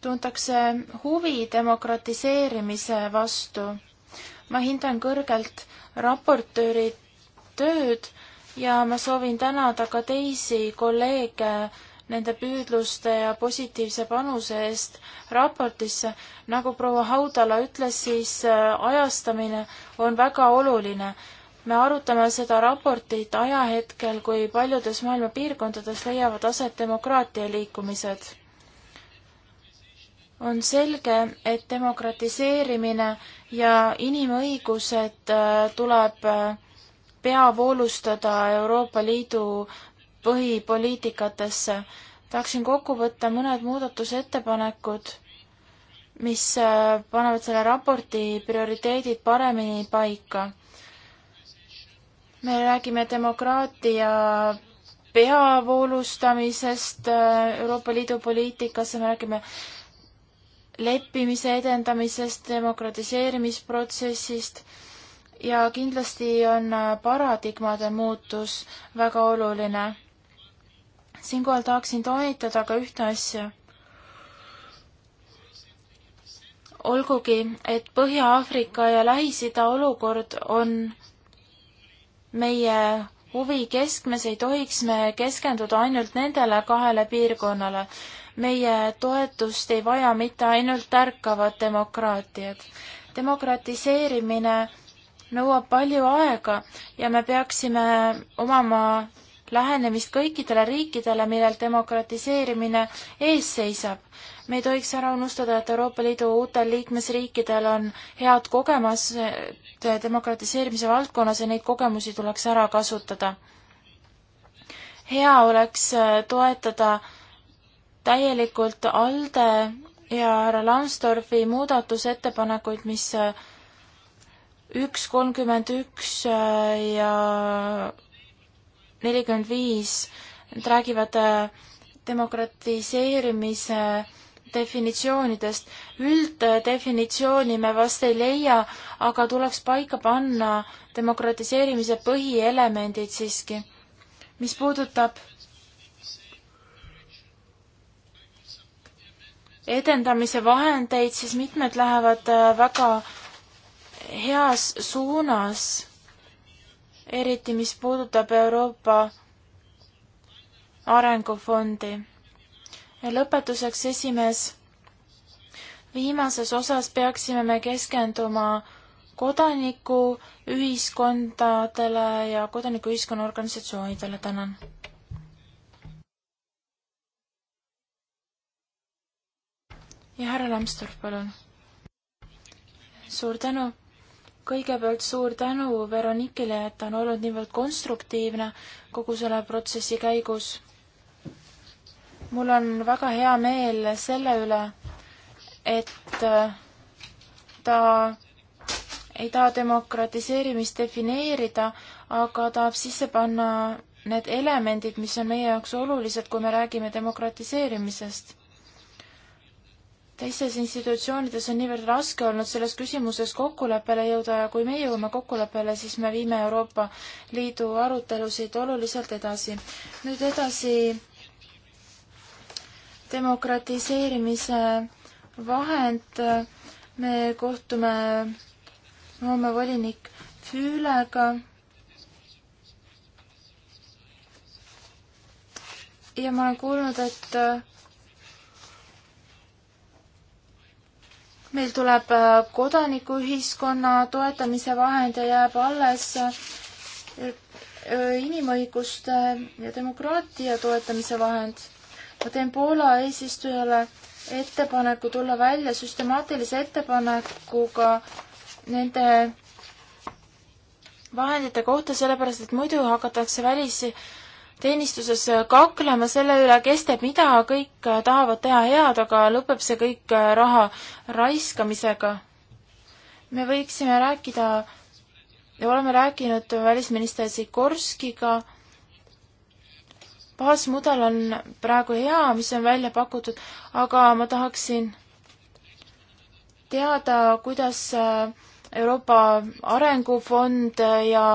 Speaker 2: tuntakse huvi demokratiseerimise vastu. ma hindan kõrgelt raportööri tööd ja ma soovin tänada ka teisi kolleege nende püüdluste ja positiivse panuse eest raportisse. nagu proua Haudala ütles, siis äh, ajastamine on väga oluline me arutame seda raportit ajahetkel, kui paljudes maailma piirkondades leiavad aset demokraatia liikumised. on selge, et demokratiseerimine ja inimõigused äh, tuleb äh, peavoolustada Euroopa Liidu põhipoliitikatesse. tahaksin kokku võtta mõned muudatusettepanekud, mis äh, panevad selle raporti prioriteedid paremini paika me räägime demokraatia peavoolustamisest äh, Euroopa Liidu poliitikasse, me räägime leppimise edendamisest, demokratiseerimisprotsessist ja kindlasti on äh, paradigmade muutus väga oluline. siinkohal tahaksin toonitada ka ühte asja. olgugi, et Põhja-Aafrika ja Lähis-Ida olukord on meie huvi keskmes ei tohiks me keskenduda ainult nendele kahele piirkonnale. meie toetust ei vaja mitte ainult ärkavad demokraatiad. demokratiseerimine nõuab palju aega ja me peaksime omama lähenemist kõikidele riikidele, millel demokratiseerimine ees seisab me ei tohiks ära unustada, et Euroopa Liidu uutel liikmesriikidel on head kogemused demokratiseerimise valdkonnas ja neid kogemusi tuleks ära kasutada. hea oleks äh, toetada täielikult ALDE ja härra Lambsdorfi muudatusettepanekuid, mis äh, üks kolmkümmend üks äh, ja nelikümmend viis, need räägivad demokratiseerimise äh, definitsioonidest. ülddefinitsiooni me vast ei leia, aga tuleks paika panna demokratiseerimise põhielemendid siiski. mis puudutab edendamise vahendeid, siis mitmed lähevad äh, väga heas suunas, eriti mis puudutab Euroopa Arengufondi ja lõpetuseks, esimees, viimases osas peaksime me keskenduma kodanikuühiskondadele ja kodanikuühiskonna organisatsioonidele, tänan. ja härra Lambsdorff, palun. suur tänu kõigepealt suur tänu Veronikile, et ta on olnud niivõrd konstruktiivne kogu selle protsessi käigus mul on väga hea meel selle üle, et äh, ta ei taha demokratiseerimist defineerida, aga tahab sisse panna need elemendid, mis on meie jaoks olulised, kui me räägime demokratiseerimisest. teistes institutsioonides on niivõrd raske olnud selles küsimuses kokkuleppele jõuda ja kui me jõuame kokkuleppele, siis me viime Euroopa Liidu arutelusid oluliselt edasi. nüüd edasi demokratiseerimise vahend. me kohtume homme volinik Füülega. ja ma olen kuulnud, et meil tuleb äh, kodanikuühiskonna toetamise vahend ja jääb alles äh, äh, inimõiguste ja demokraatia toetamise vahend ma teen Poola eesistujale ettepaneku tulla välja süstemaatilise ettepanekuga nende vahendite kohta, sellepärast et muidu hakatakse välisteenistuses kaklema selle üle, kes teeb mida, kõik tahavad teha head, aga lõpeb see kõik raha raiskamisega. me võiksime rääkida ja oleme rääkinud välisminister Sikorskiga baasmudel on praegu hea, mis on välja pakutud, aga ma tahaksin teada, kuidas äh, Euroopa Arengufond ja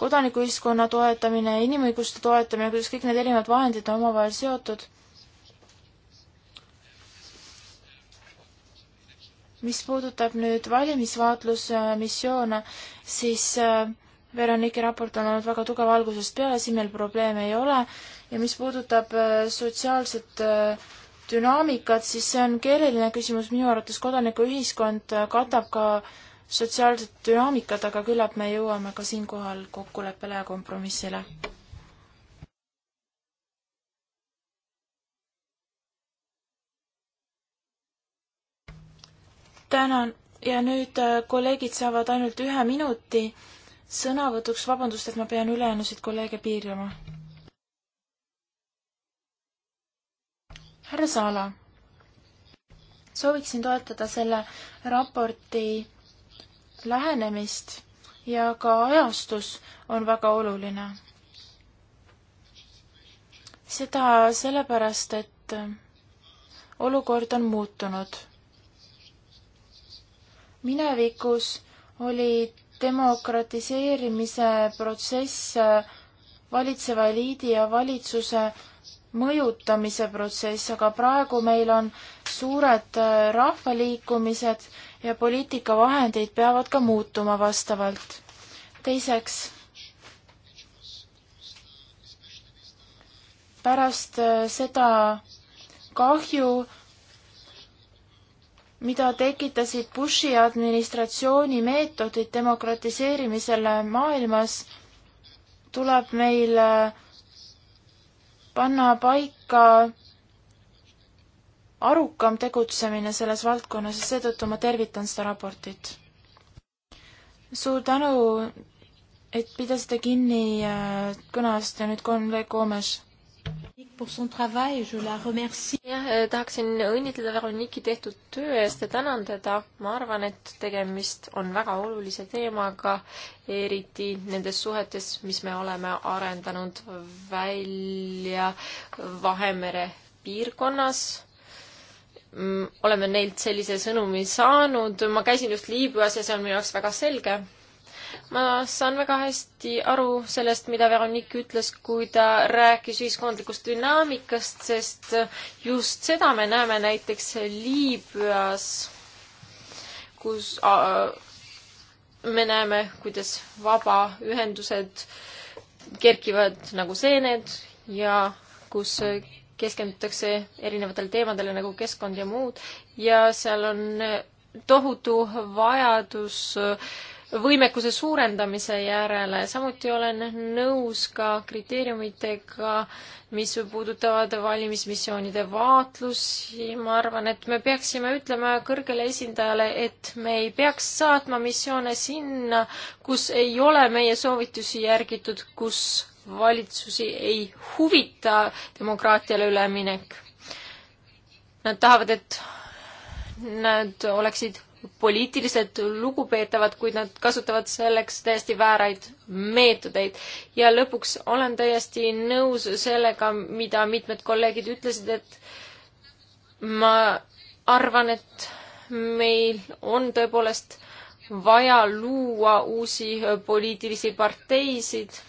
Speaker 2: kodanikuühiskonna toetamine, inimõiguste toetamine, kuidas kõik need erinevad vahendid on omavahel seotud. mis puudutab nüüd valimisvaatlusmissioone, siis äh, Veroniki raport on olnud väga tugev algusest peale, siin meil probleeme ei ole ja mis puudutab äh, sotsiaalset äh, dünaamikat, siis see on keeleline küsimus, minu arvates kodanikuühiskond äh, katab ka sotsiaalset dünaamikat, aga küllap me jõuame ka siinkohal kokkuleppele ja kompromissile. tänan ja nüüd kolleegid saavad ainult ühe minuti sõnavõtuks, vabandust, et ma pean ülejäänusid kolleege piirama. härra Saala, sooviksin toetada selle raporti lähenemist ja ka ajastus on väga oluline. seda sellepärast, et olukord on muutunud. minevikus olid demokratiseerimise protsess valitseva eliidi ja valitsuse mõjutamise protsess, aga praegu meil on suured äh, rahvaliikumised ja poliitikavahendid peavad ka muutuma vastavalt. teiseks, pärast äh, seda kahju, mida tekitasid Bushi administratsiooni meetodid demokratiseerimisele maailmas, tuleb meil panna paika arukam tegutsemine selles valdkonnas ja seetõttu ma tervitan seda raportit. suur tänu, et pidasite kinni äh, kõnest ja nüüd kolm kolleeg Koomes pour son travail et je la remercie. jah, eh, tahaksin õnnitleda Veroniki
Speaker 4: tehtud töö eest ja tänan teda. ma arvan, et tegemist on väga olulise teemaga, eriti nendes suhetes, mis me oleme arendanud välja Vahemere piirkonnas mm, oleme neilt sellise sõnumi saanud, ma käisin just Liibüas ja see on minu jaoks väga selge ma saan väga hästi aru sellest, mida Veronique ütles, kui ta rääkis ühiskondlikust dünaamikast, sest just seda me näeme näiteks Liibüas, kus me näeme, kuidas vabaühendused kerkivad nagu seened ja kus keskendutakse erinevatele teemadele nagu keskkond ja muud ja seal on tohutu vajadus äh, võimekuse suurendamise järele, samuti olen nõus ka kriteeriumitega, mis puudutavad valimismissioonide vaatlusi, ma arvan, et me peaksime ütlema kõrgele esindajale, et me ei peaks saatma missioone sinna, kus ei ole meie soovitusi järgitud, kus valitsusi ei huvita demokraatiale üleminek. Nad tahavad, et nad oleksid poliitiliselt lugupeetavad, kuid nad kasutavad selleks täiesti vääraid meetodeid. ja lõpuks olen täiesti nõus sellega, mida mitmed kolleegid ütlesid, et ma arvan, et meil on tõepoolest vaja luua uusi poliitilisi parteisid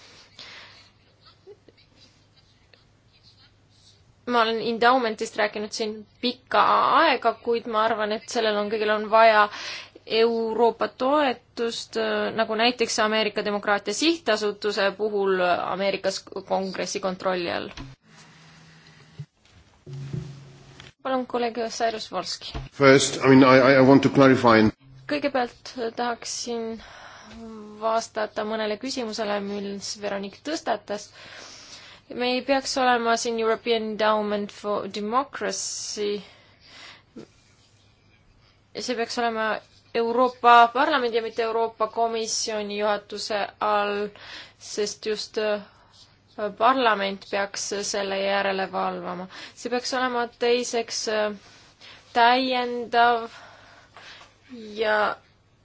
Speaker 4: ma olen endowment'ist rääkinud siin pikka aega, kuid ma arvan, et sellel on, kõigil on vaja Euroopa toetust, nagu näiteks Ameerika Demokraatia Sihtasutuse puhul Ameerikas kongressi kontrolli all. palun, kolleeg Cyrus Volski.
Speaker 3: First, I mean I, I want to clarify.
Speaker 4: kõigepealt tahaksin vastata mõnele küsimusele, mis Veronik tõstatas me ei peaks olema siin European Endowment for Democracy. see peaks olema Euroopa Parlamendi ja mitte Euroopa Komisjoni juhatuse all, sest just äh, parlament peaks selle järele valvama. see peaks olema teiseks äh, täiendav ja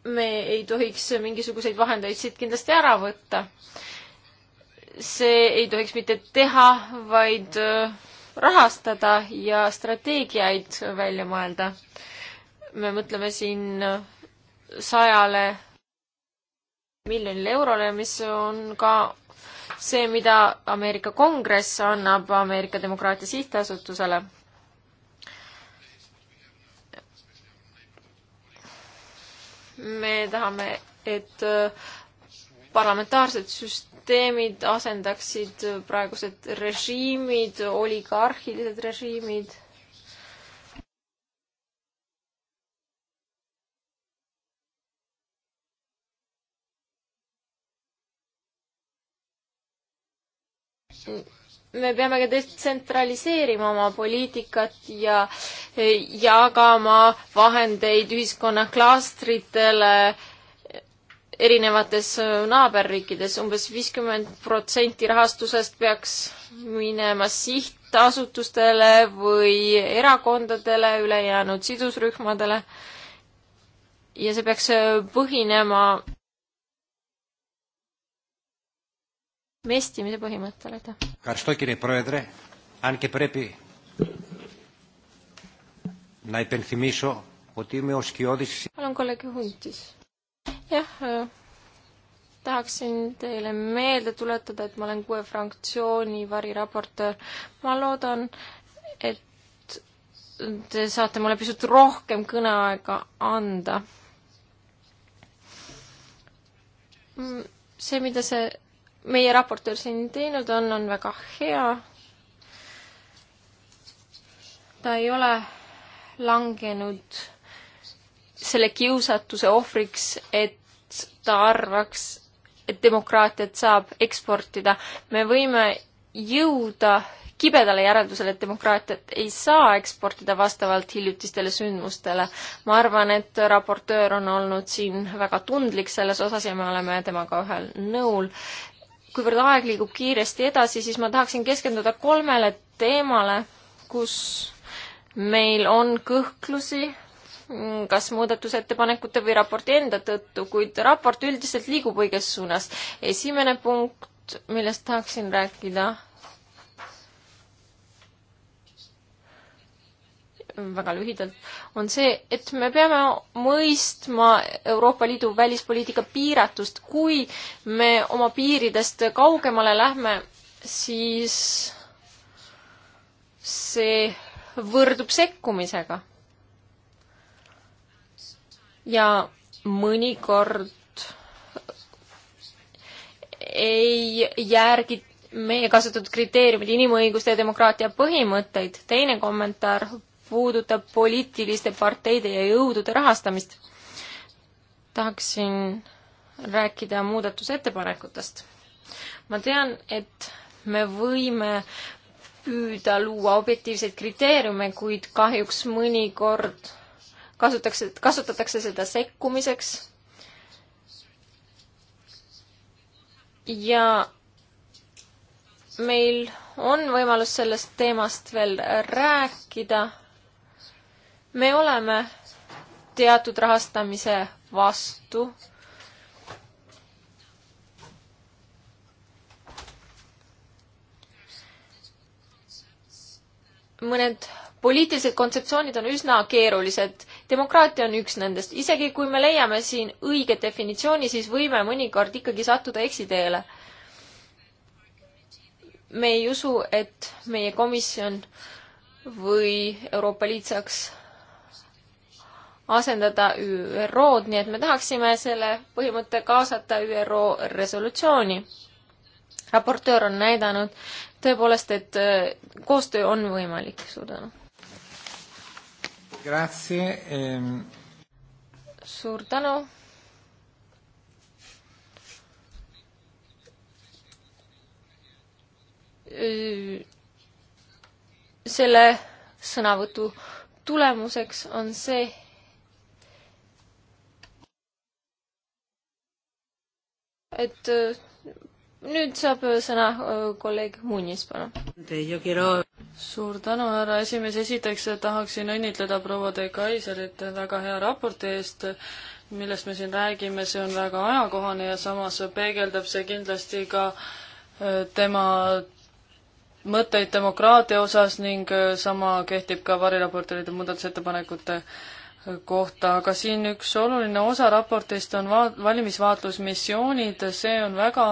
Speaker 4: me ei tohiks mingisuguseid vahendeid siit kindlasti ära võtta see ei tohiks mitte teha, vaid äh, rahastada ja strateegiaid välja mõelda. me mõtleme siin äh, sajale miljonile eurole, mis on ka see, mida Ameerika Kongress annab Ameerika Demokraatia Sihtasutusele. me tahame, et äh, parlamentaarset süst-, süsteemid asendaksid praegused režiimid, oligarhilised režiimid. me peame ka detsentraliseerima oma poliitikat ja eh, jagama vahendeid ühiskonna klastritele äh, erinevates äh, naaberriikides umbes viiskümmend protsenti rahastusest peaks minema sihtasutustele või erakondadele, ülejäänud sidusrühmadele. ja see peaks äh, põhinema mestimise põhimõttel,
Speaker 1: aitäh. Να υπενθυμίσω ότι είμαι ο Σκιώδης...
Speaker 4: Άλλον κολλέκι Χούντης jah, äh, tahaksin teile meelde tuletada, et ma olen kuue fraktsiooni variraportöör. ma loodan, et te saate mulle pisut rohkem kõneaega anda. Mm, see, mida see meie raportöör siin teinud on, on väga hea. ta ei ole langenud selle kiusatuse ohvriks, et ta arvaks, et demokraatiat saab eksportida. me võime jõuda kibedale järeldusele, et demokraatiat ei saa eksportida vastavalt hiljutistele sündmustele. ma arvan, et raportöör on olnud siin väga tundlik selles osas ja me oleme temaga ühel nõul. kuivõrd aeg liigub kiiresti edasi, siis ma tahaksin keskenduda kolmele teemale, kus meil on kõhklusi Mm, kas muudatusettepanekute või raporti enda tõttu, kuid raport üldiselt liigub õiges suunas. esimene punkt, millest tahaksin rääkida, väga lühidalt, on see, et me peame mõistma Euroopa Liidu välispoliitika piiratust. kui me oma piiridest kaugemale lähme, siis see võrdub sekkumisega ja mõnikord ei järgi meie kasutatud kriteeriumid inimõiguste ja demokraatia põhimõtteid. teine kommentaar puudutab poliitiliste parteide ja jõudude rahastamist. tahaksin rääkida muudatusettepanekutest. ma tean, et me võime püüda luua objektiivseid kriteeriume, kuid kahjuks mõnikord kasutatakse, kasutatakse seda sekkumiseks. ja meil on võimalus sellest teemast veel rääkida. me oleme teatud rahastamise vastu. mõned poliitilised kontseptsioonid on üsna keerulised demokraatia on üks nendest. isegi kui me leiame siin õige definitsiooni, siis võime mõnikord ikkagi sattuda eksiteele. me ei usu, et meie komisjon või Euroopa Liit saaks asendada ÜRO-d, nii et me tahaksime selle põhimõtte kaasata ÜRO resolutsiooni. raportöör on näidanud tõepoolest, et äh, koostöö on võimalik. suur tänu
Speaker 1: Ehm...
Speaker 4: suur tänu. Äh, selle sõnavõtu tulemuseks on see, et äh, nüüd saab äh, sõna kolleeg Munis, palun
Speaker 3: suur tänu, härra esimees, esiteks tahaksin õnnitleda proua de Kaiserit väga hea raporti eest, millest me siin räägime, see on väga ajakohane ja samas peegeldab see kindlasti ka äh, tema mõtteid demokraatia osas ning äh, sama kehtib ka variraportööride muudatusettepanekute kohta, aga siin üks oluline osa raportist on va-, valimisvaatlusmissioonid, see on väga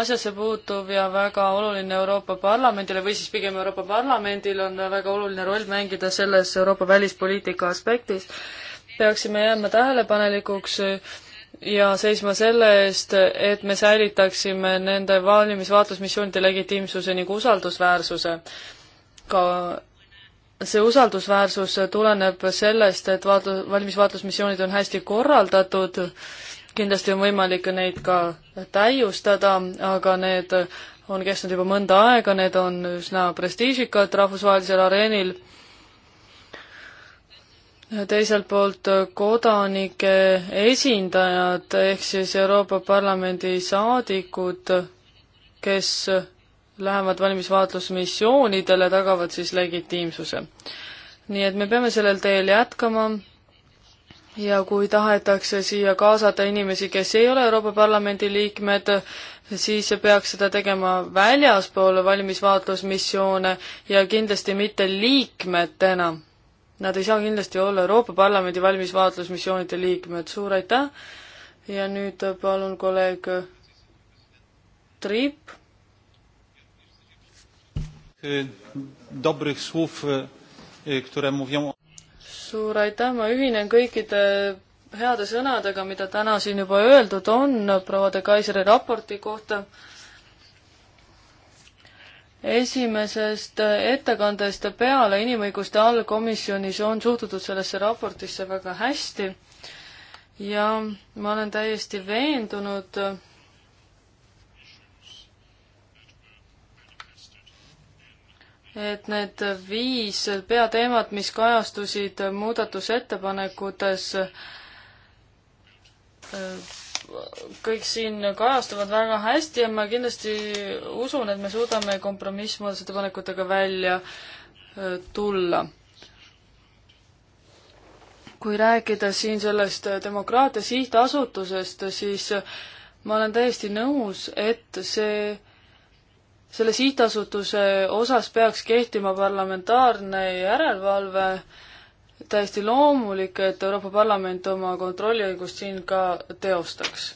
Speaker 3: asjasse puutuv ja väga oluline Euroopa Parlamendile või siis pigem Euroopa Parlamendil on väga oluline roll mängida selles Euroopa välispoliitika aspektis. peaksime jääma tähelepanelikuks ja seisma selle eest, et me säilitaksime nende valimisvaatlusmissioonide legitiimsuse ning usaldusväärsuse ka see usaldusväärsus tuleneb sellest, et vaatlu-, valmisvaatlusmissioonid on hästi korraldatud, kindlasti on võimalik neid ka täiustada, aga need on kestnud juba mõnda aega, need on üsna prestiižikad rahvusvahelisel areenil. teiselt poolt kodanike esindajad ehk siis Euroopa Parlamendi saadikud, kes lähevad valimisvaatlusmissioonidele, tagavad siis legitiimsuse. nii et me peame sellel teel jätkama ja kui tahetakse siia kaasata inimesi, kes ei ole Euroopa Parlamendi liikmed, siis peaks seda tegema väljaspool valimisvaatlusmissioone ja kindlasti mitte liikmetena. Nad ei saa kindlasti olla Euroopa Parlamendi valimisvaatlusmissioonide liikmed, suur aitäh! ja nüüd palun kolleeg Triip suur aitäh, ma ühinen kõikide heade sõnadega, mida täna siin juba öeldud on proua de Kaiseri raporti kohta. esimesest ettekandest peale inimõiguste allkomisjonis on suhtutud sellesse raportisse väga hästi ja ma olen täiesti veendunud, et need viis peateemat, mis kajastusid muudatusettepanekutes, kõik siin kajastuvad väga hästi ja ma kindlasti usun, et me suudame kompromissmuudatusettepanekutega välja tulla. kui rääkida siin sellest demokraatia sihtasutusest, siis ma olen täiesti nõus, et see selle sihtasutuse osas peaks kehtima parlamentaarne järelevalve, täiesti loomulik, et Euroopa Parlament oma kontrolliõigust siin ka teostaks.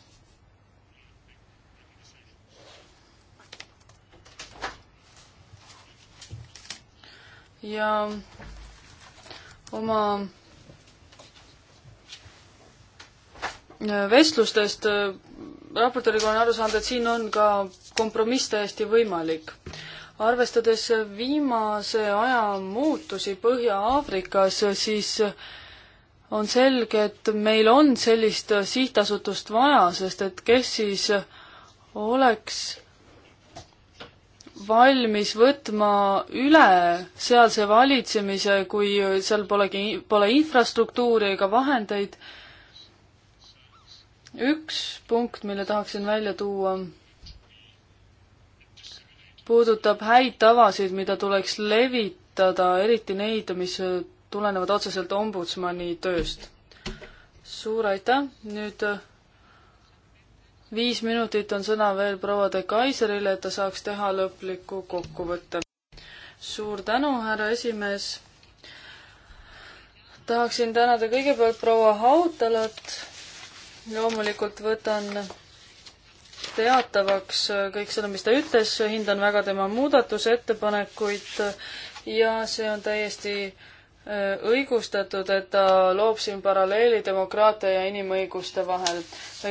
Speaker 3: ja oma vestlustest raportööriga on aru saanud, et siin on ka kompromiss täiesti võimalik. arvestades viimase aja muutusi Põhja-Aafrikas, siis on selge, et meil on sellist sihtasutust vaja, sest et kes siis oleks valmis võtma üle sealse valitsemise, kui seal polegi, pole infrastruktuuri ega vahendeid. üks punkt, mille tahaksin välja tuua puudutab häid tavasid, mida tuleks levitada, eriti neid, mis tulenevad otseselt ombudsmani tööst. suur aitäh, nüüd äh, viis minutit on sõna veel proua de Kaiserile, et ta saaks teha lõpliku kokkuvõtte. suur tänu, härra esimees. tahaksin tänada kõigepealt proua Hautalat. loomulikult võtan teatavaks äh, kõik seda, mis ta ütles, hindan väga tema muudatusettepanekuid äh, ja see on täiesti äh, õigustatud, et ta loob siin paralleeli demokraatia ja inimõiguste vahel.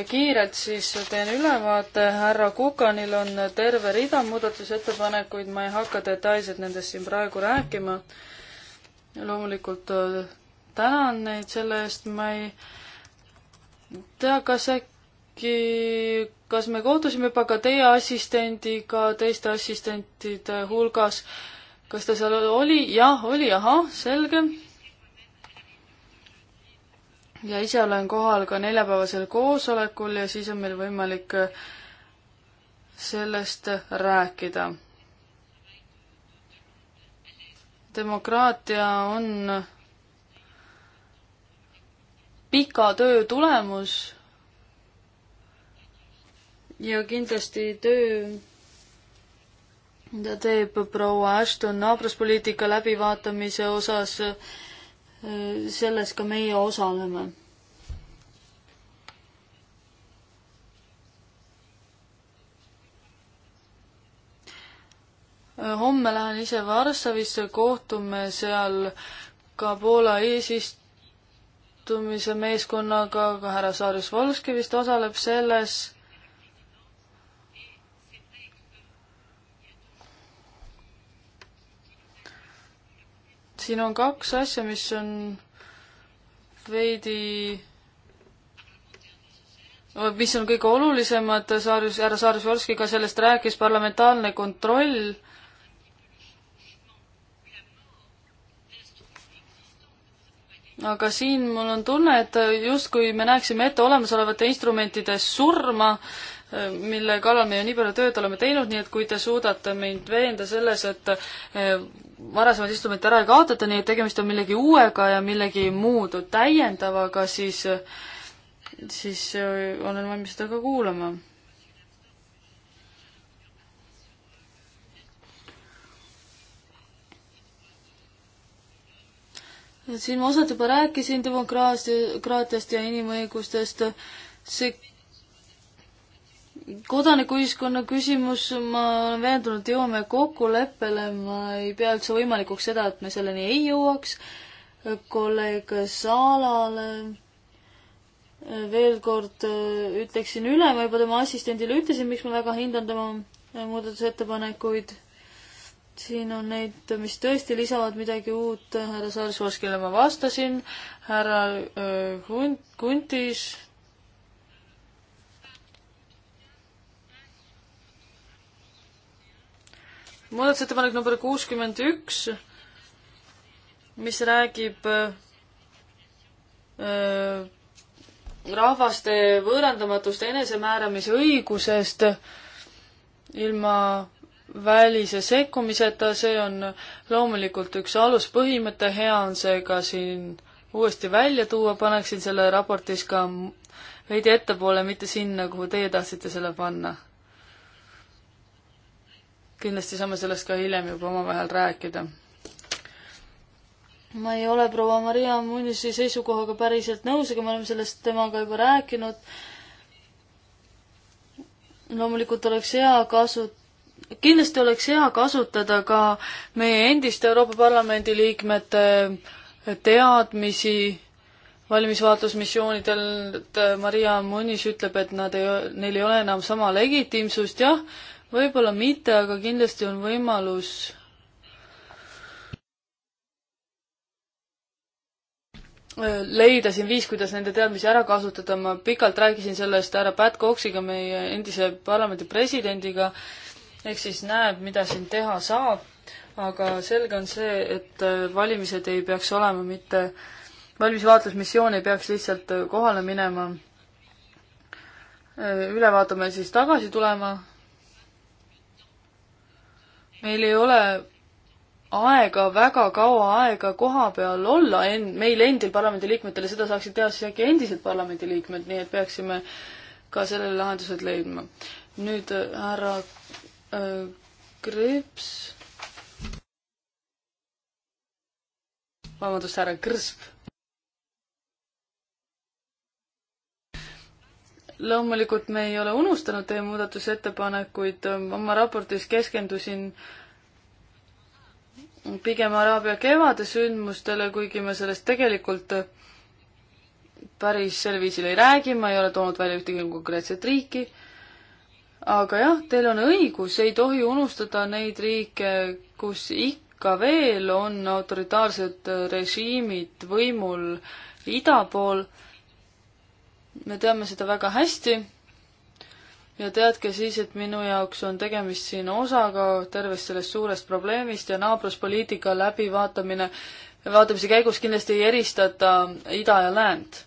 Speaker 3: kiirelt siis teen ülevaate, härra Kukanil on terve rida muudatusettepanekuid, ma ei hakka detailselt nendest siin praegu rääkima. loomulikult tänan neid selle eest, ma ei tea, kas äkki äkki, kas me kohtusime juba ka teie assistendiga teiste assistentide hulgas? kas ta seal oli? jah, oli, ahah, selge. ja ise olen kohal ka neljapäevasel koosolekul ja siis on meil võimalik sellest rääkida. demokraatia on pika töö tulemus ja kindlasti töö, mida teeb proua Ashton naabruspoliitika läbivaatamise osas, selles ka meie osaleme. homme lähen ise Varssavisse, kohtume seal ka Poola eesistumise meeskonnaga, ka härra Saarjus Volskivist osaleb selles siin on kaks asja, mis on veidi, mis on kõige olulisemad, Saarjus, härra Saarjus-Volski ka sellest rääkis, parlamentaarne kontroll aga siin mul on tunne, et justkui me näeksime ette olemasolevate instrumentide surma mille kallal me ju nii palju tööd oleme teinud, nii et kui te suudate mind veenda selles, et eh, varasemad istumid ära ei kaotata, nii et tegemist on millegi uuega ja millegi muud täiendavaga, siis, siis eh, olen valmis seda ka kuulama. siin ma osalt juba rääkisin demokraatiast ja inimõigustest, see kodanikuühiskonna küsimus, ma olen veendunud, jõuame kokkuleppele, ma ei pea üldse võimalikuks seda, et me selleni ei jõuaks. kolleeg Saalale veel kord äh, ütleksin üle, ma juba tema assistendile ütlesin, miks ma väga hindan tema äh, muudatusettepanekuid. siin on neid, mis tõesti lisavad midagi uut, härra Saarsoos, kellele ma vastasin, härra äh, Hunt, Huntis muudatusettepanek number kuuskümmend üks, mis räägib öö, äh, rahvaste võõrandamatust enesemääramisõigusest ilma välise sekkumiseta, see on loomulikult üks aluspõhimõte, hea on see ka siin uuesti välja tuua, paneksin selle raportis ka veidi ettepoole, mitte sinna, kuhu teie tahtsite selle panna kindlasti saame sellest ka hiljem juba omavahel rääkida. ma ei ole proua Maria Munisi seisukohaga päriselt nõus, aga me oleme sellest temaga juba rääkinud. loomulikult oleks hea kasu-, kindlasti oleks hea kasutada ka meie endiste Euroopa Parlamendi liikmete teadmisi valimisvaatlusmissioonidel. Maria Munis ütleb, et nad ei, neil ei ole enam sama legitiimsust, jah võib-olla mitte, aga kindlasti on võimalus leida siin viis, kuidas nende teadmisi ära kasutada, ma pikalt rääkisin sellest härra Pat Coxiga, meie endise parlamendi presidendiga, ehk siis näeb, mida siin teha saab, aga selge on see, et valimised ei peaks olema mitte, valimisvaatlusmissioon ei peaks lihtsalt kohale minema, üle vaatama ja siis tagasi tulema, meil ei ole aega, väga kaua aega koha peal olla en-, meil endil parlamendiliikmetel ja seda saaksid teha siis äkki endised parlamendiliikmed, nii et peaksime ka sellele lahendused leidma. nüüd äh, härra äh, Krips. vabandust, härra Kõrsp loomulikult me ei ole unustanud teie muudatusettepanekuid, oma raportis keskendusin pigem Araabia kevade sündmustele, kuigi me sellest tegelikult päris sel viisil ei räägi, ma ei ole toonud välja ühtegi konkreetset riiki. aga jah, teil on õigus, ei tohi unustada neid riike, kus ikka veel on autoritaarsed režiimid võimul ida pool me teame seda väga hästi ja teadke siis, et minu jaoks on tegemist siin osaga tervest sellest suurest probleemist ja naabruspoliitika läbivaatamine, vaatamise käigus kindlasti ei eristata ida ja läänt.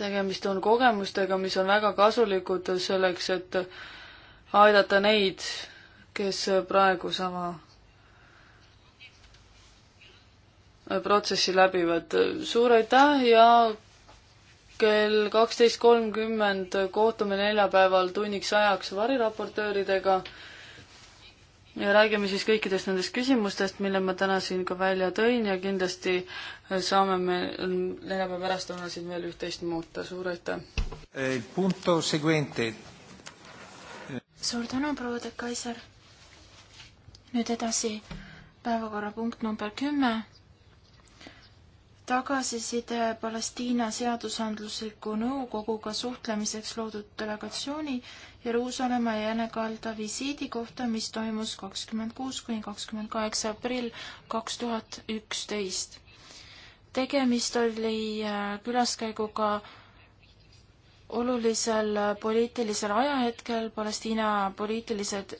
Speaker 3: tegemist on kogemustega, mis on väga kasulikud selleks, et aidata neid, kes praegu sama protsessi läbivad. suur aitäh ja kell kaksteist kolmkümmend kohtume neljapäeval tunniks ajaks variraportööridega ja räägime siis kõikidest nendest küsimustest, mille ma täna siin ka välja tõin ja kindlasti saame me neljapäeva pärastlõunal siin veel üht-teist muuta, suur aitäh!
Speaker 1: Eh,
Speaker 2: suur tänu, proua de Kaiser! nüüd edasi päevakorrapunkt number kümme tagasiside Palestiina seadusandlusliku nõukoguga suhtlemiseks loodud delegatsiooni Jeruusalemma ja Jänekalda visiidi kohta, mis toimus kakskümmend kuus kuni kakskümmend kaheksa aprill kaks tuhat üksteist. tegemist oli äh, külaskäiguga olulisel äh, poliitilisel ajahetkel, Palestiina poliitilised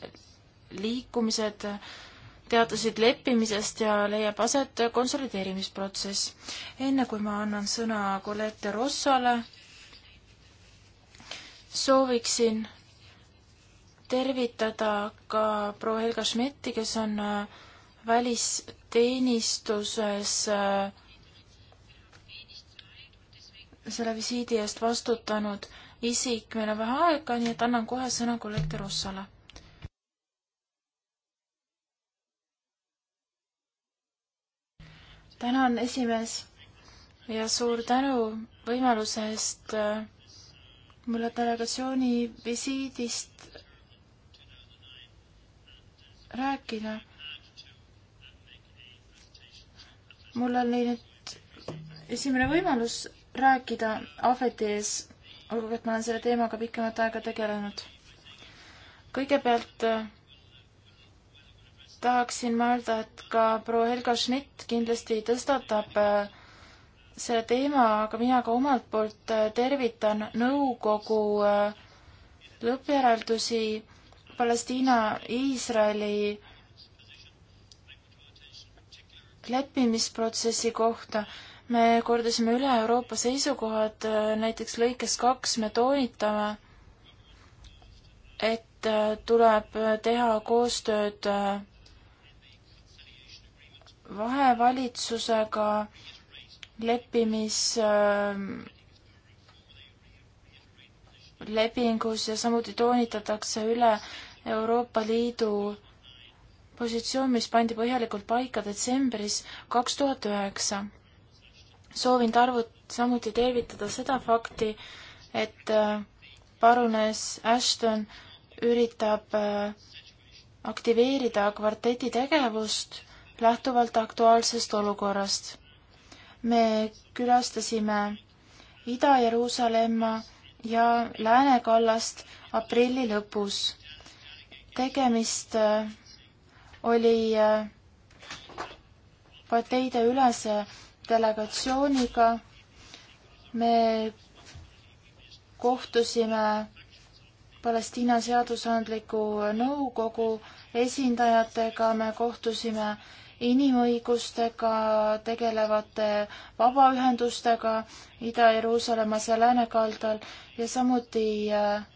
Speaker 2: liikumised teatasid leppimisest ja leiab aset konsolideerimisprotsess. enne kui ma annan sõna Colette Rossole, sooviksin tervitada ka proua Helga Schmidti, kes on äh, välisteenistuses äh, selle visiidi eest vastutanud isik. meil on vähe aega, nii et annan kohe sõna Colette Rossole tänan, esimees ja suur tänu võimaluse eest äh, mulle delegatsiooni visiidist rääkida. mul oli nüüd esimene võimalus rääkida Ahveti ees, olgugi et ma olen selle teemaga pikemat aega tegelenud. kõigepealt äh, tahaksin mõelda, et ka proua Helga Schmidt kindlasti tõstatab äh, selle teema, aga mina ka omalt poolt äh, tervitan nõukogu äh, lõppjäreldusi Palestiina-Iisraeli leppimisprotsessi kohta. me kordasime üle Euroopa seisukohad, näiteks lõikes kaks me toonitame, et tuleb teha koostööd vahevalitsusega leppimis ähm, lepingus ja samuti toonitatakse üle Euroopa Liidu positsioon, mis pandi põhjalikult paika detsembris kaks tuhat üheksa. soovin tarvut-, samuti tervitada seda fakti, et äh, parunes Ashton üritab äh, aktiveerida kvarteti tegevust lähtuvalt aktuaalsest olukorrast. me külastasime Ida-Jeruusalemma ja läänekallast aprilli lõpus. tegemist äh, oli äh, parteide ülese delegatsiooniga. me kohtusime Palestiina seadusandliku nõukogu esindajatega, me kohtusime inimõigustega tegelevate vabaühendustega Ida-Jeruusalemmas ja läänekaldal ja samuti äh,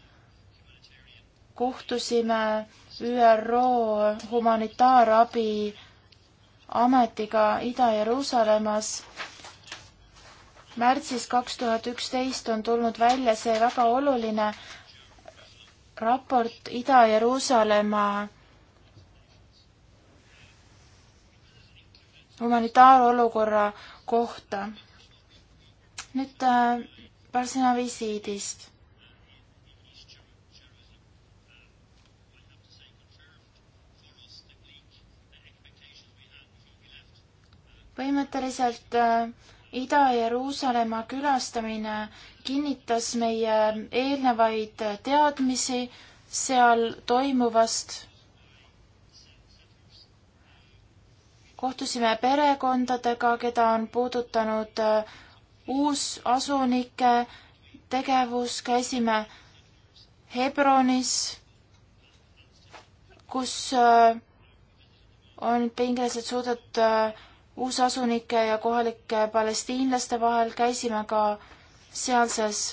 Speaker 2: kohtusime ÜRO humanitaarabi ametiga Ida-Jeruusalemmas. märtsis kaks tuhat üksteist on tulnud välja see väga oluline raport Ida-Jeruusalemma humanitaarolukorra kohta. nüüd äh, paar sõna visiidist. põhimõtteliselt äh, Ida-Jeruusalemma külastamine kinnitas meie eelnevaid teadmisi seal toimuvast kohtusime perekondadega, keda on puudutanud äh, uusasunike tegevus, käisime Hebronis, kus äh, on pingelised suuded äh, uusasunike ja kohalike palestiinlaste vahel, käisime ka sealses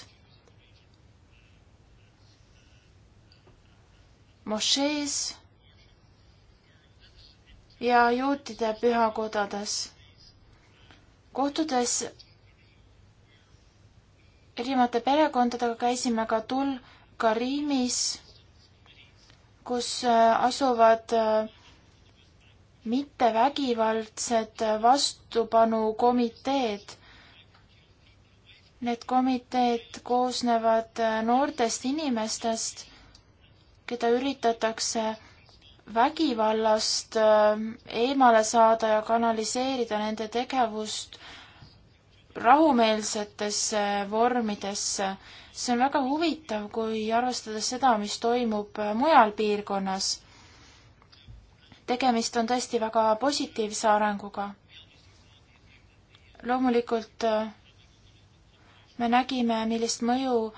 Speaker 2: mošees ja juutide pühakodades. kohtudes erinevate perekondadega käisime ka Tul Karimis, kus äh, asuvad äh, mittevägivaldsed äh, vastupanukomiteed. Need komiteed koosnevad noortest inimestest, keda üritatakse vägivallast äh, eemale saada ja kanaliseerida nende tegevust rahumeelsetesse vormidesse. see on väga huvitav, kui arvestades seda, mis toimub äh, mujal piirkonnas. tegemist on tõesti väga positiivse arenguga. loomulikult äh, me nägime, millist mõju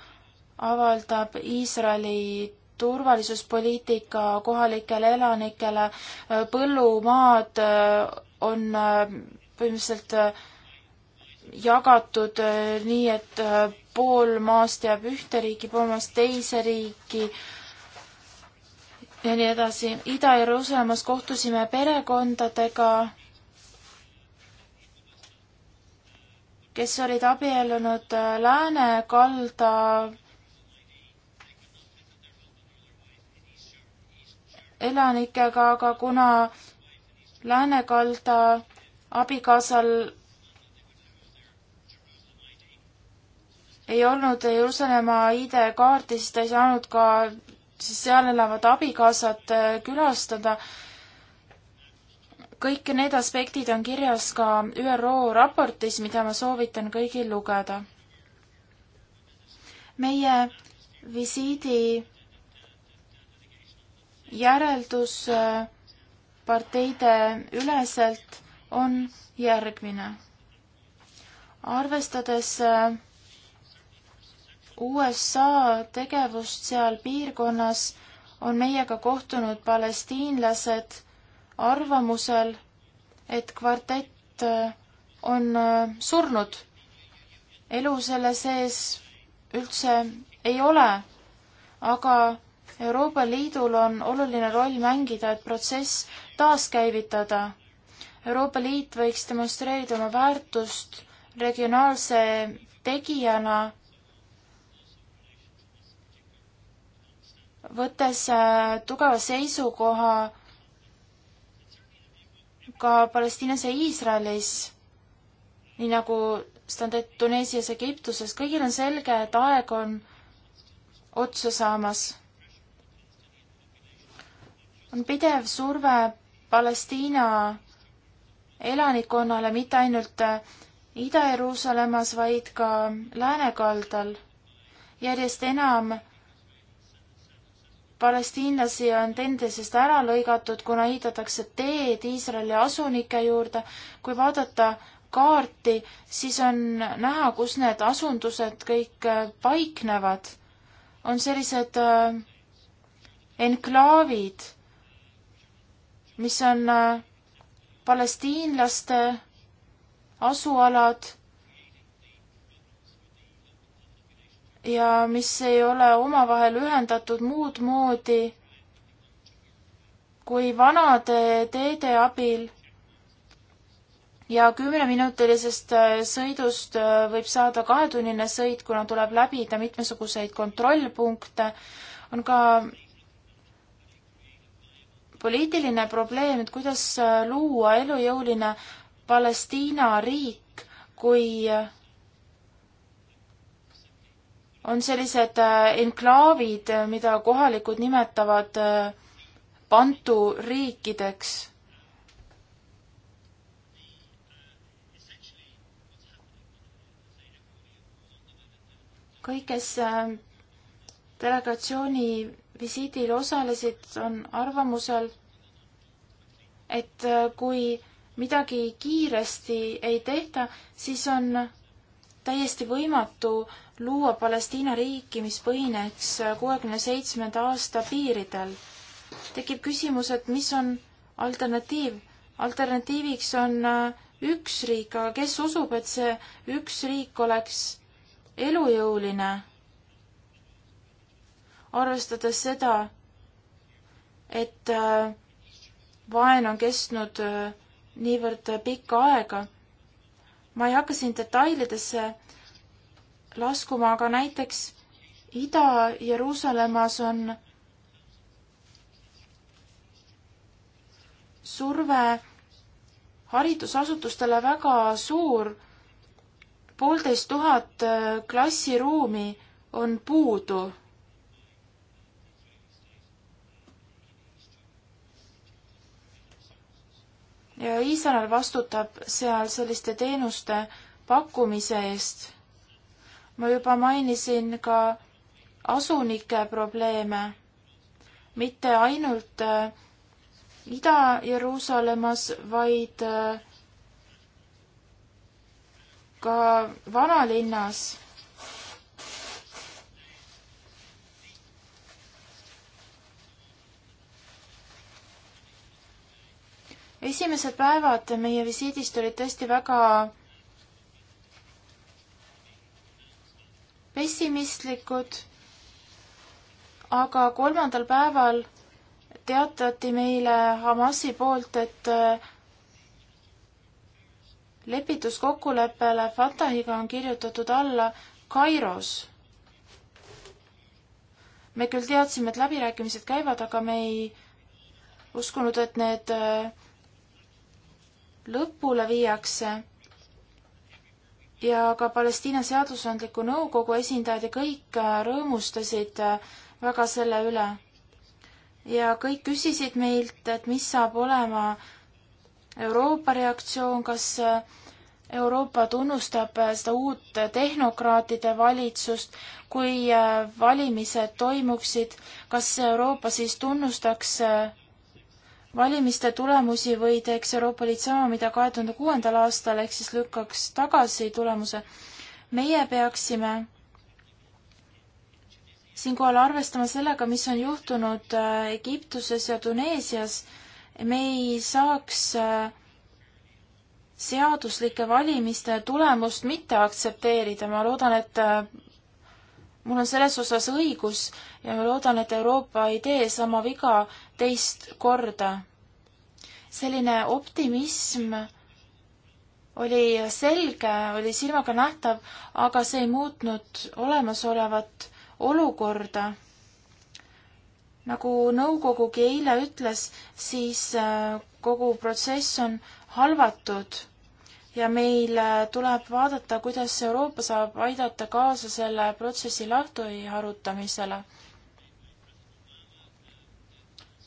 Speaker 2: avaldab Iisraeli turvalisuspoliitika kohalikele elanikele, äh, põllumaad äh, on äh, põhimõtteliselt jagatud nii, et pool maast jääb ühte riiki, pool maast teise riiki ja nii edasi. Ida-Jeruusalemmas kohtusime perekondadega, kes olid abiellunud Lääne kalda elanikega, aga kuna läänekalda abikaasal ei olnud Jeruusalemma ID-kaarti, siis ta ei saanud ka siis seal elavad abikaasad äh, külastada. kõik need aspektid on kirjas ka ÜRO raportis, mida ma soovitan kõigil lugeda. meie visiidi järeldus äh, parteide üleselt on järgmine. arvestades äh, USA tegevust seal piirkonnas, on meiega kohtunud palestiinlased arvamusel, et kvartett äh, on surnud. elu selle sees üldse ei ole, aga Euroopa Liidul on oluline roll mängida, et protsess taaskäivitada. Euroopa Liit võiks demonstreerida oma väärtust regionaalse tegijana, võttes äh, tugeva seisukoha ka Palestiinas ja Iisraelis, nii nagu seda on tehtud Tuneesias, Egiptuses, kõigil on selge, et aeg on otsa saamas on pidev surve Palestiina elanikkonnale mitte ainult äh, Ida-Jeruusalemmas, vaid ka läänekaldal. järjest enam palestiinlasi on tendesest ära lõigatud, kuna ehitatakse teed Iisraeli asunike juurde. kui vaadata kaarti, siis on näha, kus need asundused kõik äh, paiknevad. on sellised äh, enklaavid mis on äh, palestiinlaste asualad ja mis ei ole omavahel ühendatud muud moodi kui vanade teede abil ja kümneminutilisest äh, sõidust äh, võib saada kahetunnine sõit, kuna tuleb läbida mitmesuguseid kontrollpunkte. on ka poliitiline probleem, et kuidas äh, luua elujõuline Palestiina riik, kui äh, on sellised äh, enklaavid, mida kohalikud nimetavad bantu riikideks kõik, kes delegatsiooni visiidil osalesid, on arvamusel, et äh, kui midagi kiiresti ei tehta, siis on täiesti võimatu luua Palestiina riiki, mis põhineks äh, kuuekümne seitsmenda aasta piiridel. tekib küsimus, et mis on alternatiiv. alternatiiviks on äh, üks riik, aga kes usub, et see üks riik oleks elujõuline? arvestades seda, et äh, vaen on kestnud äh, niivõrd pikka aega. ma ei hakka siin detailidesse laskuma, aga näiteks Ida-Jeruusalemmas on surve haridusasutustele väga suur. poolteist tuhat äh, klassiruumi on puudu ja Iisrael vastutab seal selliste teenuste pakkumise eest. ma juba mainisin ka asunike probleeme, mitte ainult äh, Ida-Jeruusalemmas, vaid äh, ka vanalinnas esimesed päevad meie visiidist olid tõesti väga pessimistlikud, aga kolmandal päeval teatati meile Hamasi poolt, et äh, lepituskokkuleppele Fatahiga on kirjutatud alla Kairos. me küll teadsime, et läbirääkimised käivad, aga me ei uskunud, et need äh, lõpule viiakse ja ka Palestiina seadusandliku nõukogu esindajad ja kõik äh, rõõmustasid äh, väga selle üle. ja kõik küsisid meilt, et mis saab olema Euroopa reaktsioon, kas äh, Euroopa tunnustab seda uut tehnokraatide valitsust, kui valimised toimuksid, kas Euroopa siis tunnustaks valimiste tulemusi või teeks Euroopa Liit sama, mida kahe tuhande kuuendal aastal, ehk siis lükkaks tagasi tulemuse. meie peaksime siinkohal arvestama sellega, mis on juhtunud äh, Egiptuses ja Tuneesias. me ei saaks äh, seaduslike valimiste tulemust mitte aktsepteerida, ma loodan, et äh, mul on selles osas õigus ja ma loodan, et Euroopa ei tee sama viga teist korda. selline optimism oli selge, oli silmaga nähtav, aga see ei muutnud olemasolevat olukorda. nagu nõukogugi eile ütles, siis äh, kogu protsess on halvatud ja meil äh, tuleb vaadata, kuidas Euroopa saab aidata kaasa selle protsessi lahtiharutamisele.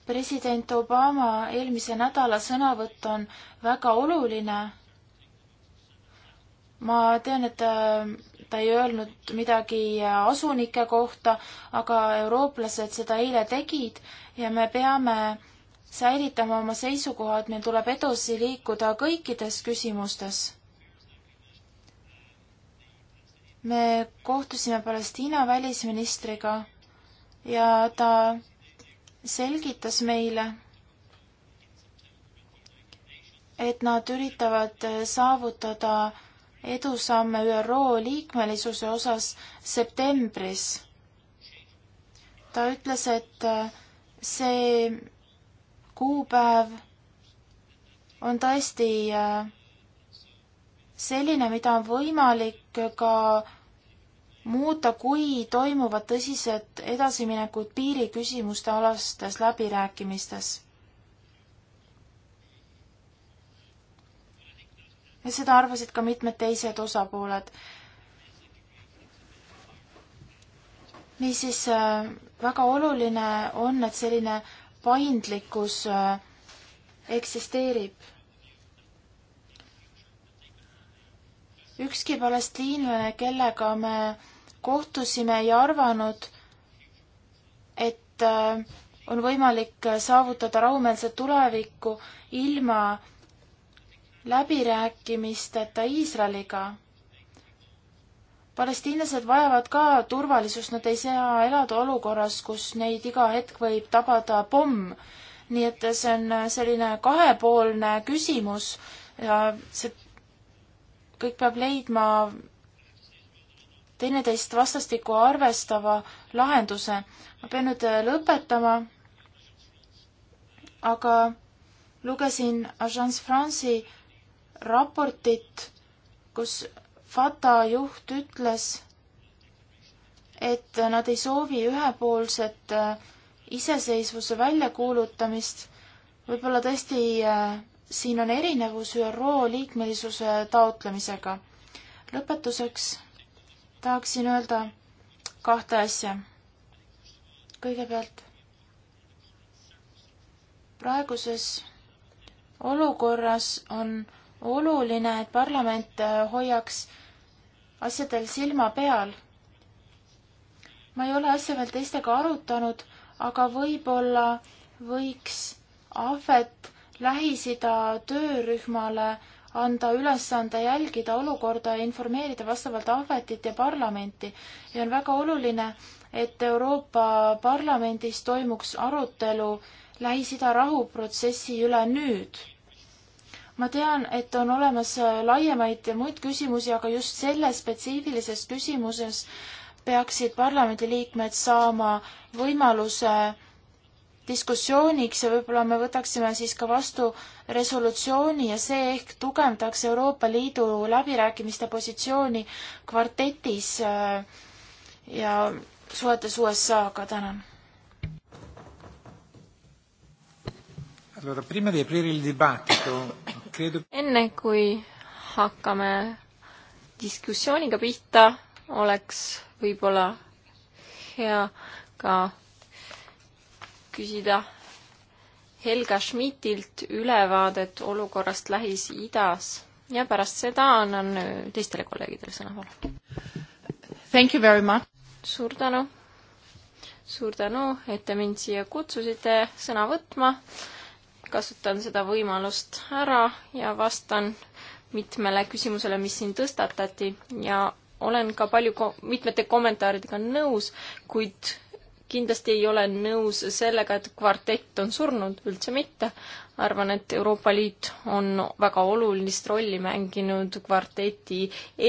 Speaker 2: president Obama eelmise nädala sõnavõtt on väga oluline. ma tean, et äh, ta ei öelnud midagi äh, asunike kohta, aga eurooplased seda eile tegid ja me peame säilitama oma seisukohad, meil tuleb edasi liikuda kõikides küsimustes. me kohtusime Palestiina välisministriga ja ta selgitas meile, et nad üritavad saavutada edusamme ÜRO liikmelisuse osas septembris. ta ütles, et see kuupäev on tõesti äh, selline, mida on võimalik ka muuta, kui toimuvad tõsised edasiminekud piiriküsimuste alastes läbirääkimistes. ja seda arvasid ka mitmed teised osapooled. niisiis äh, väga oluline on, et selline paindlikkus äh, eksisteerib. ükski palestiinlane, kellega me kohtusime, ei arvanud, et äh, on võimalik saavutada rahumeelset tulevikku ilma läbirääkimisteta Iisraeliga palestiinlased vajavad ka turvalisust, nad ei saa elada olukorras, kus neid iga hetk võib tabada pomm. nii et see on selline kahepoolne küsimus ja see kõik peab leidma teineteist vastastikku arvestava lahenduse. ma pean nüüd lõpetama, aga lugesin Agence France'i raportit, kus FATA juht ütles, et nad ei soovi ühepoolset äh, iseseisvuse väljakuulutamist. võib-olla tõesti äh, siin on erinevus ÜRO liikmelisuse taotlemisega. lõpetuseks tahaksin öelda kahte asja. kõigepealt praeguses olukorras on oluline, et parlament äh, hoiaks asjadel silma peal. ma ei ole asja veel teistega arutanud, aga võib-olla võiks ahvet Lähis-Ida töörühmale anda ülesande jälgida olukorda ja informeerida vastavalt ahvetit ja parlamenti ja on väga oluline, et Euroopa Parlamendis toimuks arutelu Lähis-Ida rahuprotsessi üle nüüd ma tean, et on olemas äh, laiemaid muid küsimusi, aga just selles spetsiifilises küsimuses peaksid parlamendiliikmed saama võimaluse diskussiooniks ja võib-olla me võtaksime siis ka vastu resolutsiooni ja see ehk tugevdaks Euroopa Liidu läbirääkimiste positsiooni kvartetis äh, ja suhetes USA-ga. tänan
Speaker 4: enne kui hakkame diskussiooniga pihta, oleks võib-olla hea ka küsida Helga Schmidtilt ülevaadet olukorrast Lähis-Idas ja pärast seda annan äh, teistele kolleegidele sõna, palun.
Speaker 2: Thank you very much!
Speaker 4: suur tänu! suur tänu, et te mind siia kutsusite sõna võtma kasutan seda võimalust ära ja vastan mitmele küsimusele, mis siin tõstatati ja olen ka palju ko-, mitmete kommentaaridega nõus, kuid kindlasti ei ole nõus sellega, et kvartett on surnud, üldse mitte. arvan, et Euroopa Liit on väga olulist rolli mänginud kvarteti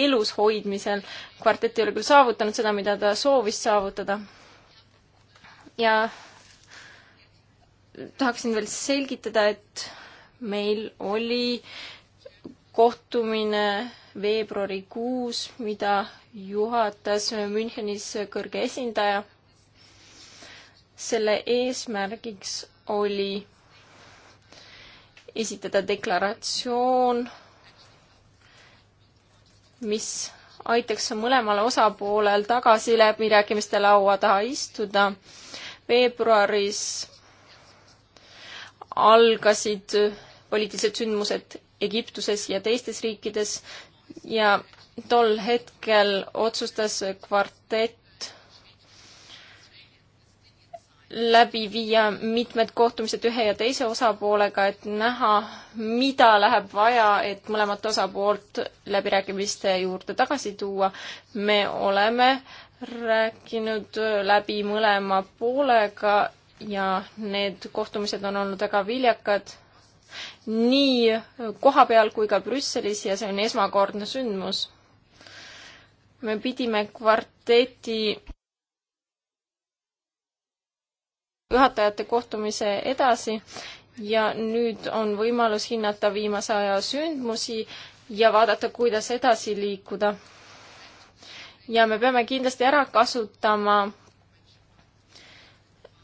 Speaker 4: elus hoidmisel. kvartett ei ole küll saavutanud seda, mida ta soovis saavutada. ja tahaksin veel selgitada, et meil oli kohtumine veebruarikuus, mida juhatas Münchenis kõrge esindaja. selle eesmärgiks oli esitada deklaratsioon, mis aitaks mõlemal osapoolel tagasi läbirääkimiste laua taha istuda. veebruaris algasid poliitilised sündmused Egiptuses ja teistes riikides ja tol hetkel otsustas kvartett läbi viia mitmed kohtumised ühe ja teise osapoolega, et näha, mida läheb vaja, et mõlemat osapoolt läbirääkimiste juurde tagasi tuua. me oleme rääkinud läbi mõlema poolega ja need kohtumised on olnud väga viljakad nii kohapeal kui ka Brüsselis ja see on esmakordne sündmus. me pidime kvarteti juhatajate kohtumise edasi ja nüüd on võimalus hinnata viimase aja sündmusi ja vaadata, kuidas edasi liikuda. ja me peame kindlasti ära kasutama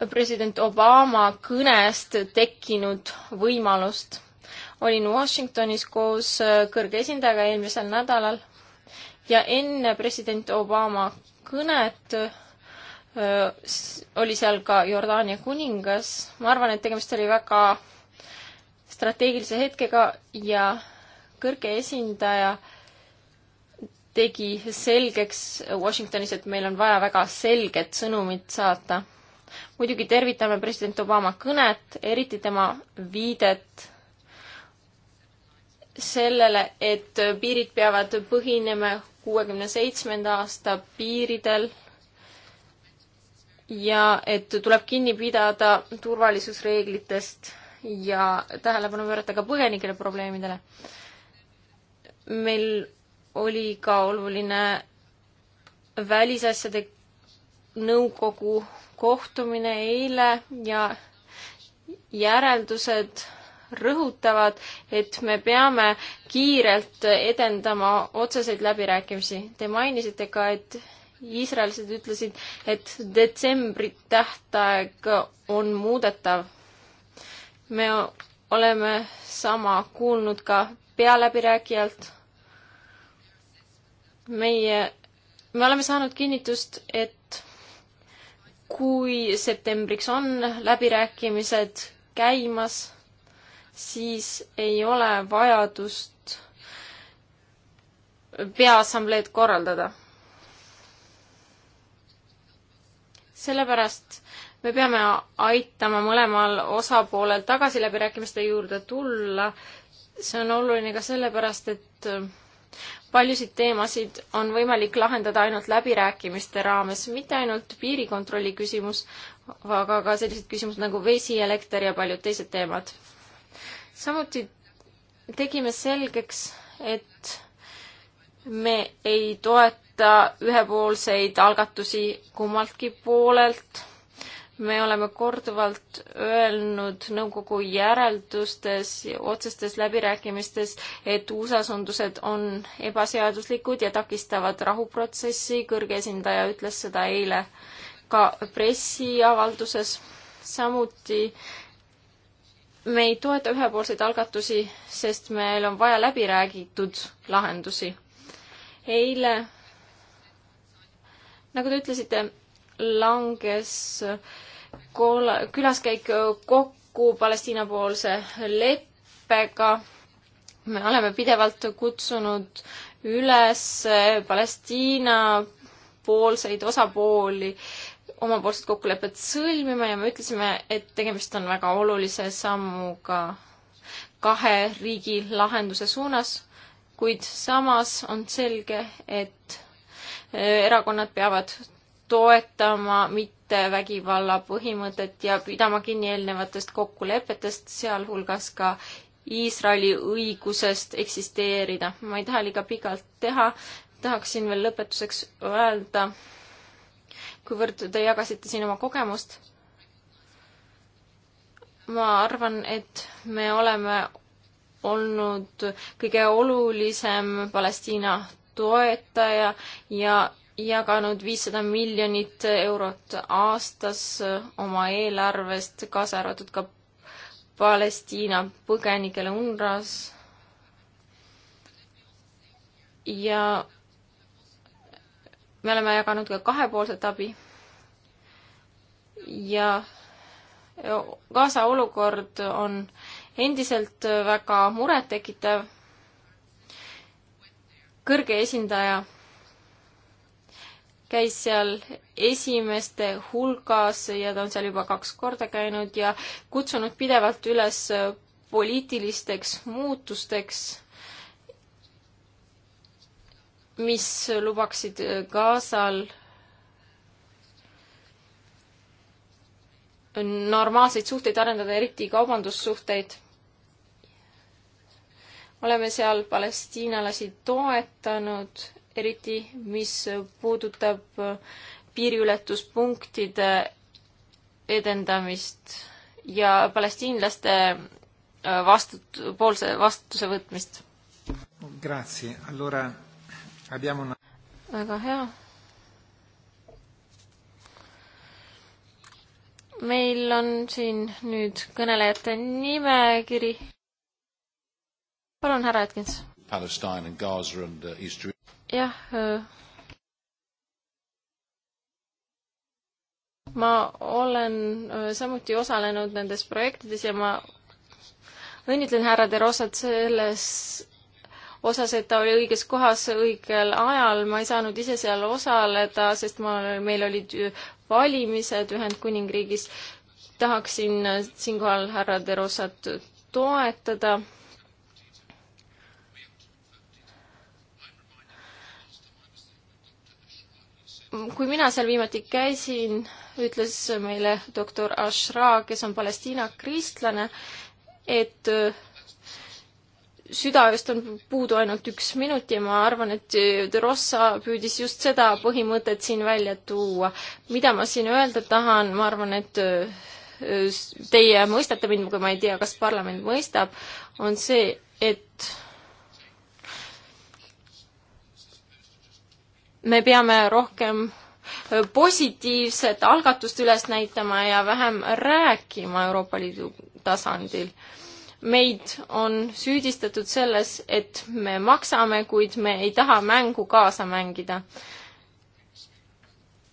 Speaker 4: president Obama kõnest tekkinud võimalust. olin Washingtonis koos äh, kõrge esindajaga eelmisel nädalal ja enne president Obama kõnet öö, äh, oli seal ka Jordaania kuningas. ma arvan, et tegemist oli väga strateegilise hetkega ja kõrge esindaja tegi selgeks Washingtonis, et meil on vaja väga selget sõnumit saata muidugi tervitame president Obama kõnet, eriti tema viidet sellele, et piirid peavad põhinema kuuekümne seitsmenda aasta piiridel ja et tuleb kinni pidada turvalisusreeglitest ja tähelepanu pöörata ka põgenikele probleemidele. meil oli ka oluline välisasjade nõukogu kohtumine eile ja järeldused rõhutavad, et me peame kiirelt edendama otseseid läbirääkimisi. Te mainisite ka, et iisraelsed ütlesid, et detsembri tähtaeg on muudetav. me oleme sama kuulnud ka pealäbirääkijalt. meie, me oleme saanud kinnitust, et kui septembriks on läbirääkimised käimas, siis ei ole vajadust peaassambleed korraldada. sellepärast me peame aitama mõlemal osapoolel tagasi läbirääkimiste juurde tulla. see on oluline ka sellepärast, et paljusid teemasid on võimalik lahendada ainult läbirääkimiste raames, mitte ainult piirikontrolli küsimus, aga ka sellised küsimused nagu vesi, elekter ja paljud teised teemad. samuti tegime selgeks, et me ei toeta ühepoolseid algatusi kummaltki poolelt me oleme korduvalt öelnud nõukogu järeldustes, otsestes läbirääkimistes, et uusasundused on ebaseaduslikud ja takistavad rahuprotsessi, kõrge esindaja ütles seda eile ka pressiavalduses. samuti me ei toeta ühepoolseid algatusi, sest meil on vaja läbiräägitud lahendusi. eile, nagu te ütlesite, langes koola, külaskäik kokku Palestiina-poolse leppega. me oleme pidevalt kutsunud üles Palestiina-poolseid osapooli omapoolsed kokkulepped sõlmima ja me ütlesime, et tegemist on väga olulise sammuga kahe riigi lahenduse suunas, kuid samas on selge, et erakonnad peavad toetama mittevägivalla põhimõtet ja pidama kinni eelnevatest kokkulepetest, sealhulgas ka Iisraeli õigusest eksisteerida. ma ei taha liiga pikalt teha, tahaksin veel lõpetuseks öelda, kuivõrd te jagasite siin oma kogemust, ma arvan, et me oleme olnud kõige olulisem Palestiina toetaja ja jaganud viissada miljonit eurot aastas oma eelarvest, kaasa arvatud ka Palestiina põgenikele UNRWA-s. ja me oleme jaganud ka kahepoolset abi. ja Gaza olukord on endiselt väga murettekitav. kõrge esindaja käis seal esimeste hulgas ja ta on seal juba kaks korda käinud ja kutsunud pidevalt üles poliitilisteks muutusteks, mis lubaksid Gazal normaalseid suhteid arendada, eriti kaubandussuhteid. oleme seal palestiinlasi toetanud eriti mis puudutab äh, piiriületuspunktide edendamist ja palestiinlaste äh, vastut-, poolse vastutuse võtmist.
Speaker 1: Grazie, allora abbiamo una
Speaker 4: väga hea. meil on siin nüüd kõnelejate nimekiri. palun, härra Atkins.
Speaker 1: Palestine and Gaza and uh, East Jerusalem
Speaker 4: jah. Äh, ma olen äh, samuti osalenud nendes projektides ja ma õnnitlen härra De Rosat selles osas, et ta oli õiges kohas õigel ajal, ma ei saanud ise seal osaleda, sest ma, meil olid valimised Ühendkuningriigis. tahaksin äh, siinkohal härra De Rosat toetada kui mina seal viimati käisin, ütles meile doktor Ashra, kes on Palestiina kristlane, et äh, südaööst on puudu ainult üks minut ja ma arvan, et äh, De Rossa püüdis just seda põhimõtet siin välja tuua. mida ma siin öelda tahan, ma arvan, et äh, teie mõistate mind, kui ma ei tea, kas parlament mõistab, on see, et me peame rohkem positiivset algatust üles näitama ja vähem rääkima Euroopa Liidu tasandil. meid on süüdistatud selles, et me maksame, kuid me ei taha mängu kaasa mängida.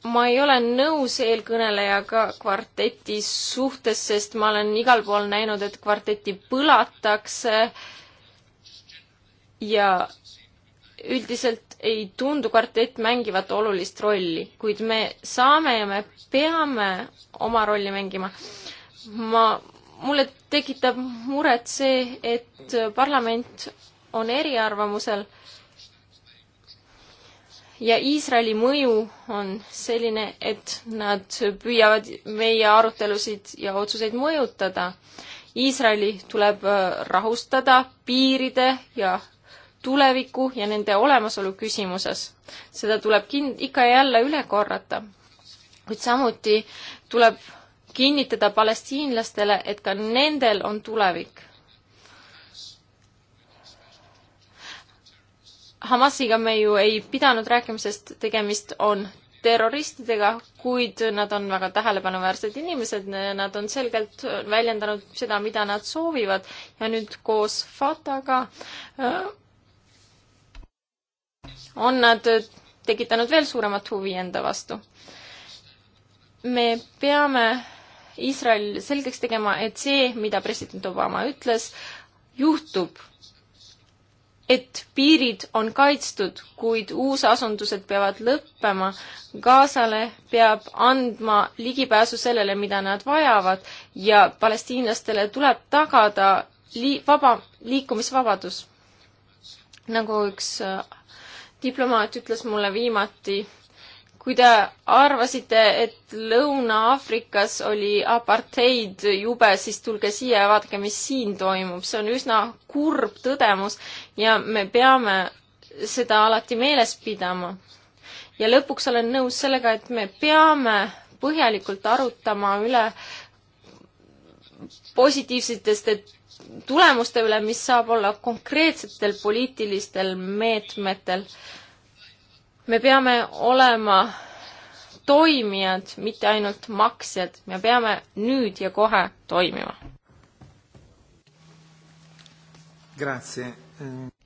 Speaker 4: ma ei ole nõus eelkõnelejaga kvarteti suhtes, sest ma olen igal pool näinud, et kvarteti põlatakse ja üldiselt ei tundu kvartett mängivat olulist rolli, kuid me saame ja me peame oma rolli mängima. ma, mulle tekitab muret see, et parlament on eriarvamusel ja Iisraeli mõju on selline, et nad püüavad meie arutelusid ja otsuseid mõjutada. Iisraeli tuleb äh, rahustada piiride ja tuleviku ja nende olemasolu küsimuses. seda tuleb kin-, ikka ja jälle üle korrata. kuid samuti tuleb kinnitada palestiinlastele, et ka nendel on tulevik. Hamasiga me ju ei pidanud rääkima, sest tegemist on terroristidega, kuid nad on väga tähelepanuväärsed inimesed, nad on selgelt väljendanud seda, mida nad soovivad ja nüüd koos Fataga äh, on nad tekitanud veel suuremat huvi enda vastu. me peame Iisrael selgeks tegema, et see, mida president Obama ütles, juhtub. et piirid on kaitstud, kuid uusasundused peavad lõppema. Gazale peab andma ligipääsu sellele, mida nad vajavad ja palestiinlastele tuleb tagada li-, vaba, liikumisvabadus. nagu üks diplomaat ütles mulle viimati, kui te arvasite, et Lõuna-Aafrikas oli apartheid jube, siis tulge siia ja vaadake, mis siin toimub. see on üsna kurb tõdemus ja me peame seda alati meeles pidama. ja lõpuks olen nõus sellega, et me peame põhjalikult arutama üle positiivsetest tulemuste üle, mis saab olla konkreetsetel poliitilistel meetmetel. me peame olema toimijad, mitte ainult maksjad, me peame nüüd ja kohe toimima.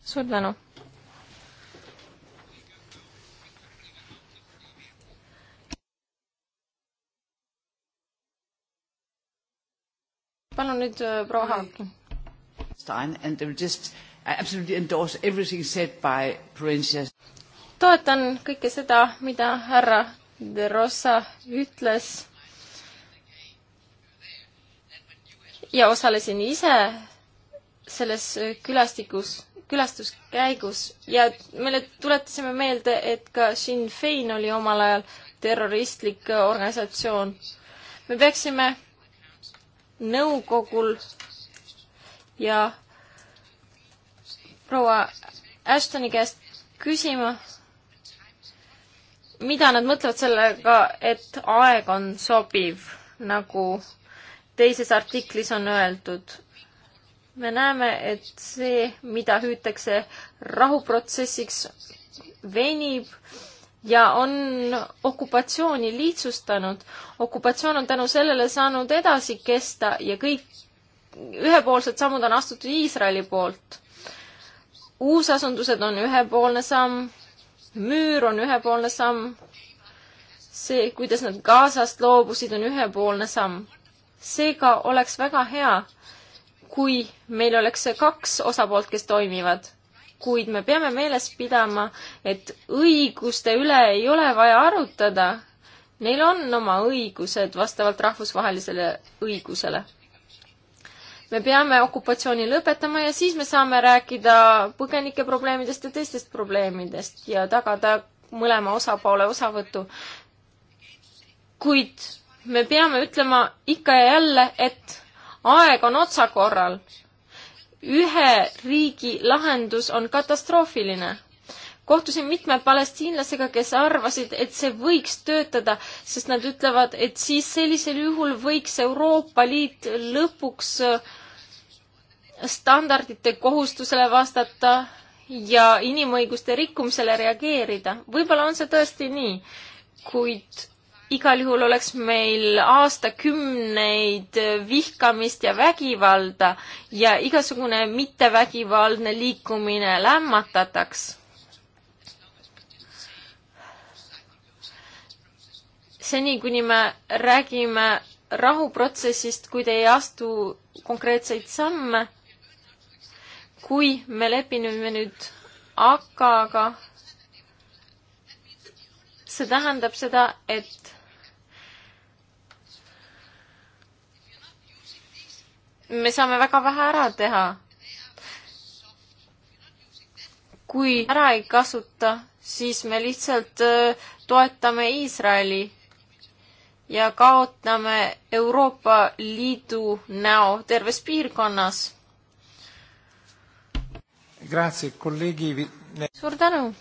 Speaker 4: suur tänu. palun nüüd äh, proua Haakin Uh, toetan kõike seda, mida härra De Rosa ütles. ja osalesin ise selles külastikus, külastuskäigus ja meile tuletasime meelde, et ka Sinn Fein oli omal ajal terroristlik organisatsioon. me peaksime nõukogul ja proua Ashtoni käest küsima, mida nad mõtlevad sellega, et aeg on sobiv, nagu teises artiklis on öeldud. me näeme, et see, mida hüütakse rahuprotsessiks, venib ja on okupatsiooni lihtsustanud. okupatsioon on tänu sellele saanud edasi kesta ja kõik ühepoolsed sammud on astutud Iisraeli poolt. uusasundused on ühepoolne samm, müür on ühepoolne samm, see, kuidas nad Gazast loobusid, on ühepoolne samm. seega oleks väga hea, kui meil oleks kaks osapoolt, kes toimivad. kuid me peame meeles pidama, et õiguste üle ei ole vaja arutada. Neil on oma õigused vastavalt rahvusvahelisele õigusele me peame okupatsiooni lõpetama ja siis me saame rääkida põgenike probleemidest ja teistest probleemidest ja tagada mõlema osapoole osavõtu. kuid me peame ütlema ikka ja jälle, et aeg on otsakorral. ühe riigi lahendus on katastroofiline kohtusin mitme palestiinlasega, kes arvasid, et see võiks töötada, sest nad ütlevad, et siis sellisel juhul võiks Euroopa Liit lõpuks äh, standardite kohustusele vastata ja inimõiguste rikkumisele reageerida. võib-olla on see tõesti nii, kuid igal juhul oleks meil aastakümneid äh, vihkamist ja vägivalda ja igasugune mittevägivaldne liikumine lämmatataks. seni, kuni me räägime rahuprotsessist, kuid ei astu konkreetseid samme, kui me lepime nüüd AK-ga, see tähendab seda, et me saame väga vähe ära teha. kui ära ei kasuta, siis me lihtsalt äh, toetame Iisraeli ja kaotame Euroopa Liidu näo terves piirkonnas. suur tänu!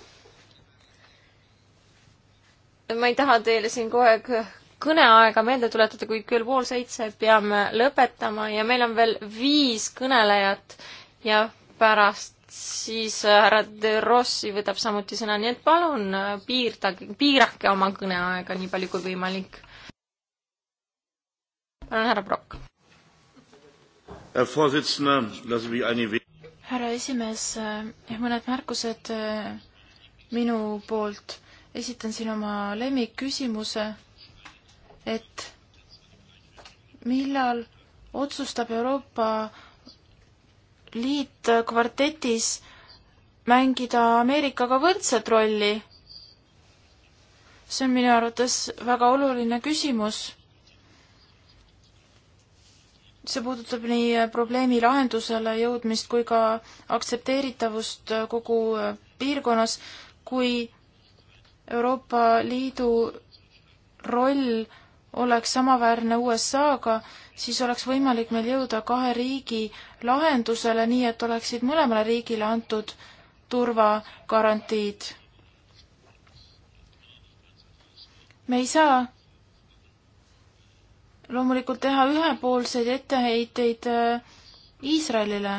Speaker 4: ma ei taha teile siin kogu aeg kõneaega meelde tuletada, kuid kell pool seitse peame lõpetama ja meil on veel viis kõnelejat ja pärast siis härra De Rossi võtab samuti sõna, nii et palun piirdage, piirake oma kõneaega nii palju kui võimalik
Speaker 2: Äh, härra Brock. härra esimees, äh, mõned märkused äh, minu poolt. esitan siin oma lemmikküsimuse, et millal otsustab Euroopa Liit kvartetis mängida Ameerikaga võrdset rolli? see on minu arvates väga oluline küsimus see puudutab nii äh, probleemi lahendusele jõudmist kui ka aktsepteeritavust äh, kogu äh, piirkonnas, kui Euroopa Liidu roll oleks samaväärne USA-ga, siis oleks võimalik meil jõuda kahe riigi lahendusele, nii et oleksid mõlemale riigile antud turvagarantiid. me ei saa loomulikult teha ühepoolseid etteheiteid äh, Iisraelile.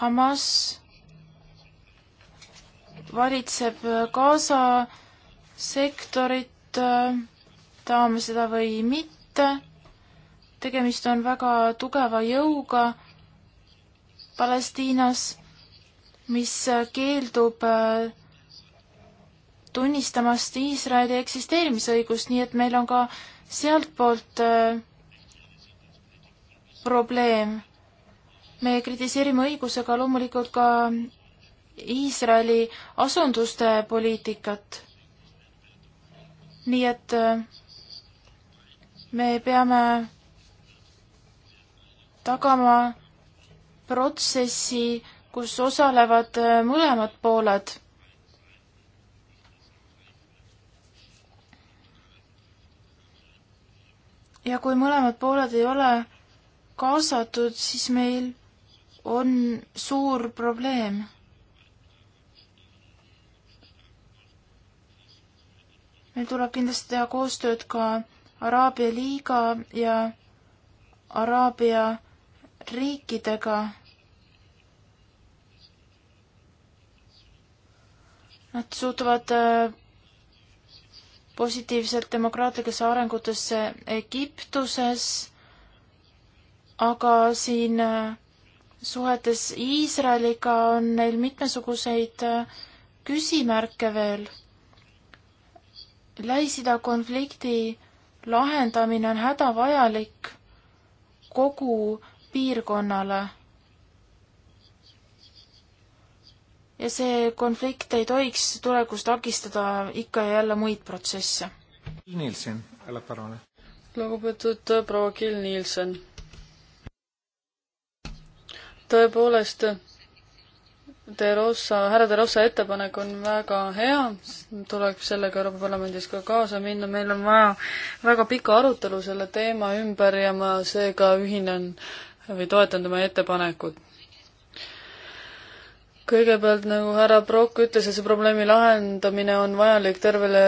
Speaker 2: Hamas valitseb äh, Gaza sektorit, äh, tahame seda või mitte. tegemist on väga tugeva jõuga Palestiinas, mis keeldub äh, tunnistamast Iisraeli eksisteerimisõigust, nii et meil on ka sealtpoolt äh, probleem. me kritiseerime õigusega loomulikult ka Iisraeli asunduste poliitikat. nii et äh, me peame tagama protsessi, kus osalevad äh, mõlemad pooled ja kui mõlemad pooled ei ole kaasatud, siis meil on suur probleem. meil tuleb kindlasti teha koostööd ka Araabia liiga ja Araabia riikidega. Nad suudavad äh, positiivselt demokraatlikesse arengutesse Egiptuses, aga siin äh, suhetes Iisraeliga on neil mitmesuguseid äh, küsimärke veel. Lähis-Ida konflikti lahendamine on hädavajalik kogu piirkonnale ja see konflikt ei tohiks tulevikus takistada ikka ja jälle muid protsesse.
Speaker 1: Nielsen, alla parole.
Speaker 2: lugupeetud äh, proua
Speaker 3: Kill Nielsen. tõepoolest, De Rosa, härra De Rosa ettepanek on väga hea, tuleb sellega Euroopa Parlamendis ka kaasa minna, meil on vaja väga pika arutelu selle teema ümber ja ma seega ühinen või toetan tema ettepanekut kõigepealt, nagu härra Brock ütles, et see probleemi lahendamine on vajalik tervele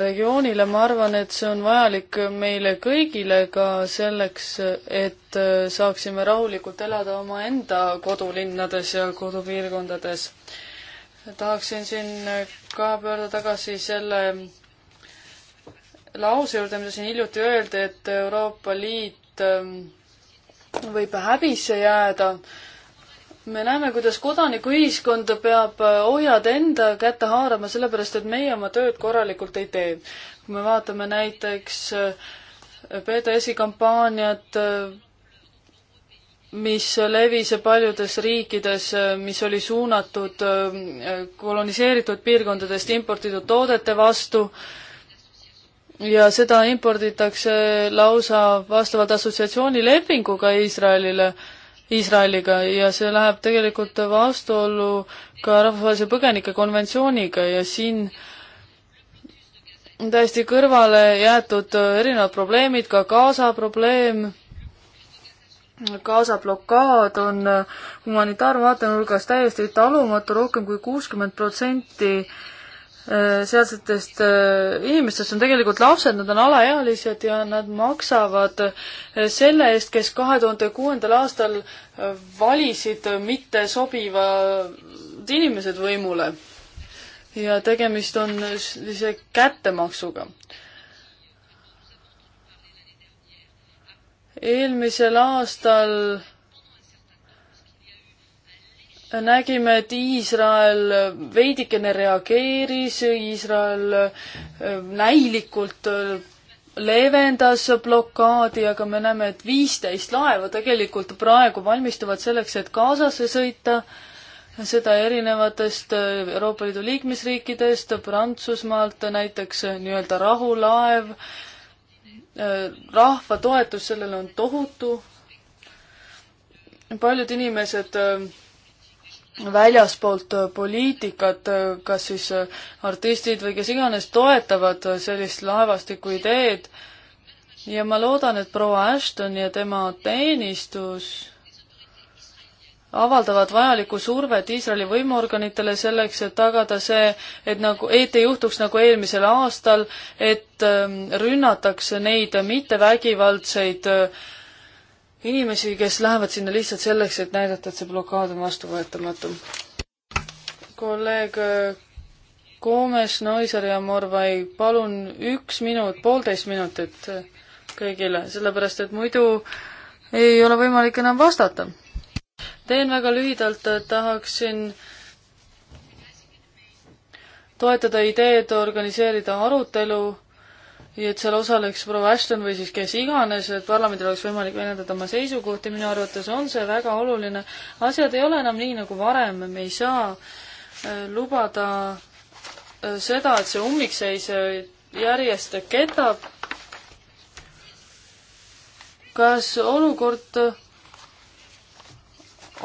Speaker 3: regioonile, ma arvan, et see on vajalik meile kõigile ka selleks, et saaksime rahulikult elada omaenda kodulinnades ja kodupiirkondades. tahaksin siin ka pöörda tagasi selle lause juurde, mida siin hiljuti öeldi, et Euroopa Liit ähm, võib häbisse jääda me näeme, kuidas kodanikuühiskonda peab äh, ohjad enda kätte haarama, sellepärast et meie oma tööd korralikult ei tee. kui me vaatame näiteks BDS-i äh, kampaaniat, äh, mis levis paljudes riikides, mis oli suunatud koloniseeritud piirkondadest imporditud toodete vastu, ja seda imporditakse lausa vastavalt assotsiatsioonilepinguga Iisraelile Iisraeliga ja see läheb tegelikult vastuollu ka rahvusvahelise põgenike konventsiooniga ja siin on täiesti kõrvale jäetud erinevad probleemid, ka Gaza probleem, Gaza blokaad on humanitaarvaatenurgast täiesti talumatu, rohkem kui kuuskümmend protsenti Äh, sealsetest äh, inimestest on tegelikult lapsed, nad on alaealised ja nad maksavad äh, selle eest, kes kahe tuhande kuuendal aastal valisid mittesobivad inimesed võimule. ja tegemist on sellise kättemaksuga. eelmisel aastal nägime, et Iisrael veidikene reageeris, Iisrael äh, näilikult äh, leevendas blokaadi, aga me näeme, et viisteist laeva tegelikult praegu valmistuvad selleks, et Gazasse sõita. seda erinevatest äh, Euroopa Liidu liikmesriikidest, Prantsusmaalt näiteks nii-öelda rahulaev. rahva toetus sellele on tohutu. paljud inimesed äh, väljaspoolt äh, poliitikat, äh, kas siis äh, artistid või kes iganes toetavad sellist laevastiku ideed. ja ma loodan, et proua Ashton ja tema teenistus avaldavad vajalikku survet Iisraeli võimuorganitele selleks, et tagada see, et nagu, et ei juhtuks nagu eelmisel aastal, et ähm, rünnatakse neid mittevägivaldseid äh, inimesi, kes lähevad sinna lihtsalt selleks, et näidata, et see blokaad on vastuvõetamatu. kolleeg Koomes, äh, Noiser ja Morvai, palun üks minut, poolteist minutit kõigile, sellepärast et muidu ei ole võimalik enam vastata. teen väga lühidalt, äh, tahaksin toetada ideed organiseerida arutelu nii et seal osaleks proua Ashton või siis kes iganes, et parlamendil oleks võimalik väljendada oma seisukohti, minu arvates on see väga oluline. asjad ei ole enam nii, nagu varem, me ei saa äh, lubada äh, seda, et see ummikseis äh, järjest ketab. kas olukord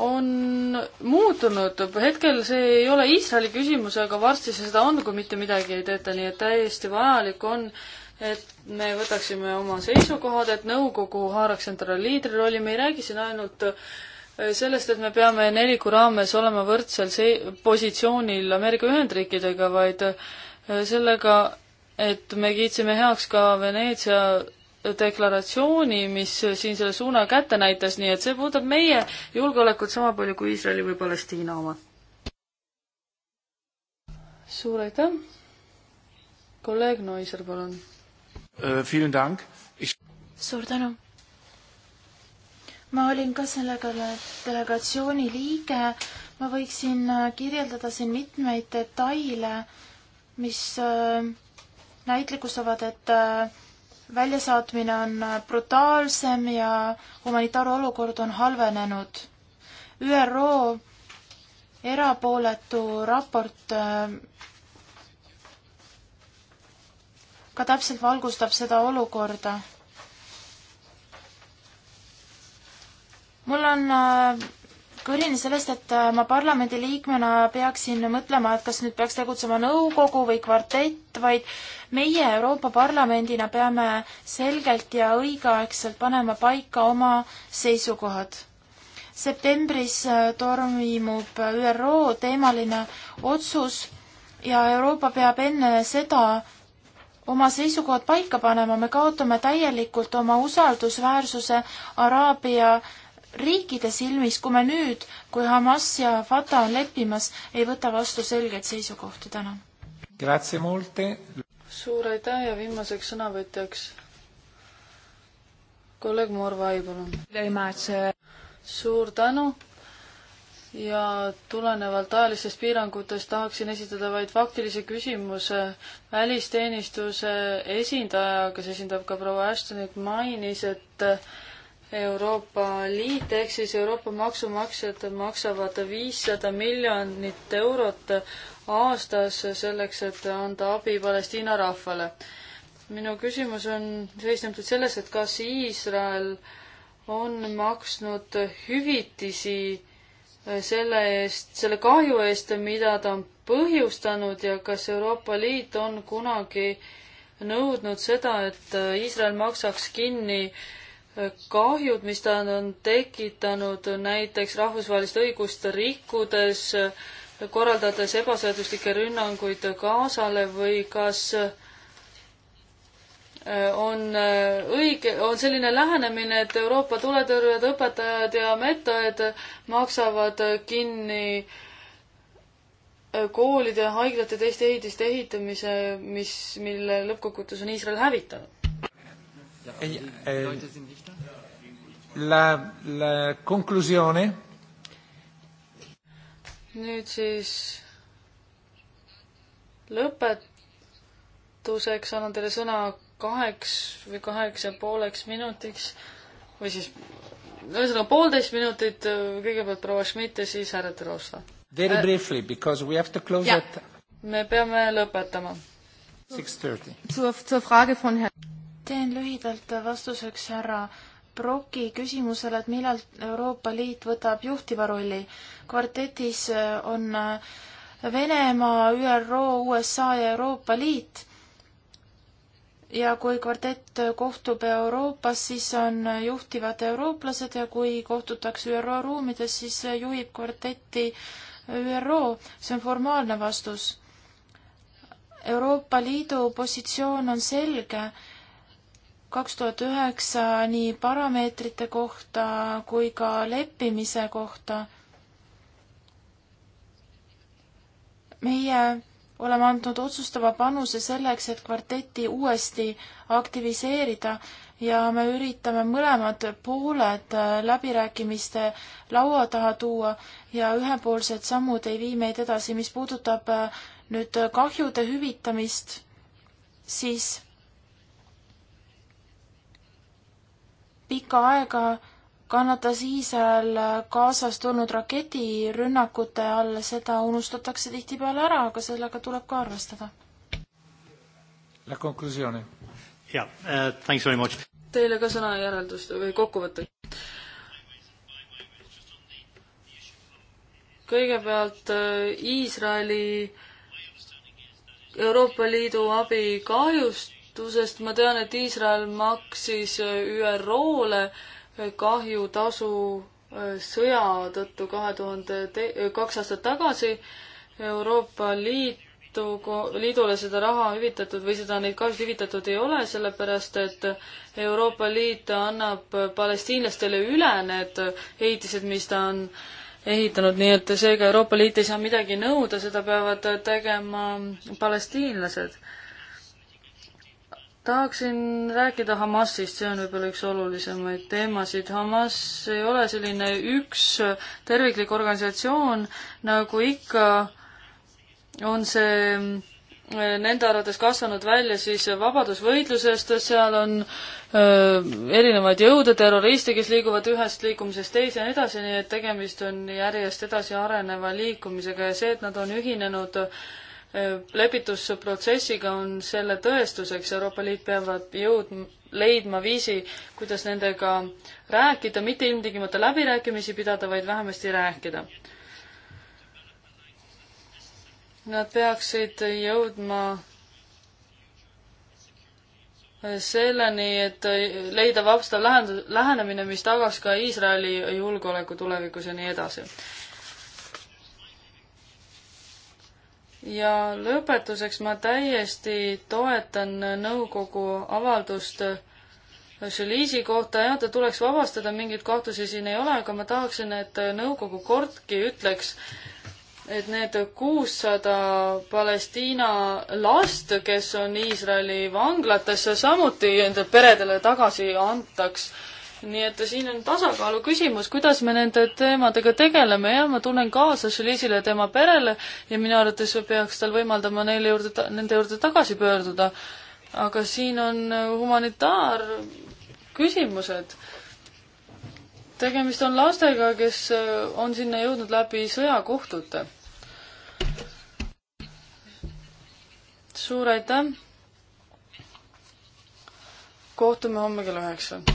Speaker 3: on muutunud, hetkel see ei ole Iisraeli küsimus, aga varsti see seda on, kui mitte midagi ei tehta, nii et täiesti vajalik on äh, et me võtaksime oma seisukohad, et nõukogu haaraks endale liidrirolli, me ei räägi siin ainult äh, sellest, et me peame neliku raames olema võrdsel see-, positsioonil Ameerika Ühendriikidega, vaid äh, sellega, et me kiitsime heaks ka Veneetsia deklaratsiooni, mis siin selle suuna kätte näitas, nii et see puudutab meie julgeolekut sama palju kui Iisraeli või Palestiina oma. suur aitäh! kolleeg Noiser, palun
Speaker 1: Äh,
Speaker 2: suur tänu. ma olin ka selle delegatsiooni liige, ma võiksin äh, kirjeldada siin mitmeid detaile, mis äh, näitlikustavad, et väljasaatmine on brutaalsem ja humanitaarolukord on halvenenud. ÜRO erapooletu raport ka täpselt valgustab seda olukorda. mul on äh, kõrini sellest, et äh, ma parlamendiliikmena peaksin mõtlema, et kas nüüd peaks tegutsema nõukogu või kvartett, vaid meie Euroopa Parlamendina peame selgelt ja õigeaegselt panema paika oma seisukohad. septembris äh, toimub ÜRO teemaline otsus ja Euroopa peab enne seda oma seisukohad paika panema, me kaotame täielikult oma usaldusväärsuse Araabia riikide silmis, kui me nüüd, kui Hamas ja Fatah on leppimas, ei võta vastu selgeid seisukohti täna.
Speaker 3: suur aitäh ja viimaseks sõnavõtjaks kolleeg Morvai, palun. Uh, suur tänu ja tulenevalt ajalistest piirangutest tahaksin esitada vaid faktilise küsimuse. välisteenistuse esindaja, kes esindab ka proua Ashtonit, mainis, et Euroopa Liit ehk siis Euroopa maksumaksjad maksavad viissada miljonit eurot aastas selleks, et anda abi Palestiina rahvale. minu küsimus on, seisneb nüüd selles, et kas Iisrael on maksnud hüvitisi selle eest, selle kahju eest, mida ta on põhjustanud ja kas Euroopa Liit on kunagi nõudnud seda, et Iisrael maksaks kinni äh, kahjud, mis ta on tekitanud näiteks rahvusvahelist õigust rikkudes, äh, korraldades ebaseaduslikke rünnanguid Gazale või kas äh, Äh, on äh, õige, on selline lähenemine, et Euroopa tuletõrjujad, õpetajad ja medõed maksavad kinni äh, koolide, haiglate, teiste ehitiste ehitamise, mis, mille lõppkokkuvõttes on Iisrael hävitanud.
Speaker 1: Ähm, la, la conclusione.
Speaker 3: nüüd siis lõpetuseks annan teile sõna kaheks või kaheksa pooleks minutiks või siis ühesõnaga poolteist minutit äh, kõigepealt proua Schmidt ja siis härra Terosa.
Speaker 1: Very äh, briefly because we have to close ja. at
Speaker 3: me peame lõpetama.
Speaker 2: teen lühidalt vastuseks härra Broki küsimusele, et millal Euroopa Liit võtab juhtiva rolli. kvartetis äh, on Venemaa, ÜRO, USA ja Euroopa Liit ja kui kvartett kohtub Euroopas, siis on juhtivad eurooplased ja kui kohtutakse ÜRO ruumides, siis juhib kvartetti ÜRO, see on formaalne vastus. Euroopa Liidu positsioon on selge, kaks tuhat üheksa nii parameetrite kohta kui ka leppimise kohta. meie oleme andnud otsustava panuse selleks, et kvarteti uuesti aktiviseerida ja me üritame mõlemad pooled äh, läbirääkimiste laua taha tuua ja ühepoolsed sammud ei vii meid edasi. mis puudutab äh, nüüd kahjude hüvitamist, siis pikka aega kannatas Iisrael Gazast tulnud raketirünnakute all, seda unustatakse tihtipeale ära, aga sellega tuleb ka arvestada.
Speaker 1: La conclusione. jaa yeah, uh,, thanks very much.
Speaker 3: Teile ka sõna järelduste või kokkuvõtte. kõigepealt äh, Iisraeli Euroopa Liidu abi kahjustusest ma tean, et Iisrael maksis äh, ÜRO-le äh, kahjutasu äh, sõja tõttu kahe tuhande äh, kaks aastat tagasi Euroopa Liitu, liidule seda raha hüvitatud või seda, neid kahjusid hüvitatud ei ole, sellepärast et Euroopa Liit annab palestiinlastele üle need ehitised, mis ta on ehitanud, nii et seega Euroopa Liit ei saa midagi nõuda, seda peavad tegema palestiinlased tahaksin rääkida Hamasist, see on võib-olla üks olulisemaid teemasid. Hamas ei ole selline üks terviklik organisatsioon, nagu ikka on see eh, nende arvates kasvanud välja siis vabadusvõitlusest, seal on öö, eh, erinevaid jõude, terroriste, kes liiguvad ühest liikumisest teise ja nii edasi, nii et tegemist on järjest edasi areneva liikumisega ja see, et nad on ühinenud öö, lepitusprotsessiga on selle tõestuseks, Euroopa Liit peavad jõudma, leidma viisi, kuidas nendega rääkida, mitte ilmtingimata läbirääkimisi pidada, vaid vähemasti rääkida. Nad peaksid jõudma selleni, et leida vastav lähen-, lähenemine, mis tagaks ka Iisraeli julgeoleku tulevikus ja nii edasi ja lõpetuseks ma täiesti toetan nõukogu avaldust Žiliisi kohta, jah, ta tuleks vabastada, mingeid kahtlusi siin ei ole, aga ma tahaksin, et nõukogu kordki ütleks, et need kuussada Palestiina last, kes on Iisraeli vanglatesse, samuti enda peredele tagasi antaks äh, nii et siin on tasakaalu küsimus, kuidas me nende teemadega tegeleme ja ma tunnen kaasa Shalisile ja tema perele ja minu arvates peaks tal võimaldama neile juurde, nende juurde tagasi pöörduda. aga siin on äh, humanitaarküsimused. tegemist on lastega, kes äh, on sinna jõudnud läbi sõjakohtute. suur aitäh! kohtume homme kell üheksa.